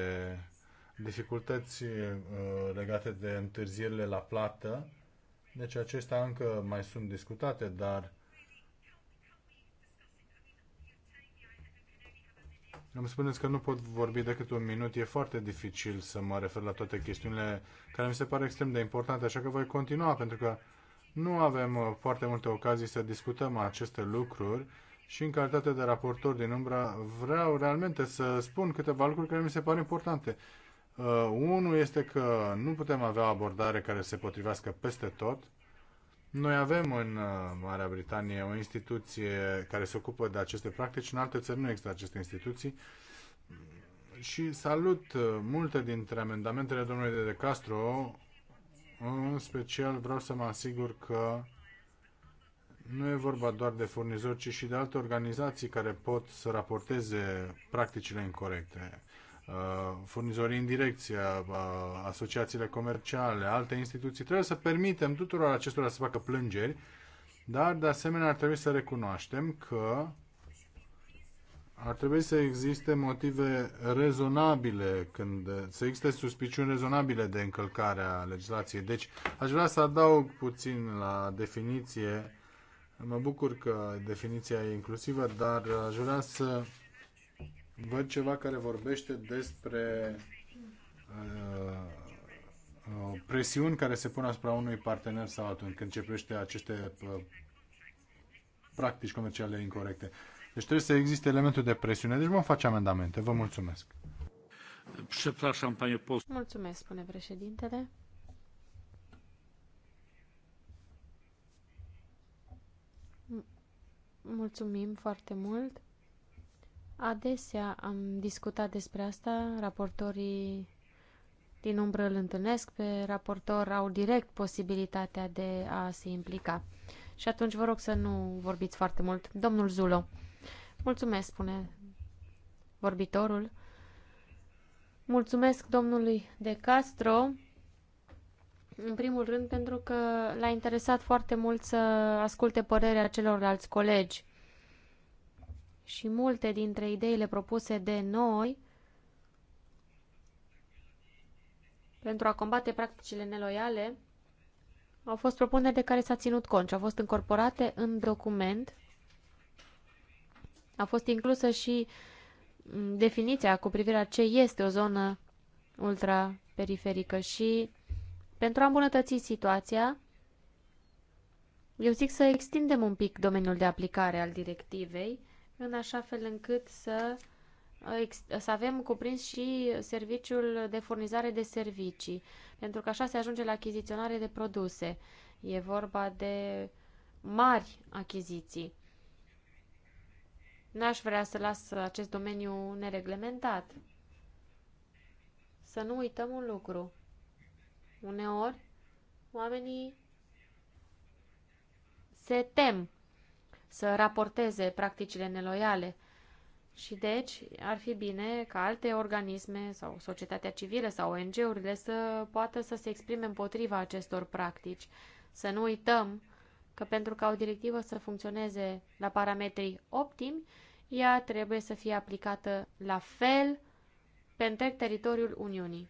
dificultăți uh, legate de întârzierile la plată. Deci acestea încă mai sunt discutate, dar Îmi spuneți că nu pot vorbi decât un minut. E foarte dificil să mă refer la toate chestiunile care mi se pare extrem de importante, așa că voi continua, pentru că nu avem uh, foarte multe ocazii să discutăm aceste lucruri și în calitate de raportor din umbra vreau realmente să spun câteva lucruri care mi se par importante. Uh, unul este că nu putem avea o abordare care se potrivească peste tot. Noi avem în uh, Marea Britanie o instituție care se ocupă de aceste practici, în alte țări nu există aceste instituții și salut uh, multe dintre amendamentele domnului De Castro, în special vreau să mă asigur că nu e vorba doar de furnizori, ci și de alte organizații care pot să raporteze practicile incorrecte. Uh, furnizorii în direcția, uh, asociațiile comerciale, alte instituții. Trebuie să permitem tuturor acestora să facă plângeri, dar de asemenea ar trebui să recunoaștem că ar trebui să existe motive rezonabile, când, să existe suspiciuni rezonabile de încălcare a legislației. Deci aș vrea să adaug puțin la definiție. Mă bucur că definiția e inclusivă, dar aș vrea să Văd ceva care vorbește despre uh, uh, presiuni care se pun asupra unui partener sau altul când începește aceste uh, practici comerciale incorrecte. Deci trebuie să existe elementul de presiune. Deci vom face amendamente. Vă mulțumesc. post. Mulțumesc, spune președintele. Mulțumim foarte mult. Adesea am discutat despre asta, raportorii din umbră îl întâlnesc, pe raportor au direct posibilitatea de a se implica. Și atunci vă rog să nu vorbiți foarte mult. Domnul Zulo, mulțumesc, spune vorbitorul. Mulțumesc domnului De Castro, în primul rând pentru că l-a interesat foarte mult să asculte părerea celorlalți colegi și multe dintre ideile propuse de noi pentru a combate practicile neloiale au fost propuneri de care s-a ținut cont și au fost incorporate în document. A fost inclusă și mm, definiția cu privire la ce este o zonă ultraperiferică și pentru a îmbunătăți situația, eu zic să extindem un pic domeniul de aplicare al directivei în așa fel încât să, să avem cuprins și serviciul de furnizare de servicii, pentru că așa se ajunge la achiziționare de produse. E vorba de mari achiziții. N-aș vrea să las acest domeniu nereglementat. Să nu uităm un lucru. Uneori, oamenii se tem să raporteze practicile neloiale. Și deci ar fi bine ca alte organisme sau societatea civilă sau ONG-urile să poată să se exprime împotriva acestor practici. Să nu uităm că pentru ca o directivă să funcționeze la parametrii optimi, ea trebuie să fie aplicată la fel pe întreg teritoriul Uniunii.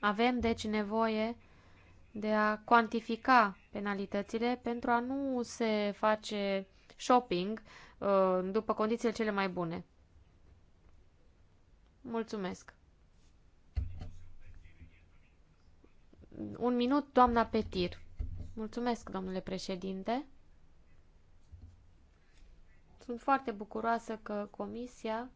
Avem deci nevoie de a cuantifica penalitățile pentru a nu se face shopping uh, după condițiile cele mai bune. Mulțumesc. Un minut, doamna Petir. Mulțumesc, domnule președinte. Sunt foarte bucuroasă că Comisia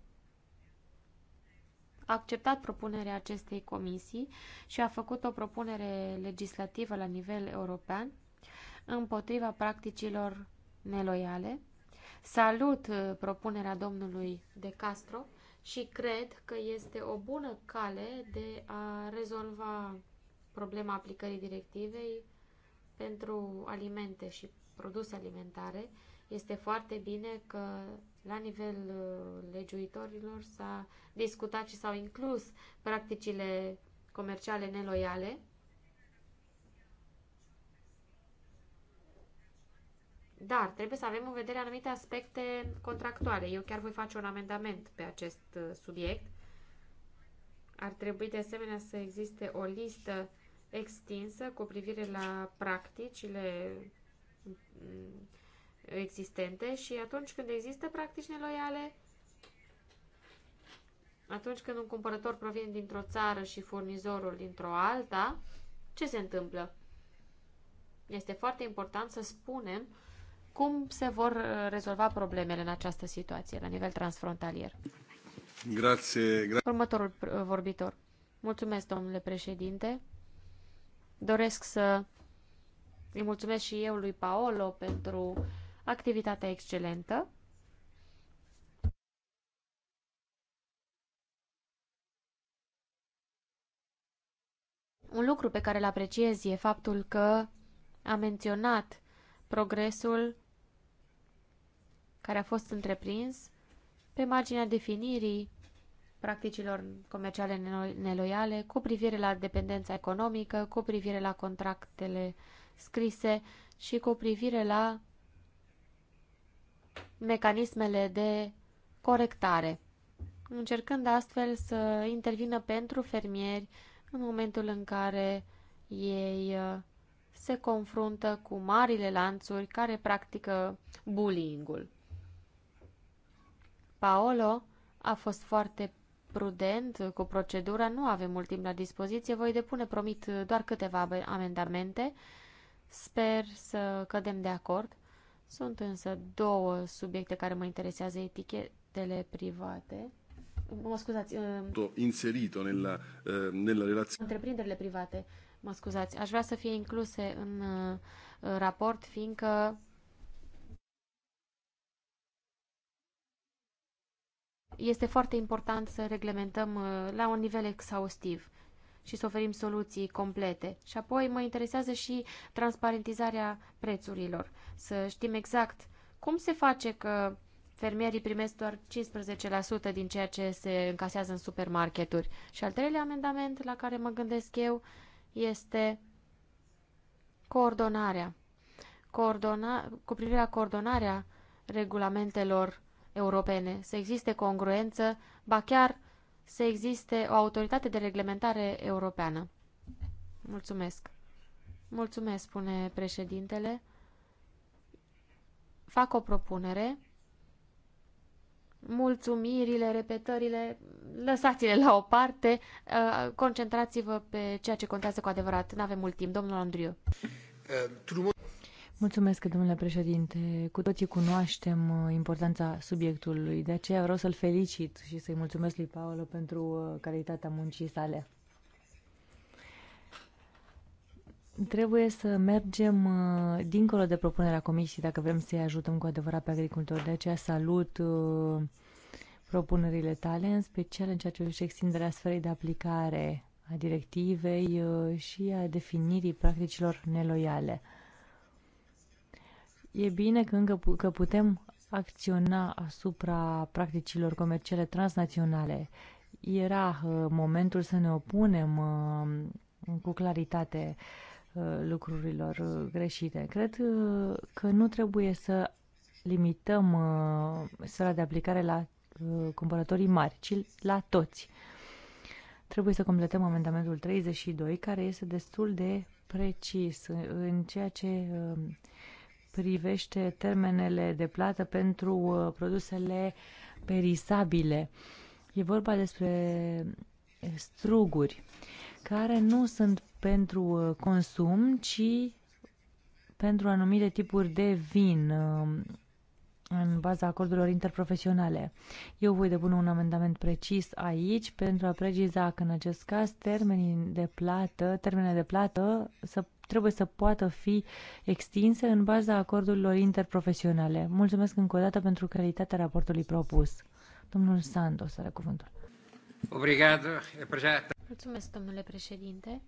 acceptat propunerea acestei comisii și a făcut o propunere legislativă la nivel european împotriva practicilor neloiale. Salut uh, propunerea domnului De Castro și cred că este o bună cale de a rezolva problema aplicării directivei pentru alimente și produse alimentare. Este foarte bine că la nivel uh, legiuitorilor s-a discutat și s-au inclus practicile comerciale neloiale. Dar trebuie să avem în vedere anumite aspecte contractuale. Eu chiar voi face un amendament pe acest uh, subiect. Ar trebui de asemenea să existe o listă extinsă cu privire la practicile mm, existente și atunci când există practici neloiale, atunci când un cumpărător provine dintr-o țară și furnizorul dintr-o alta, ce se întâmplă? Este foarte important să spunem cum se vor uh, rezolva problemele în această situație la nivel transfrontalier. Grație, gra Următorul uh, vorbitor. Mulțumesc, domnule președinte. Doresc să îi mulțumesc și eu lui Paolo pentru activitatea excelentă. Un lucru pe care îl apreciez e faptul că a menționat progresul care a fost întreprins pe marginea definirii practicilor comerciale neloiale cu privire la dependența economică, cu privire la contractele scrise și cu privire la mecanismele de corectare, încercând astfel să intervină pentru fermieri în momentul în care ei uh, se confruntă cu marile lanțuri care practică bullying-ul. Paolo a fost foarte prudent cu procedura, nu avem mult timp la dispoziție, voi depune, promit, doar câteva amendamente. Sper să cădem de acord sunt însă două subiecte care mă interesează, etichetele private. Mă scuzați. Uh, inserito nella, uh, nella relazione. Întreprinderile private, mă scuzați. Aș vrea să fie incluse în uh, raport, fiindcă este foarte important să reglementăm eh, la un nivel exhaustiv și să oferim soluții complete. Și apoi mă interesează și transparentizarea prețurilor, să știm exact cum se face că fermierii primesc doar 15% din ceea ce se încasează în supermarketuri. Și al treilea amendament la care mă gândesc eu este coordonarea. Coordona, cu privire la coordonarea regulamentelor europene, să existe congruență, ba chiar să existe o autoritate de reglementare europeană. Mulțumesc. Mulțumesc, spune președintele. Fac o propunere. Mulțumirile, repetările, lăsați-le la o parte, uh, concentrați-vă pe ceea ce contează cu adevărat. Nu avem mult timp, domnul Andriu. Uh, Mulțumesc, domnule președinte. Cu toții cunoaștem uh, importanța subiectului, de aceea vreau să-l felicit și să-i mulțumesc lui Paolo pentru uh, calitatea muncii sale. Trebuie să mergem uh, dincolo de propunerea comisiei dacă vrem să-i ajutăm cu adevărat pe agricultori. De aceea salut propunerile tale, în special în ceea ce privește extinderea sferei de aplicare a directivei și a definirii practicilor neloiale. E bine că încă că putem acționa asupra practicilor comerciale transnaționale. Era uh, momentul să ne opunem uh, cu claritate uh, lucrurilor greșite. Cred că nu trebuie să limităm sfera de aplicare la cumpărătorii mari, ci la toți. Trebuie să completăm amendamentul 32, care este destul de precis în ceea ce privește termenele de plată pentru uh, produsele perisabile. E vorba despre eh, struguri care nu sunt pentru uh, consum, ci pentru anumite tipuri de vin uh, în baza acordurilor interprofesionale. Eu voi depune un amendament precis aici pentru a preciza că în acest caz termenii de plată, termenele de plată să, trebuie să poată fi extinse în baza acordurilor interprofesionale. Mulțumesc încă o dată pentru calitatea raportului propus. Domnul Sandu, are cuvântul. Obrigado, Mulțumesc, domnule președinte.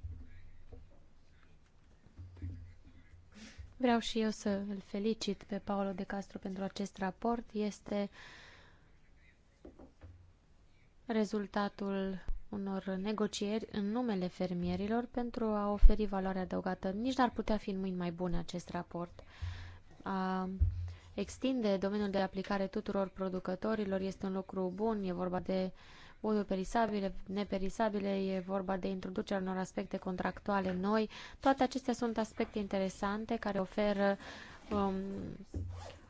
Vreau și eu să îl felicit pe Paolo de Castro pentru acest raport. Este rezultatul unor negocieri în numele fermierilor pentru a oferi valoare adăugată. Nici n-ar putea fi în mâini mai bune acest raport. A extinde domeniul de aplicare tuturor producătorilor este un lucru bun, e vorba de bunuri perisabile, neperisabile, e vorba de introducerea unor aspecte contractuale noi. Toate acestea sunt aspecte interesante care oferă um,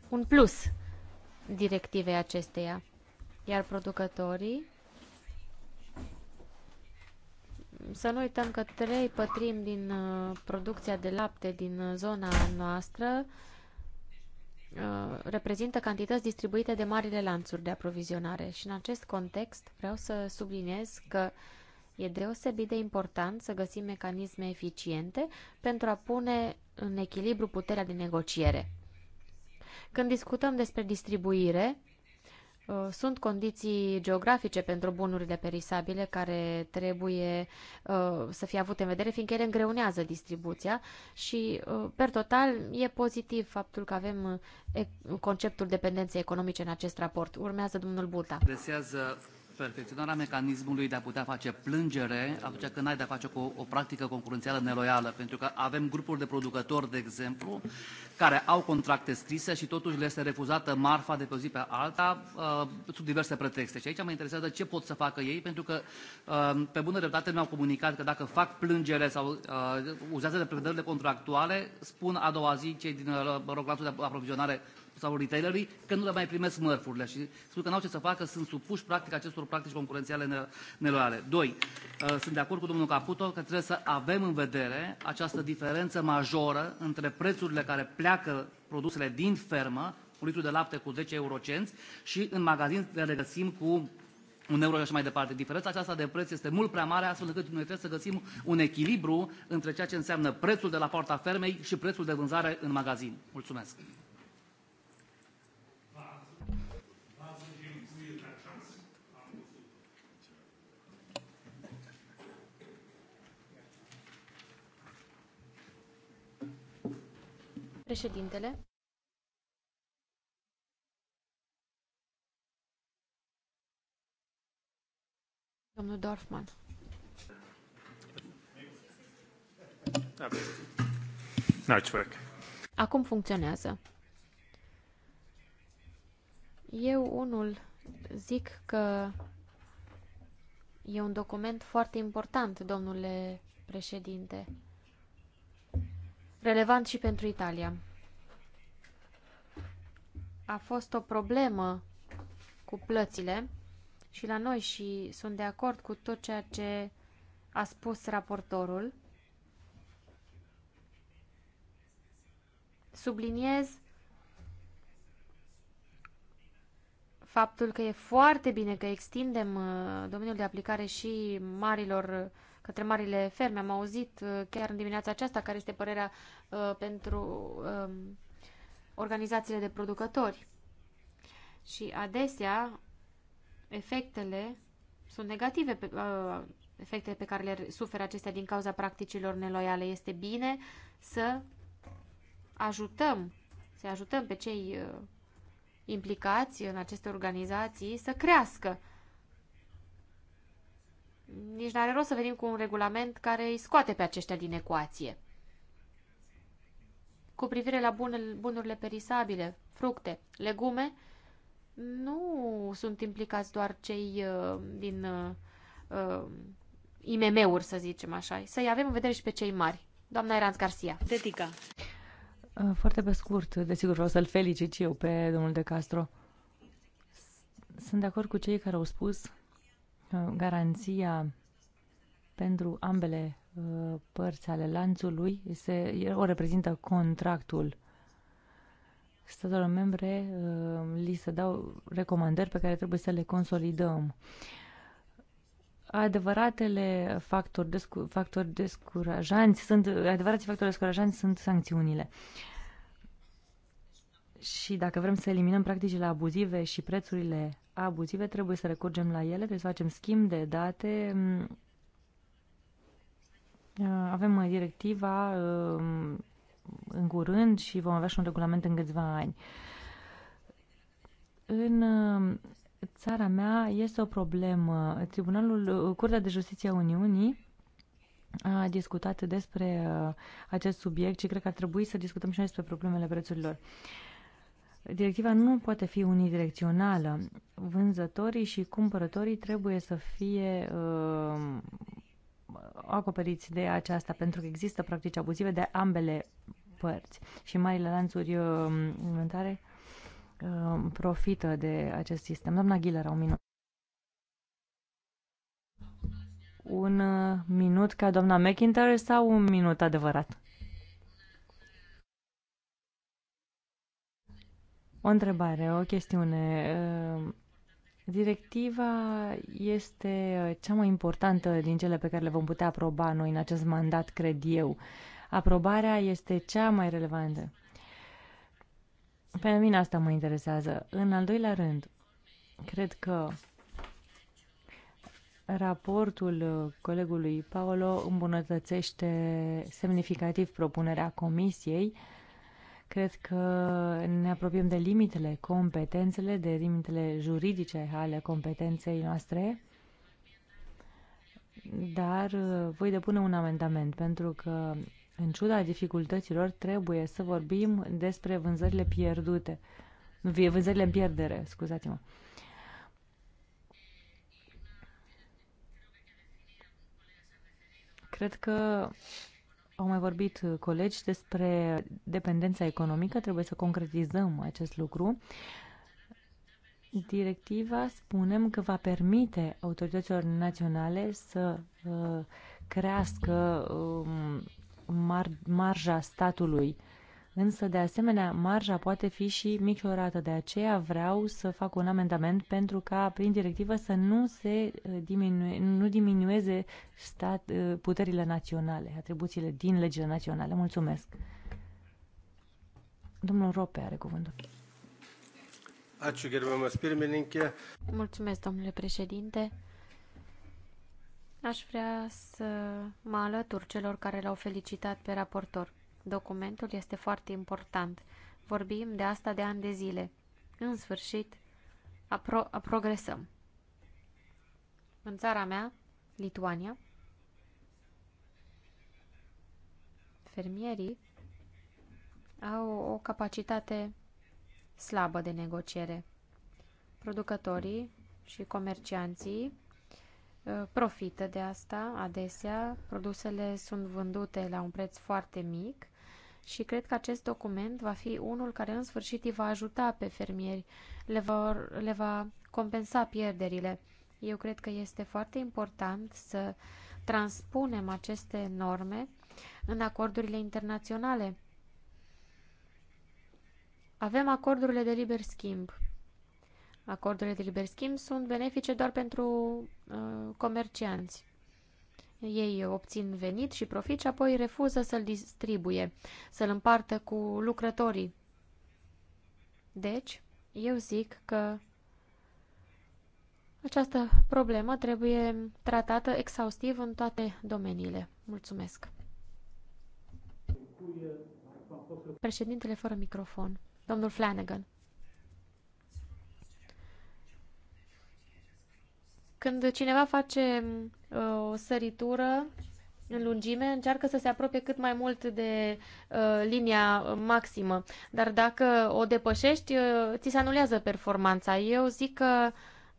un plus directivei acesteia. Iar producătorii să nu uităm că trei pătrim din uh, producția de lapte din uh, zona noastră Uh, reprezintă cantități distribuite de marile lanțuri de aprovizionare și în acest context vreau să subliniez că e deosebit de important să găsim mecanisme eficiente pentru a pune în echilibru puterea de negociere. Când discutăm despre distribuire, Uh, sunt condiții geografice pentru bunurile perisabile care trebuie uh, să fie avute în vedere, fiindcă ele îngreunează distribuția și, uh, per total, e pozitiv faptul că avem uh, conceptul dependenței economice în acest raport. Urmează domnul Buta perfecționarea mecanismului de a putea face plângere atunci când ai de-a face cu o, practică concurențială neloială. Pentru că avem grupuri de producători, de exemplu, care au contracte scrise și totuși le este refuzată marfa de pe o zi pe alta uh, sub diverse pretexte. Și aici mă interesează ce pot să facă ei, pentru că uh, pe bună dreptate mi-au comunicat că dacă fac plângere sau uh, uzează de prevederile contractuale, spun a doua zi cei din, mă uh, rog, lanțul de aprovizionare sau retailerii că nu le mai primesc mărfurile și spun că n-au ce să facă, sunt supuși practic acestor practici concurențiale neloiale. Doi, uh, sunt de acord cu domnul Caputo că trebuie să avem în vedere această diferență majoră între prețurile care pleacă produsele din fermă, un litru de lapte cu 10 eurocenți și în magazin le regăsim cu un euro și așa mai departe. Diferența aceasta de preț este mult prea mare, astfel încât noi trebuie să găsim un echilibru între ceea ce înseamnă prețul de la poarta fermei și prețul de vânzare în magazin. Mulțumesc! domnul Dorfman. Acum funcționează. Eu unul zic că e un document foarte important, domnule președinte relevant și pentru Italia. A fost o problemă cu plățile și la noi și sunt de acord cu tot ceea ce a spus raportorul. Subliniez faptul că e foarte bine că extindem uh, domeniul de aplicare și marilor către marile ferme. Am auzit uh, chiar în dimineața aceasta care este părerea uh, pentru um, organizațiile de producători. Și adesea efectele sunt negative, pe, uh, efectele pe care le suferă acestea din cauza practicilor neloiale. Este bine să ajutăm, să ajutăm pe cei uh, implicați în aceste organizații să crească nici n-are rost să venim cu un regulament care îi scoate pe aceștia din ecuație. Cu privire la bunurile perisabile, fructe, legume, nu sunt implicați doar cei uh, din uh, uh IMM-uri, să zicem așa. Să-i avem în vedere și pe cei mari. Doamna Eranț Garcia. Tetica. Uh, foarte pe scurt, desigur vreau să-l felicit și eu pe domnul De Castro. Sunt de acord cu cei care au spus Uh, garanția pentru ambele uh, părți ale lanțului este o reprezintă contractul statelor membre uh, li se dau recomandări pe care trebuie să le consolidăm. Adevăratele factori, descu- factori descurajanți sunt, adevărații factori descurajanți sunt sancțiunile. Și dacă vrem să eliminăm practicile abuzive și prețurile abuzive, trebuie să recurgem la ele, trebuie să facem schimb de date. Mm, uh, avem uh, directiva uh, în curând și vom avea și un regulament în câțiva ani. În țara mea este o problemă. Tribunalul, Curtea de Justiție a Uniunii a discutat despre acest subiect și cred că ar trebui să discutăm și noi despre problemele prețurilor. Uh, Directiva nu poate fi unidirecțională. Vânzătorii și cumpărătorii trebuie să fie uh, acoperiți de aceasta, pentru că există practici abuzive de ambele părți. Și marile lanțuri uh, inventare uh, profită de acest sistem. Doamna Ghilera, un minut. Un uh, minut ca doamna McIntyre sau un minut adevărat? O întrebare, o chestiune. Ehm, directiva este uh, cea mai importantă din cele pe care le vom putea aproba noi în acest mandat, cred eu. Aprobarea este cea mai relevantă. Pe mine asta mă interesează. În al doilea rând, cred că raportul uh, colegului Paolo îmbunătățește semnificativ propunerea comisiei uh, Cred că ne apropiem de limitele competențele, de limitele juridice ale competenței noastre, dar uh, voi depune un amendament pentru că, în ciuda dificultăților, trebuie să vorbim despre vânzările pierdute, vânzările în pierdere, scuzați-mă. Cred că au mai vorbit uh, colegi despre dependența economică, trebuie să concretizăm acest lucru. Directiva spunem că va permite autorităților naționale să uh, crească uh, mar marja statului însă de asemenea marja poate fi și micșorată. De aceea vreau să fac un amendament pentru ca prin directivă să nu se uh, diminue, nu diminueze stat, uh, puterile naționale, atribuțiile din legile naționale. Mulțumesc. Domnul Rope are cuvântul. Mulțumesc, domnule președinte. Aș vrea să mă alătur celor care l-au felicitat pe raportor. Documentul este foarte important. Vorbim de asta de ani de zile. În sfârșit, apro progresăm. În țara mea, Lituania, fermierii au o capacitate slabă de negociere. Producătorii și comercianții Uh, profită de asta adesea. Produsele sunt vândute la un preț foarte mic și cred că acest document va fi unul care în sfârșit îi va ajuta pe fermieri, le va, le va compensa pierderile. Eu cred că este foarte important să transpunem aceste norme în acordurile internaționale. Avem acordurile de liber schimb acordurile de liber schimb sunt benefice doar pentru uh, comercianți. Ei obțin venit și profit și apoi refuză să-l distribuie, să-l împartă cu lucrătorii. Deci, eu zic că această problemă trebuie tratată exhaustiv în toate domeniile. Mulțumesc. Președintele fără microfon, domnul Flanagan. Când cineva face uh, o săritură în lungime, încearcă să se apropie cât mai mult de uh, linia maximă. Dar dacă o depășești, uh, ți se anulează performanța. Eu zic că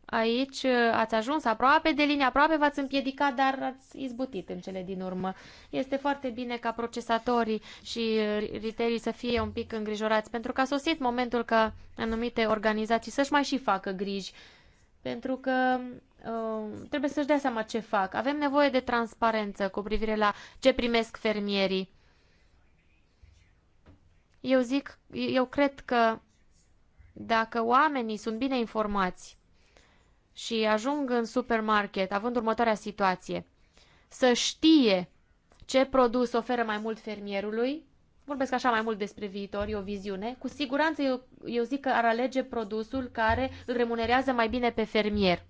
aici uh, ați ajuns aproape de linie, aproape v-ați împiedicat, dar ați izbutit în cele din urmă. Este foarte bine ca procesatorii și uh, riterii să fie un pic îngrijorați, pentru că a sosit momentul ca anumite organizații să-și mai și facă griji, pentru că Um, trebuie să-și dea seama ce fac. Avem nevoie de transparență cu privire la ce primesc fermierii. Eu zic, eu cred că dacă oamenii sunt bine informați și ajung în supermarket având următoarea situație, să știe ce produs oferă mai mult fermierului, vorbesc așa mai mult despre viitor, e o viziune, cu siguranță eu, eu zic că ar alege produsul care îl remunerează mai bine pe fermier.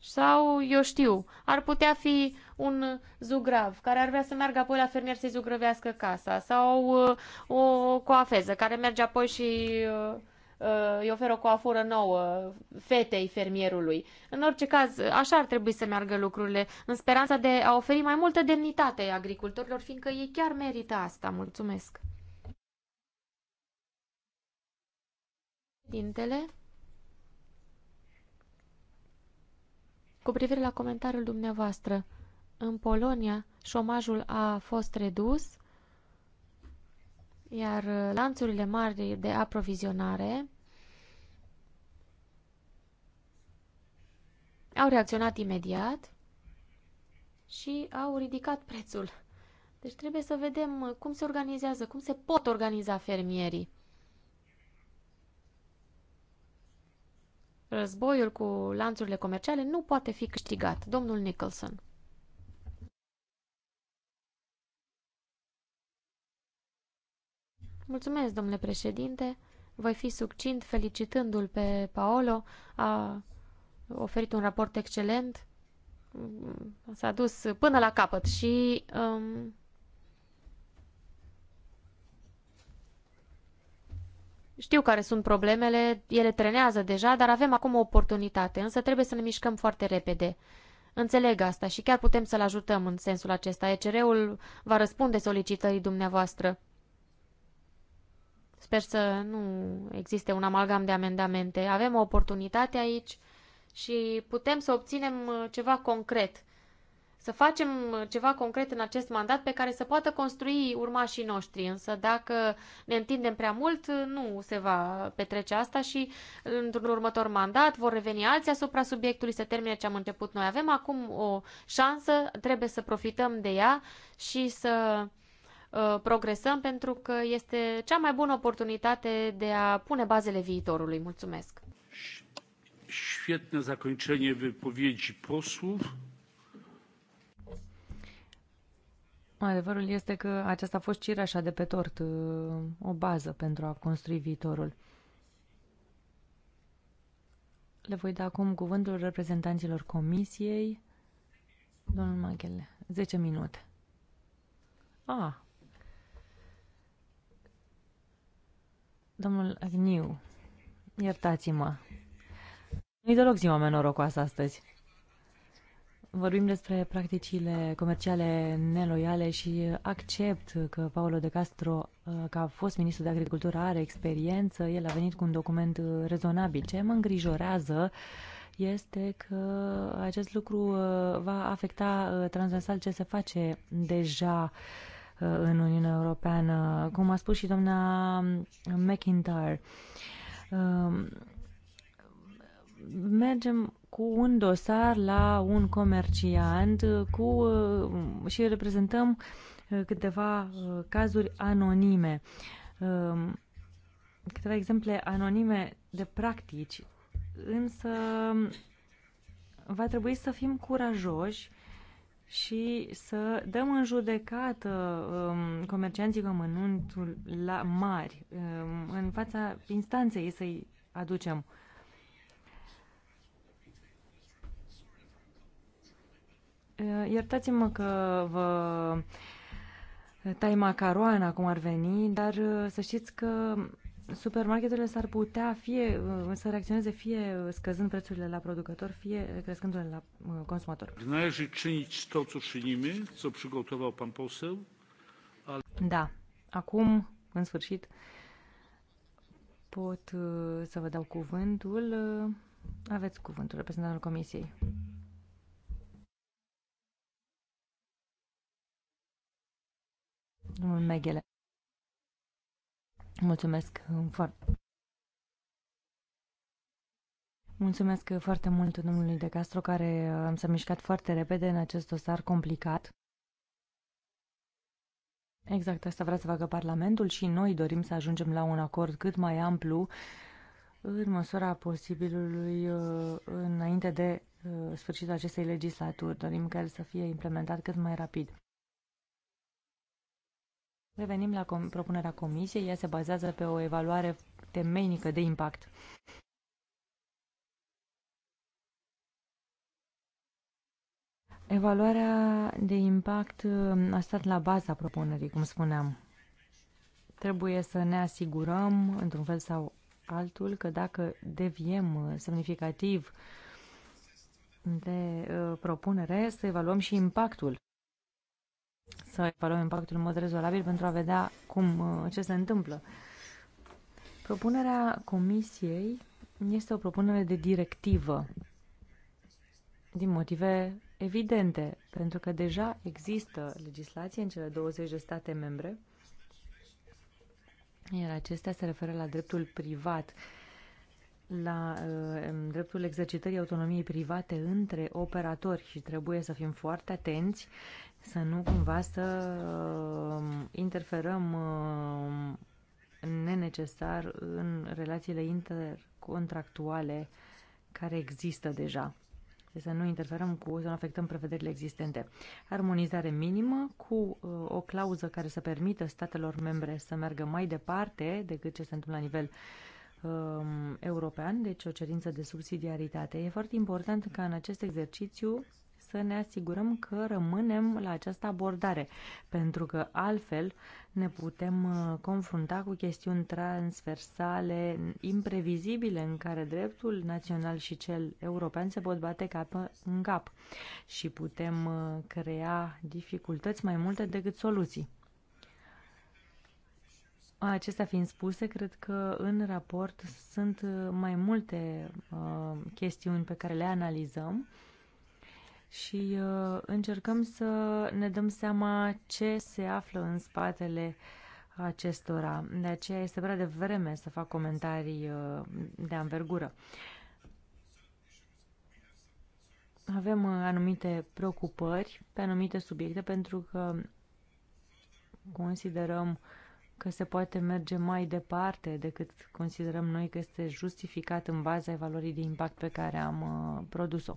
Sau, eu știu, ar putea fi un zugrav care ar vrea să meargă apoi la fermier să-i zugrăvească casa. Sau uh, o coafeză care merge apoi și uh, uh, îi oferă o coafură nouă fetei fermierului. În orice caz, așa ar trebui să meargă lucrurile, în speranța de a oferi mai multă demnitate agricultorilor, fiindcă ei chiar merită asta. Mulțumesc! Dintele? Cu privire la comentariul dumneavoastră, în Polonia șomajul a fost redus, iar uh, lanțurile mari de aprovizionare au reacționat imediat și au ridicat prețul. Deci trebuie să vedem uh, cum se organizează, cum se pot organiza fermierii. războiul cu lanțurile comerciale nu poate fi câștigat. Domnul Nicholson. Mulțumesc, domnule președinte. Voi fi succint felicitându-l pe Paolo. A oferit un raport excelent. S-a dus până la capăt și um, Știu care sunt problemele, ele trenează deja, dar avem acum o oportunitate, însă trebuie să ne mișcăm foarte repede. Înțeleg asta și chiar putem să-l ajutăm în sensul acesta. ECR-ul va răspunde solicitării dumneavoastră. Sper să nu existe un amalgam de amendamente. Avem o oportunitate aici și putem să obținem uh, ceva concret să facem ceva concret în acest mandat pe care să poată construi urmașii noștri. Însă dacă ne întindem prea mult, nu se va petrece asta și într-un următor mandat vor reveni alții asupra subiectului să termine ce am început noi. Avem acum o șansă, trebuie să profităm de ea și să ă, progresăm pentru că este cea mai bună oportunitate de a pune bazele viitorului. Mulțumesc! Świetne zakończenie wypowiedzi posłów. Adevărul este că aceasta a fost cireașa de pe tort, uh, o bază pentru a construi viitorul. Le voi da acum cuvântul reprezentanților comisiei. Domnul Machele, 10 minute. A. Ah. Domnul Agniu, iertați-mă. Nu-i deloc ziua mea norocoasă astăzi. Vorbim despre practicile comerciale neloiale și accept că Paolo de Castro, uh, că a fost ministru de agricultură, are experiență, el a venit cu un document uh, rezonabil. Ce mă îngrijorează este că acest lucru uh, va afecta transversal ce se face deja în Uniunea Europeană, cum a spus și doamna McIntyre um, mergem cu un dosar la un comerciant uh, cu, uh, și reprezentăm uh, câteva cazuri anonime, um, câteva exemple anonime de practici, însă um, va trebui să fim curajoși și să dăm în judecată um, comercianții cu la mari, um, în fața instanței să-i aducem Eh, iertați-mă că vă tai macaroana, cum ar veni, dar eh, să știți că supermarketurile s-ar putea fie eh, să reacționeze fie scăzând prețurile la producător, fie crescându-le la consumator. Da, acum, în sfârșit, pot să vă dau cuvântul. Aveți cuvântul, reprezentantul Comisiei. Domnul Meghele. Mulțumesc um, foarte... Mulțumesc foarte mult domnului De Castro, care uh, am s-a mișcat foarte repede în acest dosar complicat. Exact asta vrea să facă Parlamentul și noi dorim să ajungem la un acord cât mai amplu în măsura posibilului uh, înainte de uh, sfârșitul acestei legislaturi. Dorim ca el să fie implementat cât mai rapid. Revenim la com propunerea comisiei. Ea se bazează pe o evaluare temeinică de impact. Evaluarea de impact um, a stat la baza propunerii, cum spuneam. Trebuie să ne asigurăm, într-un fel sau altul, că dacă deviem uh, semnificativ de uh, propunere, să evaluăm și impactul să evaluăm impactul în mod rezolabil pentru a vedea cum, uh, ce se întâmplă. Propunerea Comisiei este o propunere de directivă din motive evidente, pentru că deja există legislație în cele 20 de state membre, iar acestea se referă la dreptul privat la uh, dreptul exercitării autonomiei private între operatori și trebuie să fim foarte atenți să nu cumva să uh, interferăm uh, nenecesar în relațiile intercontractuale care există deja. De deci să nu interferăm cu, să nu afectăm prevederile existente. Armonizare minimă cu uh, o clauză care să permită statelor membre să meargă mai departe decât ce se întâmplă la nivel uh, um, european, deci o cerință de subsidiaritate. E foarte important ca în acest exercițiu să ne asigurăm că rămânem la această abordare, pentru că altfel ne putem uh, confrunta cu chestiuni transversale, imprevizibile, în care dreptul național și cel european se pot bate cap în cap și putem uh, crea dificultăți mai multe decât soluții. Acestea fiind spuse, cred că în raport sunt uh, mai multe uh, chestiuni pe care le analizăm și uh, încercăm să ne dăm seama ce se află în spatele acestora. De aceea este prea de vreme să fac comentarii uh, de anvergură. Avem uh, anumite preocupări pe anumite subiecte pentru că considerăm uh, că se poate merge mai departe decât considerăm noi că este justificat în baza evaluării de impact pe care am uh, produs-o.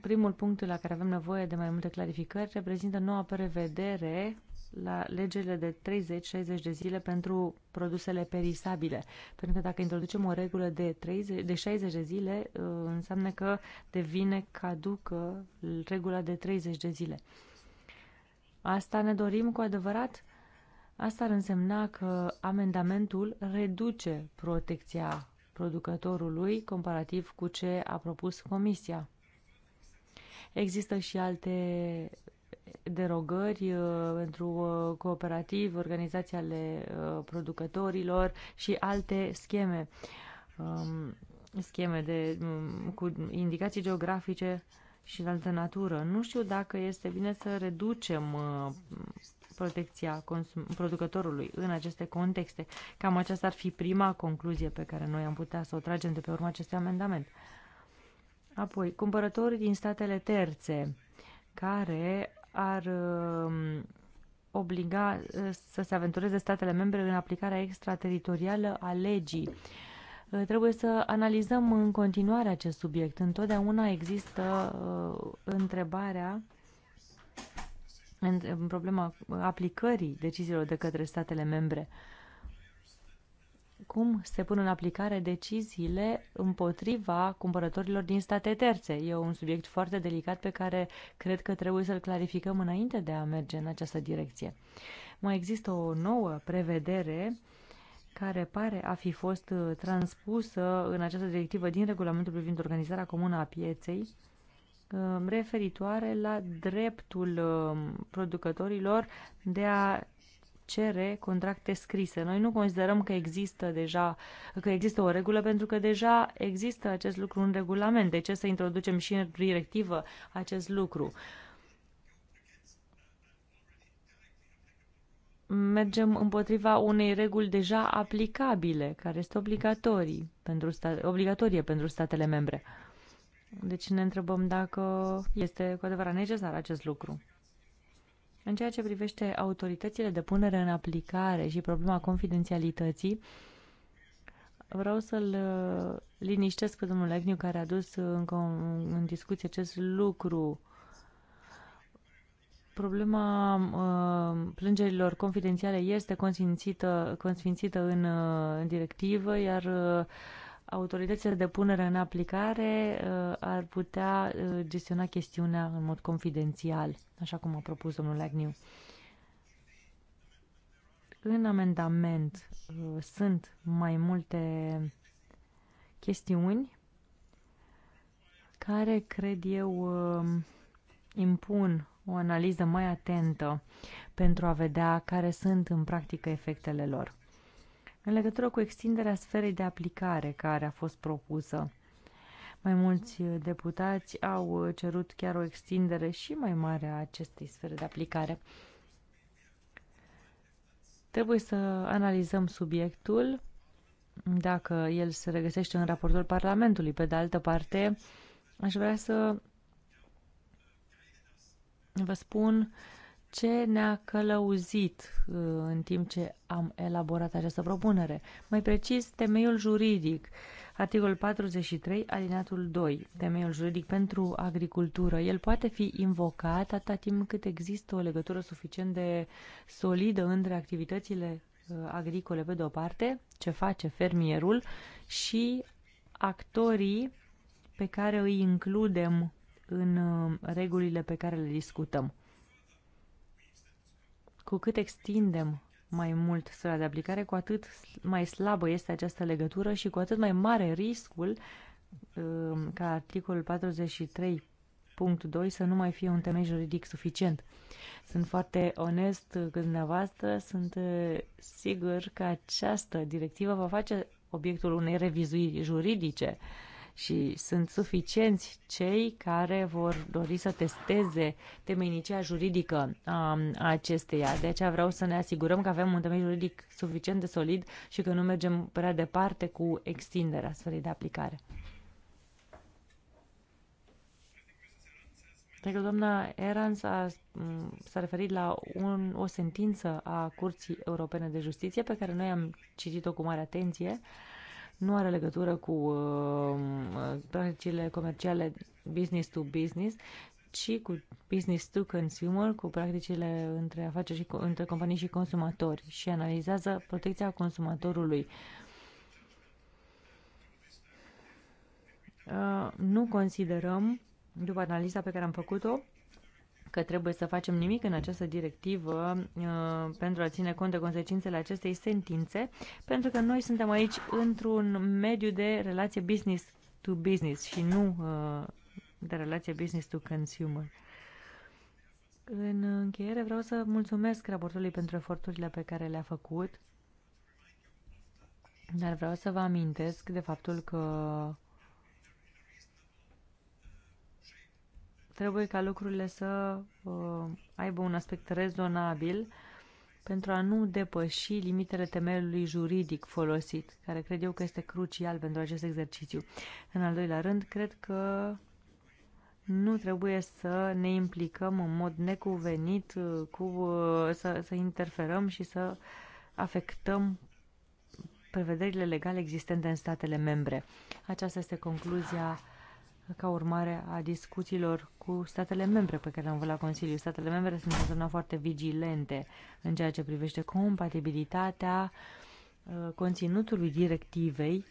Primul punct la care avem nevoie de mai multe clarificări reprezintă noua prevedere la legile de 30-60 de zile pentru produsele perisabile. Pentru că dacă introducem o regulă de, 30, de 60 de zile, uh, înseamnă că devine caducă regula de 30 de zile. Asta ne dorim cu adevărat? Asta ar însemna că amendamentul reduce protecția producătorului comparativ cu ce a propus Comisia. Există și alte derogări uh, pentru uh, cooperativ, organizații ale uh, producătorilor și alte scheme, um, scheme de, um, cu indicații geografice și de altă natură. Nu știu dacă este bine să reducem uh, protecția producătorului în aceste contexte. Cam aceasta ar fi prima concluzie pe care noi am putea să o tragem de pe urma acestui amendament. Apoi, cumpărătorii din statele terțe care ar um, obliga uh, să se aventureze statele membre în aplicarea extrateritorială a legii Eh, trebuie să analizăm în continuare acest subiect. Întotdeauna există eh, întrebarea în problema aplicării deciziilor de către statele membre. Cum se pun în aplicare deciziile împotriva cumpărătorilor din state terțe? E un subiect foarte delicat pe care cred că trebuie să-l clarificăm înainte de a merge în această direcție. Mai există o nouă prevedere care pare a fi fost uh, transpusă în această directivă din regulamentul privind organizarea comună a pieței, uh, referitoare la dreptul uh, producătorilor de a cere contracte scrise. Noi nu considerăm că există deja, că există o regulă pentru că deja există acest lucru în regulament. De ce să introducem și în directivă acest lucru? Uh, mergem împotriva unei reguli deja aplicabile, care este obligatorii pentru stat, obligatorie pentru statele membre. Deci ne întrebăm dacă este cu adevărat necesar acest lucru. În ceea ce privește autoritățile de punere în aplicare și problema confidențialității, vreau să-l uh, liniștesc pe domnul Agniu care a dus în, în discuție acest lucru problema uh, plângerilor confidențiale este consfințită, consfințită în uh, directivă, iar uh, autoritățile de punere în aplicare uh, ar putea uh, gestiona chestiunea în mod confidențial, așa cum a propus domnul Agniu. În amendament uh, sunt mai multe chestiuni care, cred eu, uh, impun o analiză mai atentă pentru a vedea care sunt în practică efectele lor. În legătură cu extinderea sferei de aplicare care a fost propusă, mai mulți deputați au cerut chiar o extindere și mai mare a acestei sfere de aplicare. Trebuie să analizăm subiectul, dacă el se regăsește în raportul Parlamentului. Pe de altă parte, aș vrea să vă spun ce ne-a călăuzit uh, în timp ce am elaborat această propunere. Mai precis, temeiul juridic. Articolul 43, alineatul 2, temeiul juridic pentru agricultură. El poate fi invocat atâta timp cât există o legătură suficient de solidă între activitățile uh, agricole, pe de o parte, ce face fermierul, și actorii pe care îi includem în uh, regulile pe care le discutăm. Cu cât extindem mai mult sfera de aplicare, cu atât mai slabă este această legătură și cu atât mai mare riscul uh, ca articolul 43 2 să nu mai fie un temei juridic suficient. Sunt foarte onest cu dumneavoastră, sunt uh, sigur că această directivă va face obiectul unei revizuiri juridice și sunt suficienți cei care vor dori să testeze temenicia juridică a acesteia. De aceea vreau să ne asigurăm că avem un temei juridic suficient de solid și că nu mergem prea departe cu extinderea sferei de aplicare. Cred că doamna Erans s-a, referit la un, o sentință a Curții Europene de Justiție pe care noi am citit-o cu mare atenție. Uh, nu are legătură cu uh, practicile comerciale business to business, ci cu business to consumer, cu practicile între afaceri și între companii și consumatori și analizează protecția consumatorului. Uh, nu considerăm, după analiza pe care am făcut-o, că trebuie să facem nimic în această directivă uh, pentru a ține cont de consecințele acestei sentințe, pentru că noi suntem aici într-un mediu de relație business to business și nu uh, de relație business to consumer. În încheiere vreau să mulțumesc raportului pentru eforturile pe care le-a făcut, dar vreau să vă amintesc de faptul că Trebuie ca lucrurile să uh, aibă un aspect rezonabil pentru a nu depăși limitele temelului juridic folosit, care cred eu că este crucial pentru acest exercițiu. În al doilea rând, cred că nu trebuie să ne implicăm în mod necuvenit, uh, cu, uh, să, să interferăm și să afectăm prevederile legale existente în statele membre. Aceasta este concluzia ca urmare a discuțiilor cu statele membre pe care le-am avut la Consiliu. Statele membre sunt întotdeauna foarte vigilente în ceea ce privește compatibilitatea uh, conținutului directivei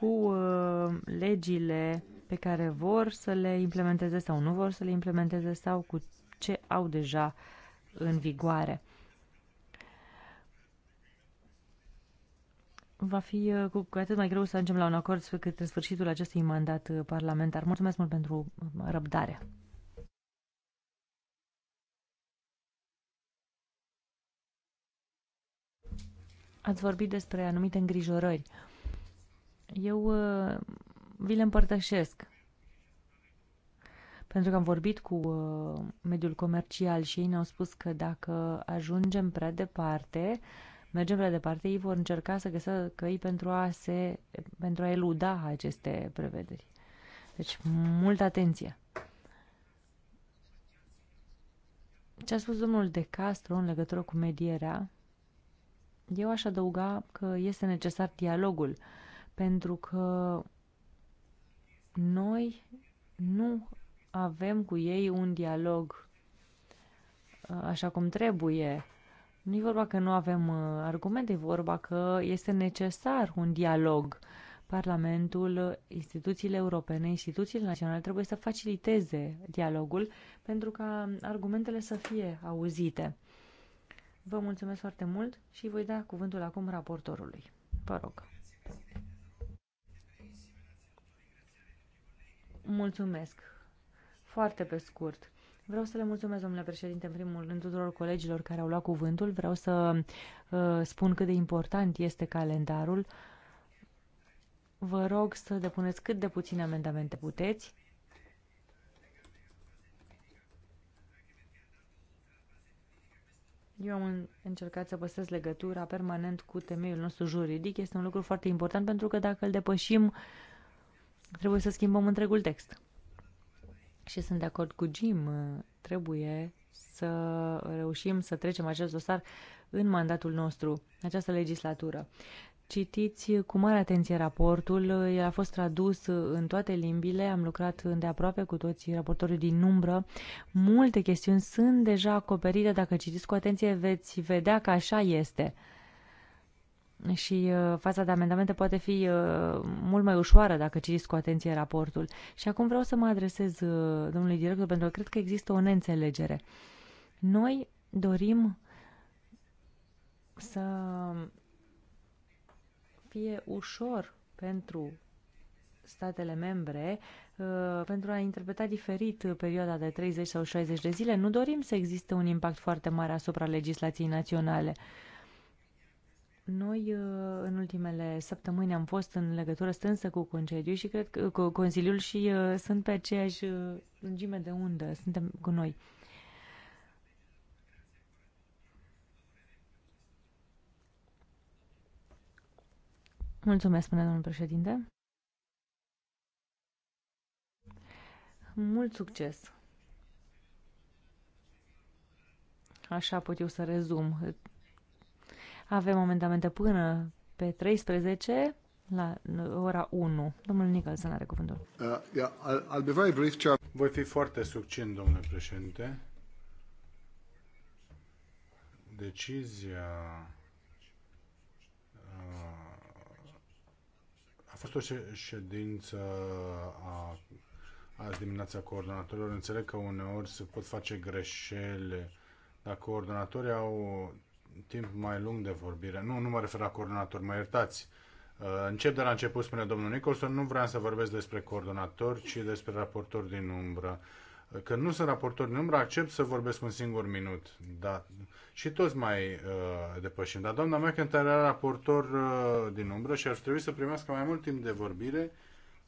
cu uh, legile pe care vor să le implementeze sau nu vor să le implementeze sau cu ce au deja în vigoare. Va fi uh, cu atât mai greu să ajungem la un acord pe cât în sfârșitul acestui mandat uh, parlamentar. Mulțumesc mult pentru uh, răbdare. Ați vorbit despre anumite îngrijorări. Eu vi le împărtășesc. Pentru că am vorbit cu mediul comercial și ei ne-au spus că dacă ajungem prea departe, uh, mergem prea departe, ei vor încerca să găsească căi pentru a, se, pentru a eluda aceste prevederi. Deci, multă atenție! Ce a spus domnul De Castro în legătură cu medierea, eu aș adăuga că este necesar dialogul, pentru că noi nu avem cu ei un dialog uh, așa cum trebuie. Nu e vorba că nu avem uh, argumente, e vorba că este necesar un dialog. Parlamentul, instituțiile europene, instituțiile naționale trebuie să faciliteze dialogul pentru ca argumentele să fie auzite. Vă mulțumesc foarte mult și voi da cuvântul acum raportorului. Vă rog. Mulțumesc. Foarte pe scurt. Vreau să le mulțumesc, domnule președinte, în primul rând tuturor colegilor care au luat cuvântul. Vreau să uh, spun cât de important este calendarul. Vă rog să depuneți cât de puține amendamente puteți. Eu am încercat să păstrez legătura permanent cu temeiul nostru juridic. Este un lucru foarte important pentru că dacă îl depășim, trebuie să schimbăm întregul text și sunt de acord cu Jim, uh, trebuie să reușim să trecem acest dosar în mandatul nostru, în această legislatură. Citiți cu mare atenție raportul, uh, el a fost tradus uh, în toate limbile, am lucrat de aproape cu toți raportorii din umbră. Multe chestiuni sunt deja acoperite, dacă citiți cu atenție veți vedea că așa este și uh, faza de amendamente poate fi uh, mult mai ușoară dacă citiți cu atenție raportul. Și acum vreau să mă adresez uh, domnului director pentru că cred că există o neînțelegere. Noi dorim să fie ușor pentru statele membre pentru a interpreta diferit perioada de 30 sau 60 de zile. Nu dorim să existe un impact foarte mare asupra legislației naționale. Noi uh, în ultimele săptămâni am fost în legătură strânsă cu concediul și cred că cu Consiliul și uh, sunt pe aceeași uh, lungime de undă, suntem cu noi. Mulțumesc, spune domnul președinte. Mult succes! Așa pot eu să rezum avem amendamente până pe 13 la ora 1. Domnul Nicholson are cuvântul. Uh, yeah, I'll, I'll be very brief, chair. Voi fi foarte succint, domnule președinte. Decizia uh, a fost o ședință a, azi dimineața coordonatorilor. Înțeleg că uneori se pot face greșele, dar coordonatorii au timp mai lung de vorbire. Nu, nu mă refer la coordonatori, mă iertați. Uh, încep de la început, spune domnul Nicholson, nu vreau să vorbesc despre coordonatori, ci despre raportori din umbră. Uh, că nu sunt raportor din umbră, accept să vorbesc un singur minut. Da. Și toți mai uh, depășim. Dar doamna McIntyre era raportor uh, din umbră și ar trebui să primească mai mult timp de vorbire,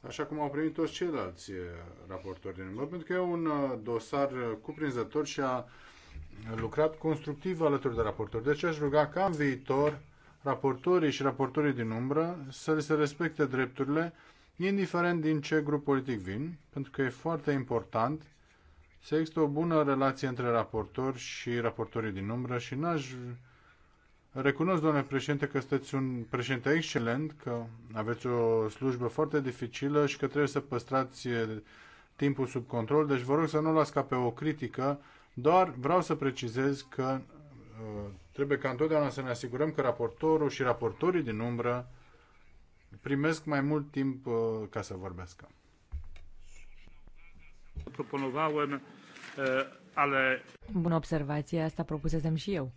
așa cum au primit toți ceilalți uh, raportori din umbră, pentru că e un uh, dosar cuprinzător și a uh, lucrat constructiv alături de raportori. Deci aș ruga ca în viitor raportorii și raportorii din umbră să se respecte drepturile, indiferent din ce grup politic vin, pentru că e foarte important să există o bună relație între raportori și raportorii din umbră și n-aș Recunosc, domnule președinte, că sunteți un președinte excelent, că aveți o slujbă foarte dificilă și că trebuie să păstrați timpul sub control, deci vă rog să nu luați ca pe o critică doar vreau să precizez că uh, trebuie ca întotdeauna să ne asigurăm că raportorul și raportorii din umbră primesc mai mult timp uh, ca să vorbească. Bună observație, asta propusesem și eu.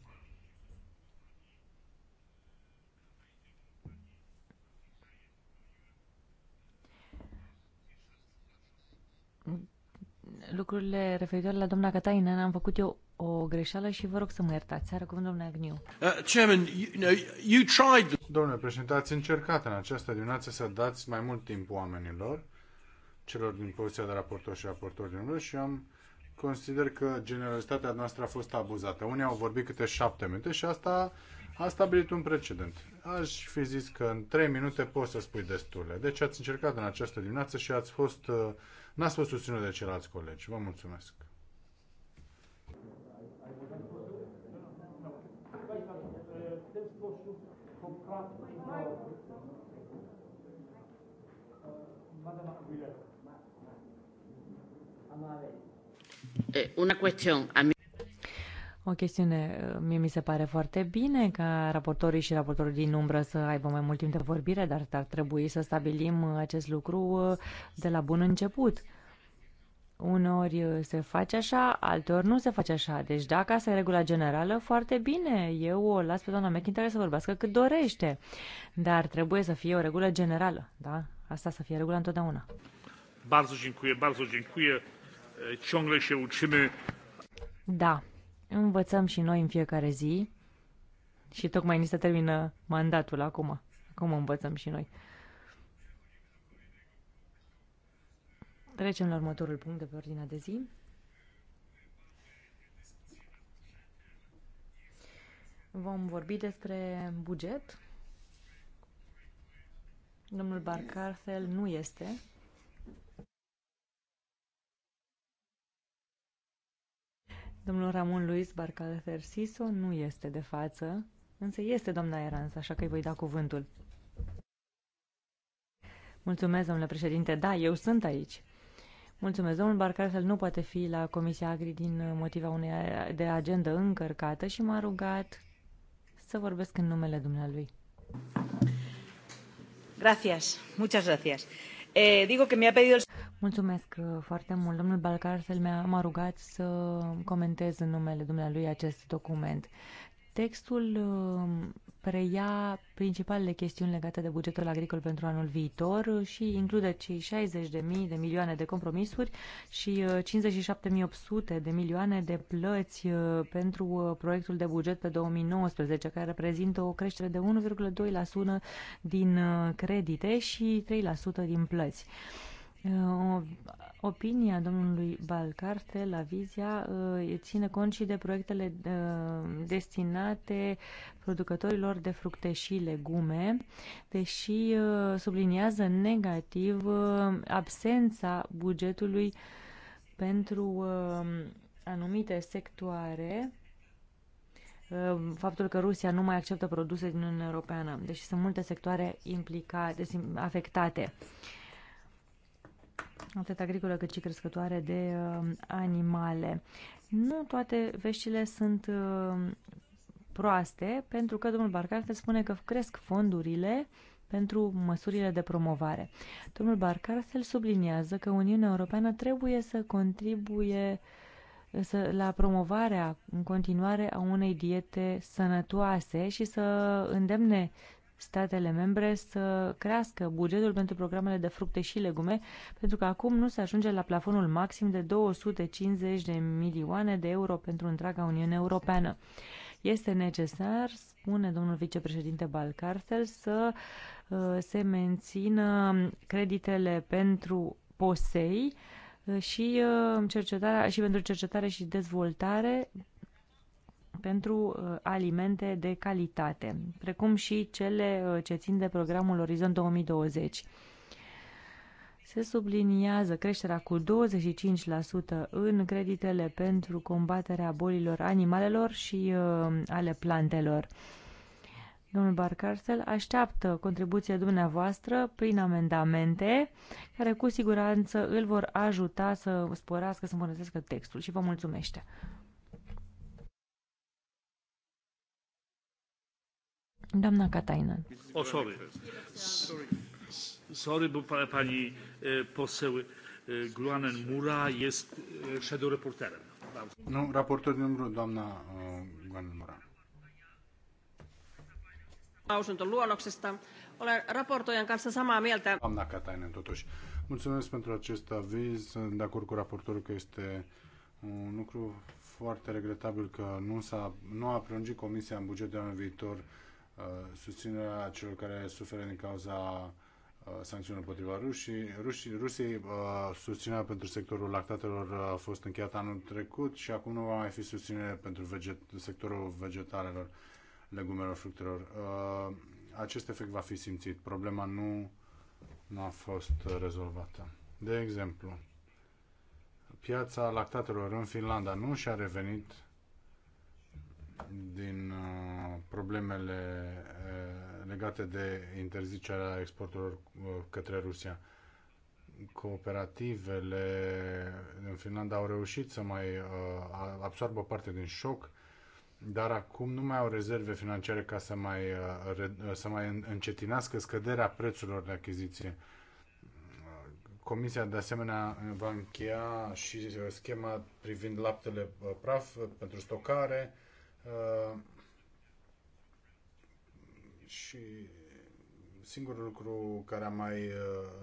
lucrurile referitoare la doamna Catainen, am făcut eu o greșeală și vă rog să mă iertați. Are cuvântul domnul Agniu. Uh, chairman, you, know, you tried... Domnule președinte, ați încercat în această dimineață să dați mai mult timp oamenilor, celor din poziția de raportor și raportor din și am consider că generozitatea noastră a fost abuzată. Unii au vorbit câte șapte minute și asta a stabilit un precedent. Aș fi zis că în trei minute poți să spui destule. Deci ați încercat în această dimineață și ați fost uh, N-ați fost susținut de ceilalți colegi. Vă mulțumesc. Eh, una cuestión. A mí o chestiune, uh, mie mi se pare foarte bine ca raportorii și raportorii din umbră să aibă mai mult timp de vorbire, dar ar trebui să stabilim uh, acest lucru uh, de la bun început. Uneori se face așa, alteori nu se face așa. Deci dacă asta e regula generală, foarte bine. Eu o las pe doamna McIntyre să vorbească cât dorește. Dar trebuie să fie o regulă generală, da? Asta să fie regula întotdeauna. Bardzo dziękuję, bardzo dziękuję. Ciągle się uczymy. Da, învățăm și noi în fiecare zi și tocmai ni se termină mandatul acum. Acum învățăm și noi. Trecem la următorul punct de pe ordinea de zi. Vom vorbi despre buget. Domnul Barcarthel nu este Domnul Ramon Luis Barcal Tersiso nu este de față, însă este doamna Erans, așa că îi voi da cuvântul. Mulțumesc, domnule președinte. Da, eu sunt aici. Mulțumesc. Domnul Barcarsel nu poate fi la Comisia Agri din motiva unei de agendă încărcată și m-a rugat să vorbesc în numele dumnealui. Gracias, muchas gracias. Eh, digo que mi-a pedido... Mulțumesc uh, foarte mult. Domnul Balcarcel m-a rugat să comentez în numele dumnealui acest document. Textul uh, preia principalele chestiuni legate de bugetul agricol pentru anul viitor și include cei 60.000 de milioane de compromisuri și 57.800 uh, de milioane de plăți pentru proiectul de buget pe 2019, care reprezintă o creștere de 1,2% din credite și 3% din plăți. Opinia domnului Balcarte la Vizia uh, ține cont și de proiectele uh, destinate producătorilor de fructe și legume, deși uh, subliniază negativ absența bugetului pentru anumite sectoare faptul că Rusia nu mai acceptă produse din Uniunea Europeană, deși sunt multe sectoare implicate, afectate. Uh, atât agricolă cât și crescătoare de uh, animale. Nu toate veștile sunt uh, proaste, pentru că domnul Barcarte spune că cresc fondurile pentru măsurile de promovare. Domnul Barcarcel subliniază că Uniunea Europeană trebuie să contribuie să, la promovarea în continuare a unei diete sănătoase și să îndemne statele membre să crească bugetul pentru programele de fructe și legume, pentru că acum nu se ajunge la plafonul maxim de 250 de milioane de euro pentru întreaga Uniune Europeană. Este necesar, spune domnul vicepreședinte Balcarcel, să uh, se mențină creditele pentru POSEI uh, și, uh, cercetarea, și pentru cercetare și dezvoltare pentru uh, alimente de calitate, precum și cele uh, ce țin de programul Orizont 2020. Se subliniază creșterea cu 25% în creditele pentru combaterea bolilor animalelor și uh, ale plantelor. Domnul Barcarcel așteaptă contribuția dumneavoastră prin amendamente care cu siguranță îl vor ajuta să sporească, să îmbunătățească textul și vă mulțumește. Doamna Katainen. O, sorry. Sorry, bo pani poseł Gluanen Mura jest shadow reporterem. Nu, raportor din umbră, doamna Gluanen Mura. Lausuntoluonnoksesta. Olen raportoijan kanssa samaa mieltä. Doamna Katainen, totuși. Mulțumesc pentru acest aviz. Sunt de acord cu raportorul că este un lucru foarte regretabil că nu, s-a, nu a prelungit Comisia în buget de anul viitor Uh, susținerea celor care suferă din cauza uh, sancțiunilor împotriva rușii. rușii Rusiei uh, susținerea pentru sectorul lactatelor a fost încheiată anul trecut și acum nu va mai fi susținere pentru veget, sectorul vegetalelor, legumelor, fructelor. Acest efect va fi simțit. Problema nu, nu a fost rezolvată. De exemplu, piața lactatelor în Finlanda nu și-a revenit din uh, problemele uh, legate de interzicerea exporturilor uh, către Rusia. Cooperativele în Finlanda au reușit să mai absorbă parte din șoc, dar acum nu mai au rezerve financiare ca să mai, să mai încetinească scăderea prețurilor de achiziție. Comisia de asemenea va încheia și schema privind laptele praf pentru stocare, Uh, și singurul lucru care a mai uh,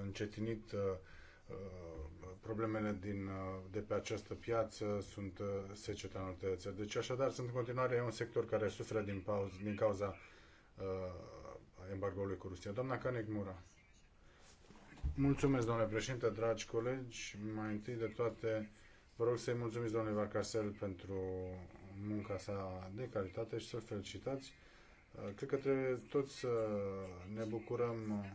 încetinit uh, problemele din, de pe această piață sunt seceta în alte țări. Deci așadar sunt în continuare un sector care suferă din, pauz, din cauza uh, embargoului cu Rusia. Doamna Canec Mura. Mulțumesc, domnule președinte, dragi colegi. Mai întâi de toate, vă rog să-i mulțumesc domnului Varcasel pentru munca sa de calitate și să felicitați. Uh, cred că trebuie toți să ne bucurăm uh,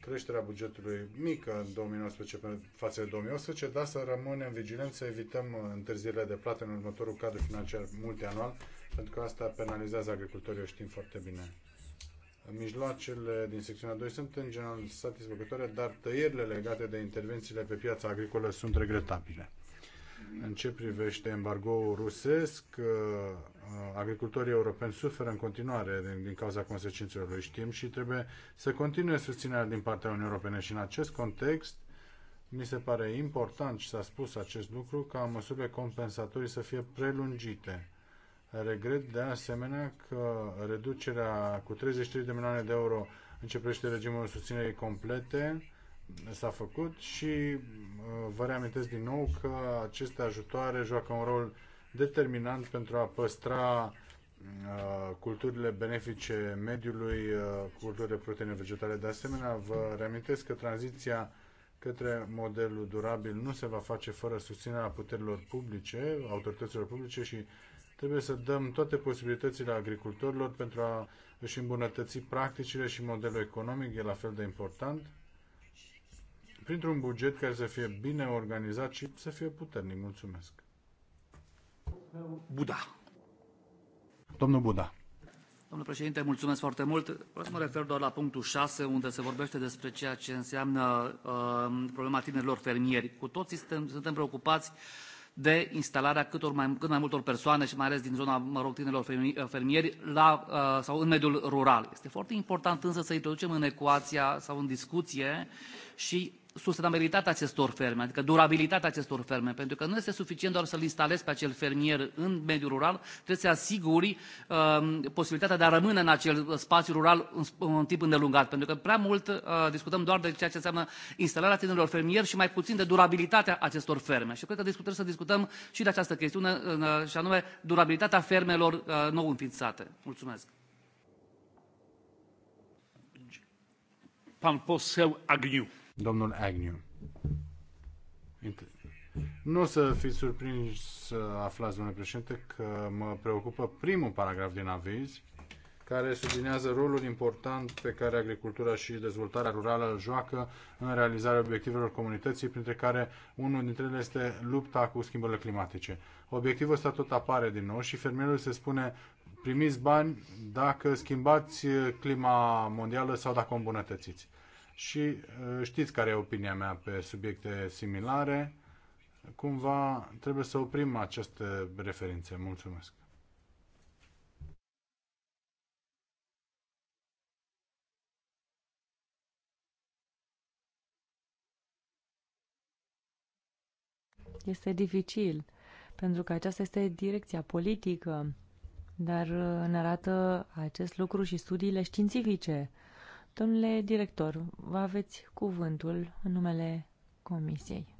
creșterea bugetului mică în 2019 față de 2018, dar să rămânem vigilenți, să evităm uh, întârzierile de plată în următorul cadru financiar multianual, pentru că asta penalizează agricultorii, o știm foarte bine. Mijloacele din secțiunea 2 sunt în general satisfăcătoare, dar tăierile legate de intervențiile pe piața agricolă sunt regretabile în ce privește embargoul rusesc, uh, uh, agricultorii europeni suferă în continuare din, din cauza consecințelor lui, știm, și trebuie să continue susținerea din partea Uniunii Europene. Și în acest context, mi se pare important și s-a spus acest lucru, ca măsurile compensatorii să fie prelungite. Regret de asemenea că reducerea cu 33 de milioane de euro începește regimul susținerii complete, s-a făcut și uh, vă reamintesc din nou că aceste ajutoare joacă un rol determinant pentru a păstra uh, culturile benefice mediului, uh, culturile proteine vegetale. De asemenea, vă reamintesc că tranziția către modelul durabil nu se va face fără susținerea puterilor publice, autorităților publice și trebuie să dăm toate posibilitățile agricultorilor pentru a își îmbunătăți practicile și modelul economic, e la fel de important printr-un buget care să fie bine organizat și să fie puternic. Mulțumesc. Buda. Domnul Buda. Domnule președinte, mulțumesc foarte mult. Vreau să mă refer doar la punctul 6, unde se vorbește despre ceea ce înseamnă uh, problema tinerilor fermieri. Cu toții suntem, suntem preocupați de instalarea cât, or mai, cât mai multor persoane și mai ales din zona, mă rog, tinerilor uh, fermieri la, uh, sau în mediul rural. Este foarte important însă să introducem în ecuația sau în discuție și sustenabilitatea acestor ferme, adică durabilitatea acestor ferme, pentru că nu este suficient doar să-l instalezi pe acel fermier în mediul rural, trebuie să asiguri uh, posibilitatea de a rămâne în acel spațiu rural în, în timp îndelungat, pentru că prea mult uh, discutăm doar de ceea ce înseamnă instalarea tinerilor fermieri și mai puțin de durabilitatea acestor ferme. Și cred că discutăm să discutăm și de această chestiune, uh, și anume durabilitatea fermelor uh, nou înființate. Mulțumesc. Pan poseł Agniu. Domnul Agnew. Nu o să fiți surprinși să aflați, domnule președinte, că mă preocupă primul paragraf din aviz, care sublinează rolul important pe care agricultura și dezvoltarea rurală îl joacă în realizarea obiectivelor comunității, printre care unul dintre ele este lupta cu schimbările climatice. Obiectivul ăsta tot apare din nou și fermierul se spune primiți bani dacă schimbați clima mondială sau dacă o îmbunătățiți și uh, știți care e opinia mea pe subiecte similare. Cumva trebuie să oprim aceste referințe. Mulțumesc! Este dificil, pentru că aceasta este direcția politică, dar uh, ne arată acest lucru și studiile științifice Domnule director, vă aveți cuvântul în numele Comisiei.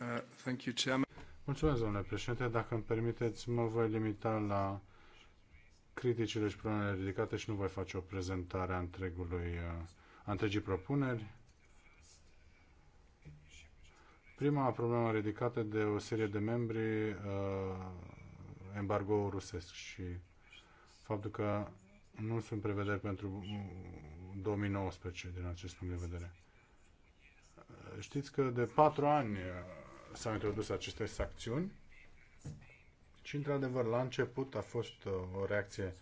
Uh, thank you, Chairman. Mulțumesc, domnule președinte. Dacă îmi permiteți, mă voi limita la criticile și problemele ridicate și nu voi face o prezentare a, întregului, uh, a întregii propuneri. Prima problemă ridicată de o serie de membri, uh, embargo rusesc și faptul că nu sunt prevederi pentru 2019 mm, din acest punct de vedere. Știți că de patru ani uh, s-au introdus aceste sancțiuni și, într-adevăr, la început a fost uh, o reacție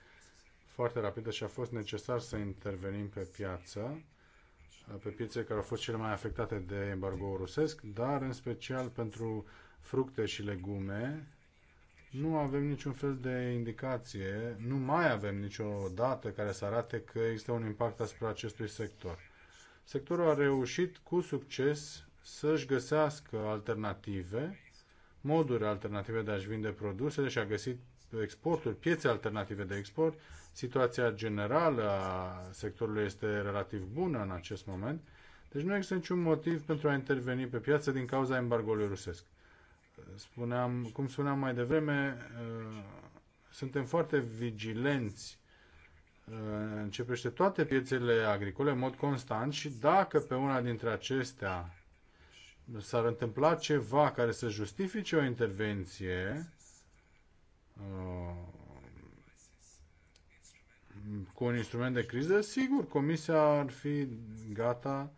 foarte rapidă și a fost necesar să intervenim pe piață, uh, pe piețe care au fost cele mai afectate de embargo rusesc, dar în special pentru fructe și legume, nu avem niciun fel de indicație, nu mai avem nicio dată care să arate că există un impact asupra acestui sector. Sectorul a reușit cu succes să-și găsească alternative, moduri alternative de a-și vinde produsele și a găsit exporturi, piețe alternative de export. Situația generală a sectorului este relativ bună în acest moment, deci nu există niciun motiv pentru a interveni pe piață din cauza embargoului rusesc spuneam, cum spuneam mai devreme, uh, suntem foarte vigilenți uh, începește toate piețele agricole în mod constant și dacă pe una dintre acestea s-ar întâmpla ceva care să justifice o intervenție uh, cu un instrument de criză, sigur, Comisia ar fi gata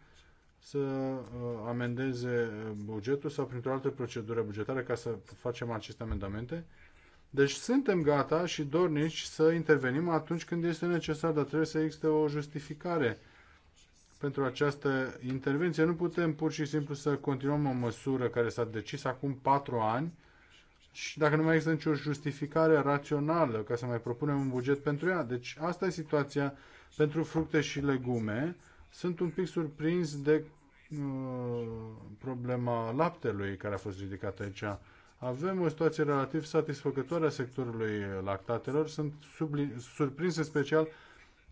să uh, amendeze uh, bugetul sau printr-o altă procedură bugetară ca să facem aceste amendamente. Deci suntem gata și dornici să intervenim atunci când este necesar, dar trebuie să existe o justificare pentru această intervenție. Nu putem pur și simplu să continuăm o măsură care s-a decis acum patru ani și dacă nu mai există nicio justificare rațională ca să mai propunem un buget pentru ea. Deci asta e situația pentru fructe și legume sunt un pic surprins de uh, problema laptelui care a fost ridicată aici. Avem o situație relativ satisfăcătoare a sectorului lactatelor. Sunt surprins în special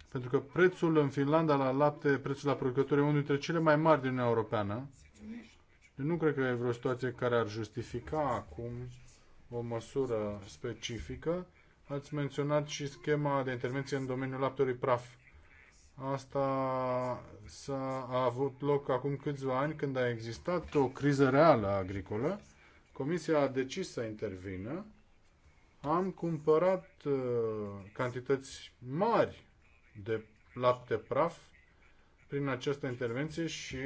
pentru că prețul în Finlanda la lapte, prețul la producători, e unul dintre cele mai mari din Uniunea Europeană. Deci nu cred că e vreo situație care ar justifica acum o măsură specifică. Ați menționat și schema de intervenție în domeniul laptelui praf. Asta s-a avut loc acum câțiva ani când a existat o criză reală agricolă. Comisia a decis să intervină. Am cumpărat uh, cantități mari de lapte praf prin această intervenție și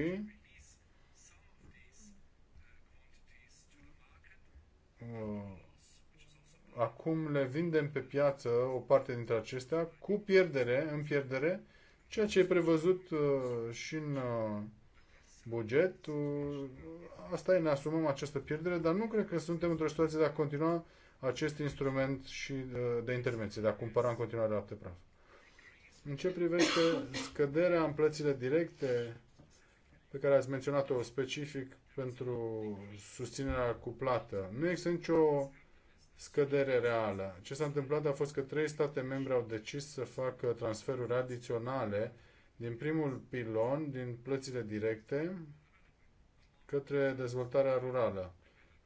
uh, acum le vindem pe piață o parte dintre acestea cu pierdere, în pierdere, Ceea ce e prevăzut uh, și în uh, buget, asta e, ne asumăm această pierdere, dar nu cred că suntem într-o situație de a continua acest instrument și de intervenție, de a cumpăra în continuare lapte praf. În ce privește scăderea în plățile directe, pe care ați menționat-o specific pentru susținerea plată, nu există nicio scădere reală. Ce s-a întâmplat a fost că trei state membre au decis să facă transferuri adiționale din primul pilon, din plățile directe, către dezvoltarea rurală.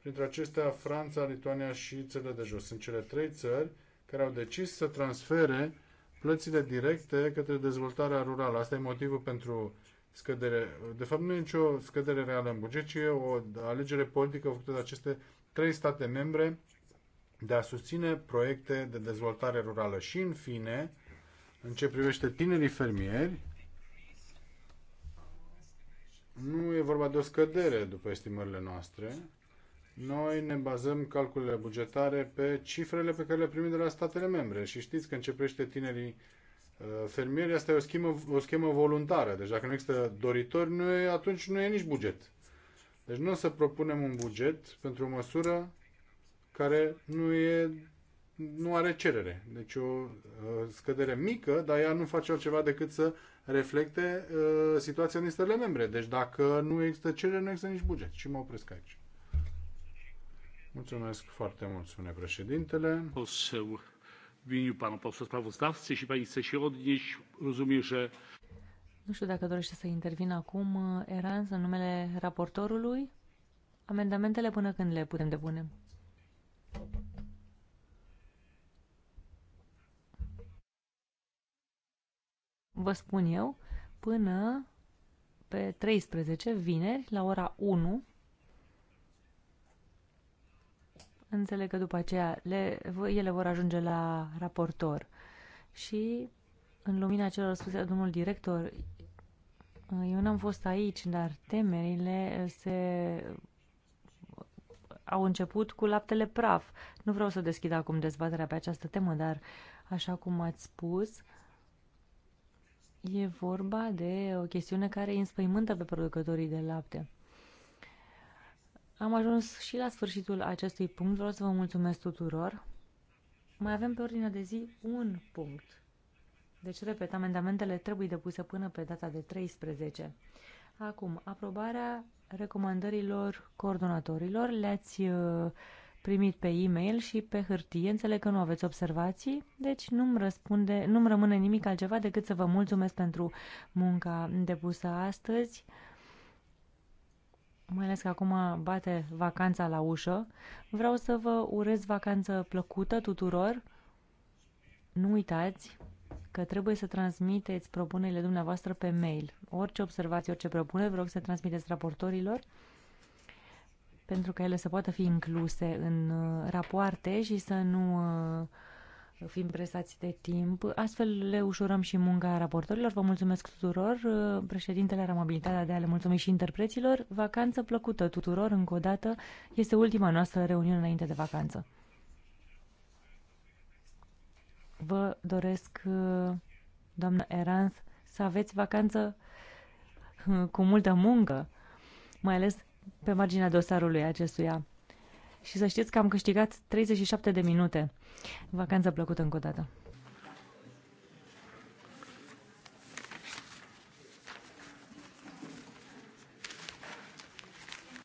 Printre acestea, Franța, Lituania și țările de jos. Sunt cele trei țări care au decis să transfere plățile directe către dezvoltarea rurală. Asta e motivul pentru scădere. De fapt, nu e nicio scădere reală în buget, ci e o alegere politică făcută de aceste trei state membre de a susține proiecte de dezvoltare rurală. Și, în fine, în ce privește tinerii fermieri, nu e vorba de o scădere după estimările noastre. Noi ne bazăm calculele bugetare pe cifrele pe care le primim de la statele membre și știți că începește tinerii uh, fermieri, asta e o schemă, o schemă voluntară. Deci dacă nu există doritori, nu e, atunci nu e nici buget. Deci nu o să propunem un buget pentru o măsură care nu, e, nu are cerere. Deci o uh, scădere mică, dar ea nu face altceva decât să reflecte uh, situația din stările membre. Deci dacă nu există cerere, nu există nici buget. Și mă opresc aici. Mulțumesc foarte mult, spune președintele. Poseł w până pana posła sprawozdawcy, jeśli pani chce się odnieść, rozumiem, że... Nu știu dacă dorește să intervină acum uh, Erans în numele raportorului. Amendamentele până când le putem depune? vă spun eu, până pe 13, vineri, la ora 1. Înțeleg că după aceea le, ele vor ajunge la raportor. Și în lumina celor spuse domnul director, eu n-am fost aici, dar temerile se au început cu laptele praf. Nu vreau să deschid acum dezbaterea pe această temă, dar așa cum ați spus, uh, E vorba de o chestiune care îi înspăimântă pe producătorii de lapte. Am ajuns și la sfârșitul acestui punct. Vreau să vă mulțumesc tuturor. Mai avem pe ordinea de zi un punct. Deci, repet, amendamentele trebuie depuse până pe data de 13. Acum, aprobarea recomandărilor coordonatorilor. Le-ați uh, primit pe e-mail și pe hârtie. Înțeleg că nu aveți observații, deci nu-mi, răspunde, nu-mi rămâne nimic altceva decât să vă mulțumesc pentru munca depusă astăzi. Mai ales că acum bate vacanța la ușă. Vreau să vă urez vacanță plăcută tuturor. Nu uitați că trebuie să transmiteți propunerile dumneavoastră pe mail. Orice observație, orice propunere, vreau să transmiteți raportorilor pentru că ele să poată fi incluse în uh, rapoarte și să nu uh, fim presați de timp. Astfel le ușurăm și munca raportorilor. Vă mulțumesc tuturor. Uh, președintele are amabilitatea de a le mulțumi și interpreților. Vacanță plăcută tuturor încă o dată. Este ultima noastră reuniune înainte de vacanță. Vă doresc, doamnă Eranth, să aveți vacanță cu multă muncă, mai ales pe marginea dosarului acestuia. Și să știți că am câștigat 37 de minute. Vacanță plăcută încă o dată!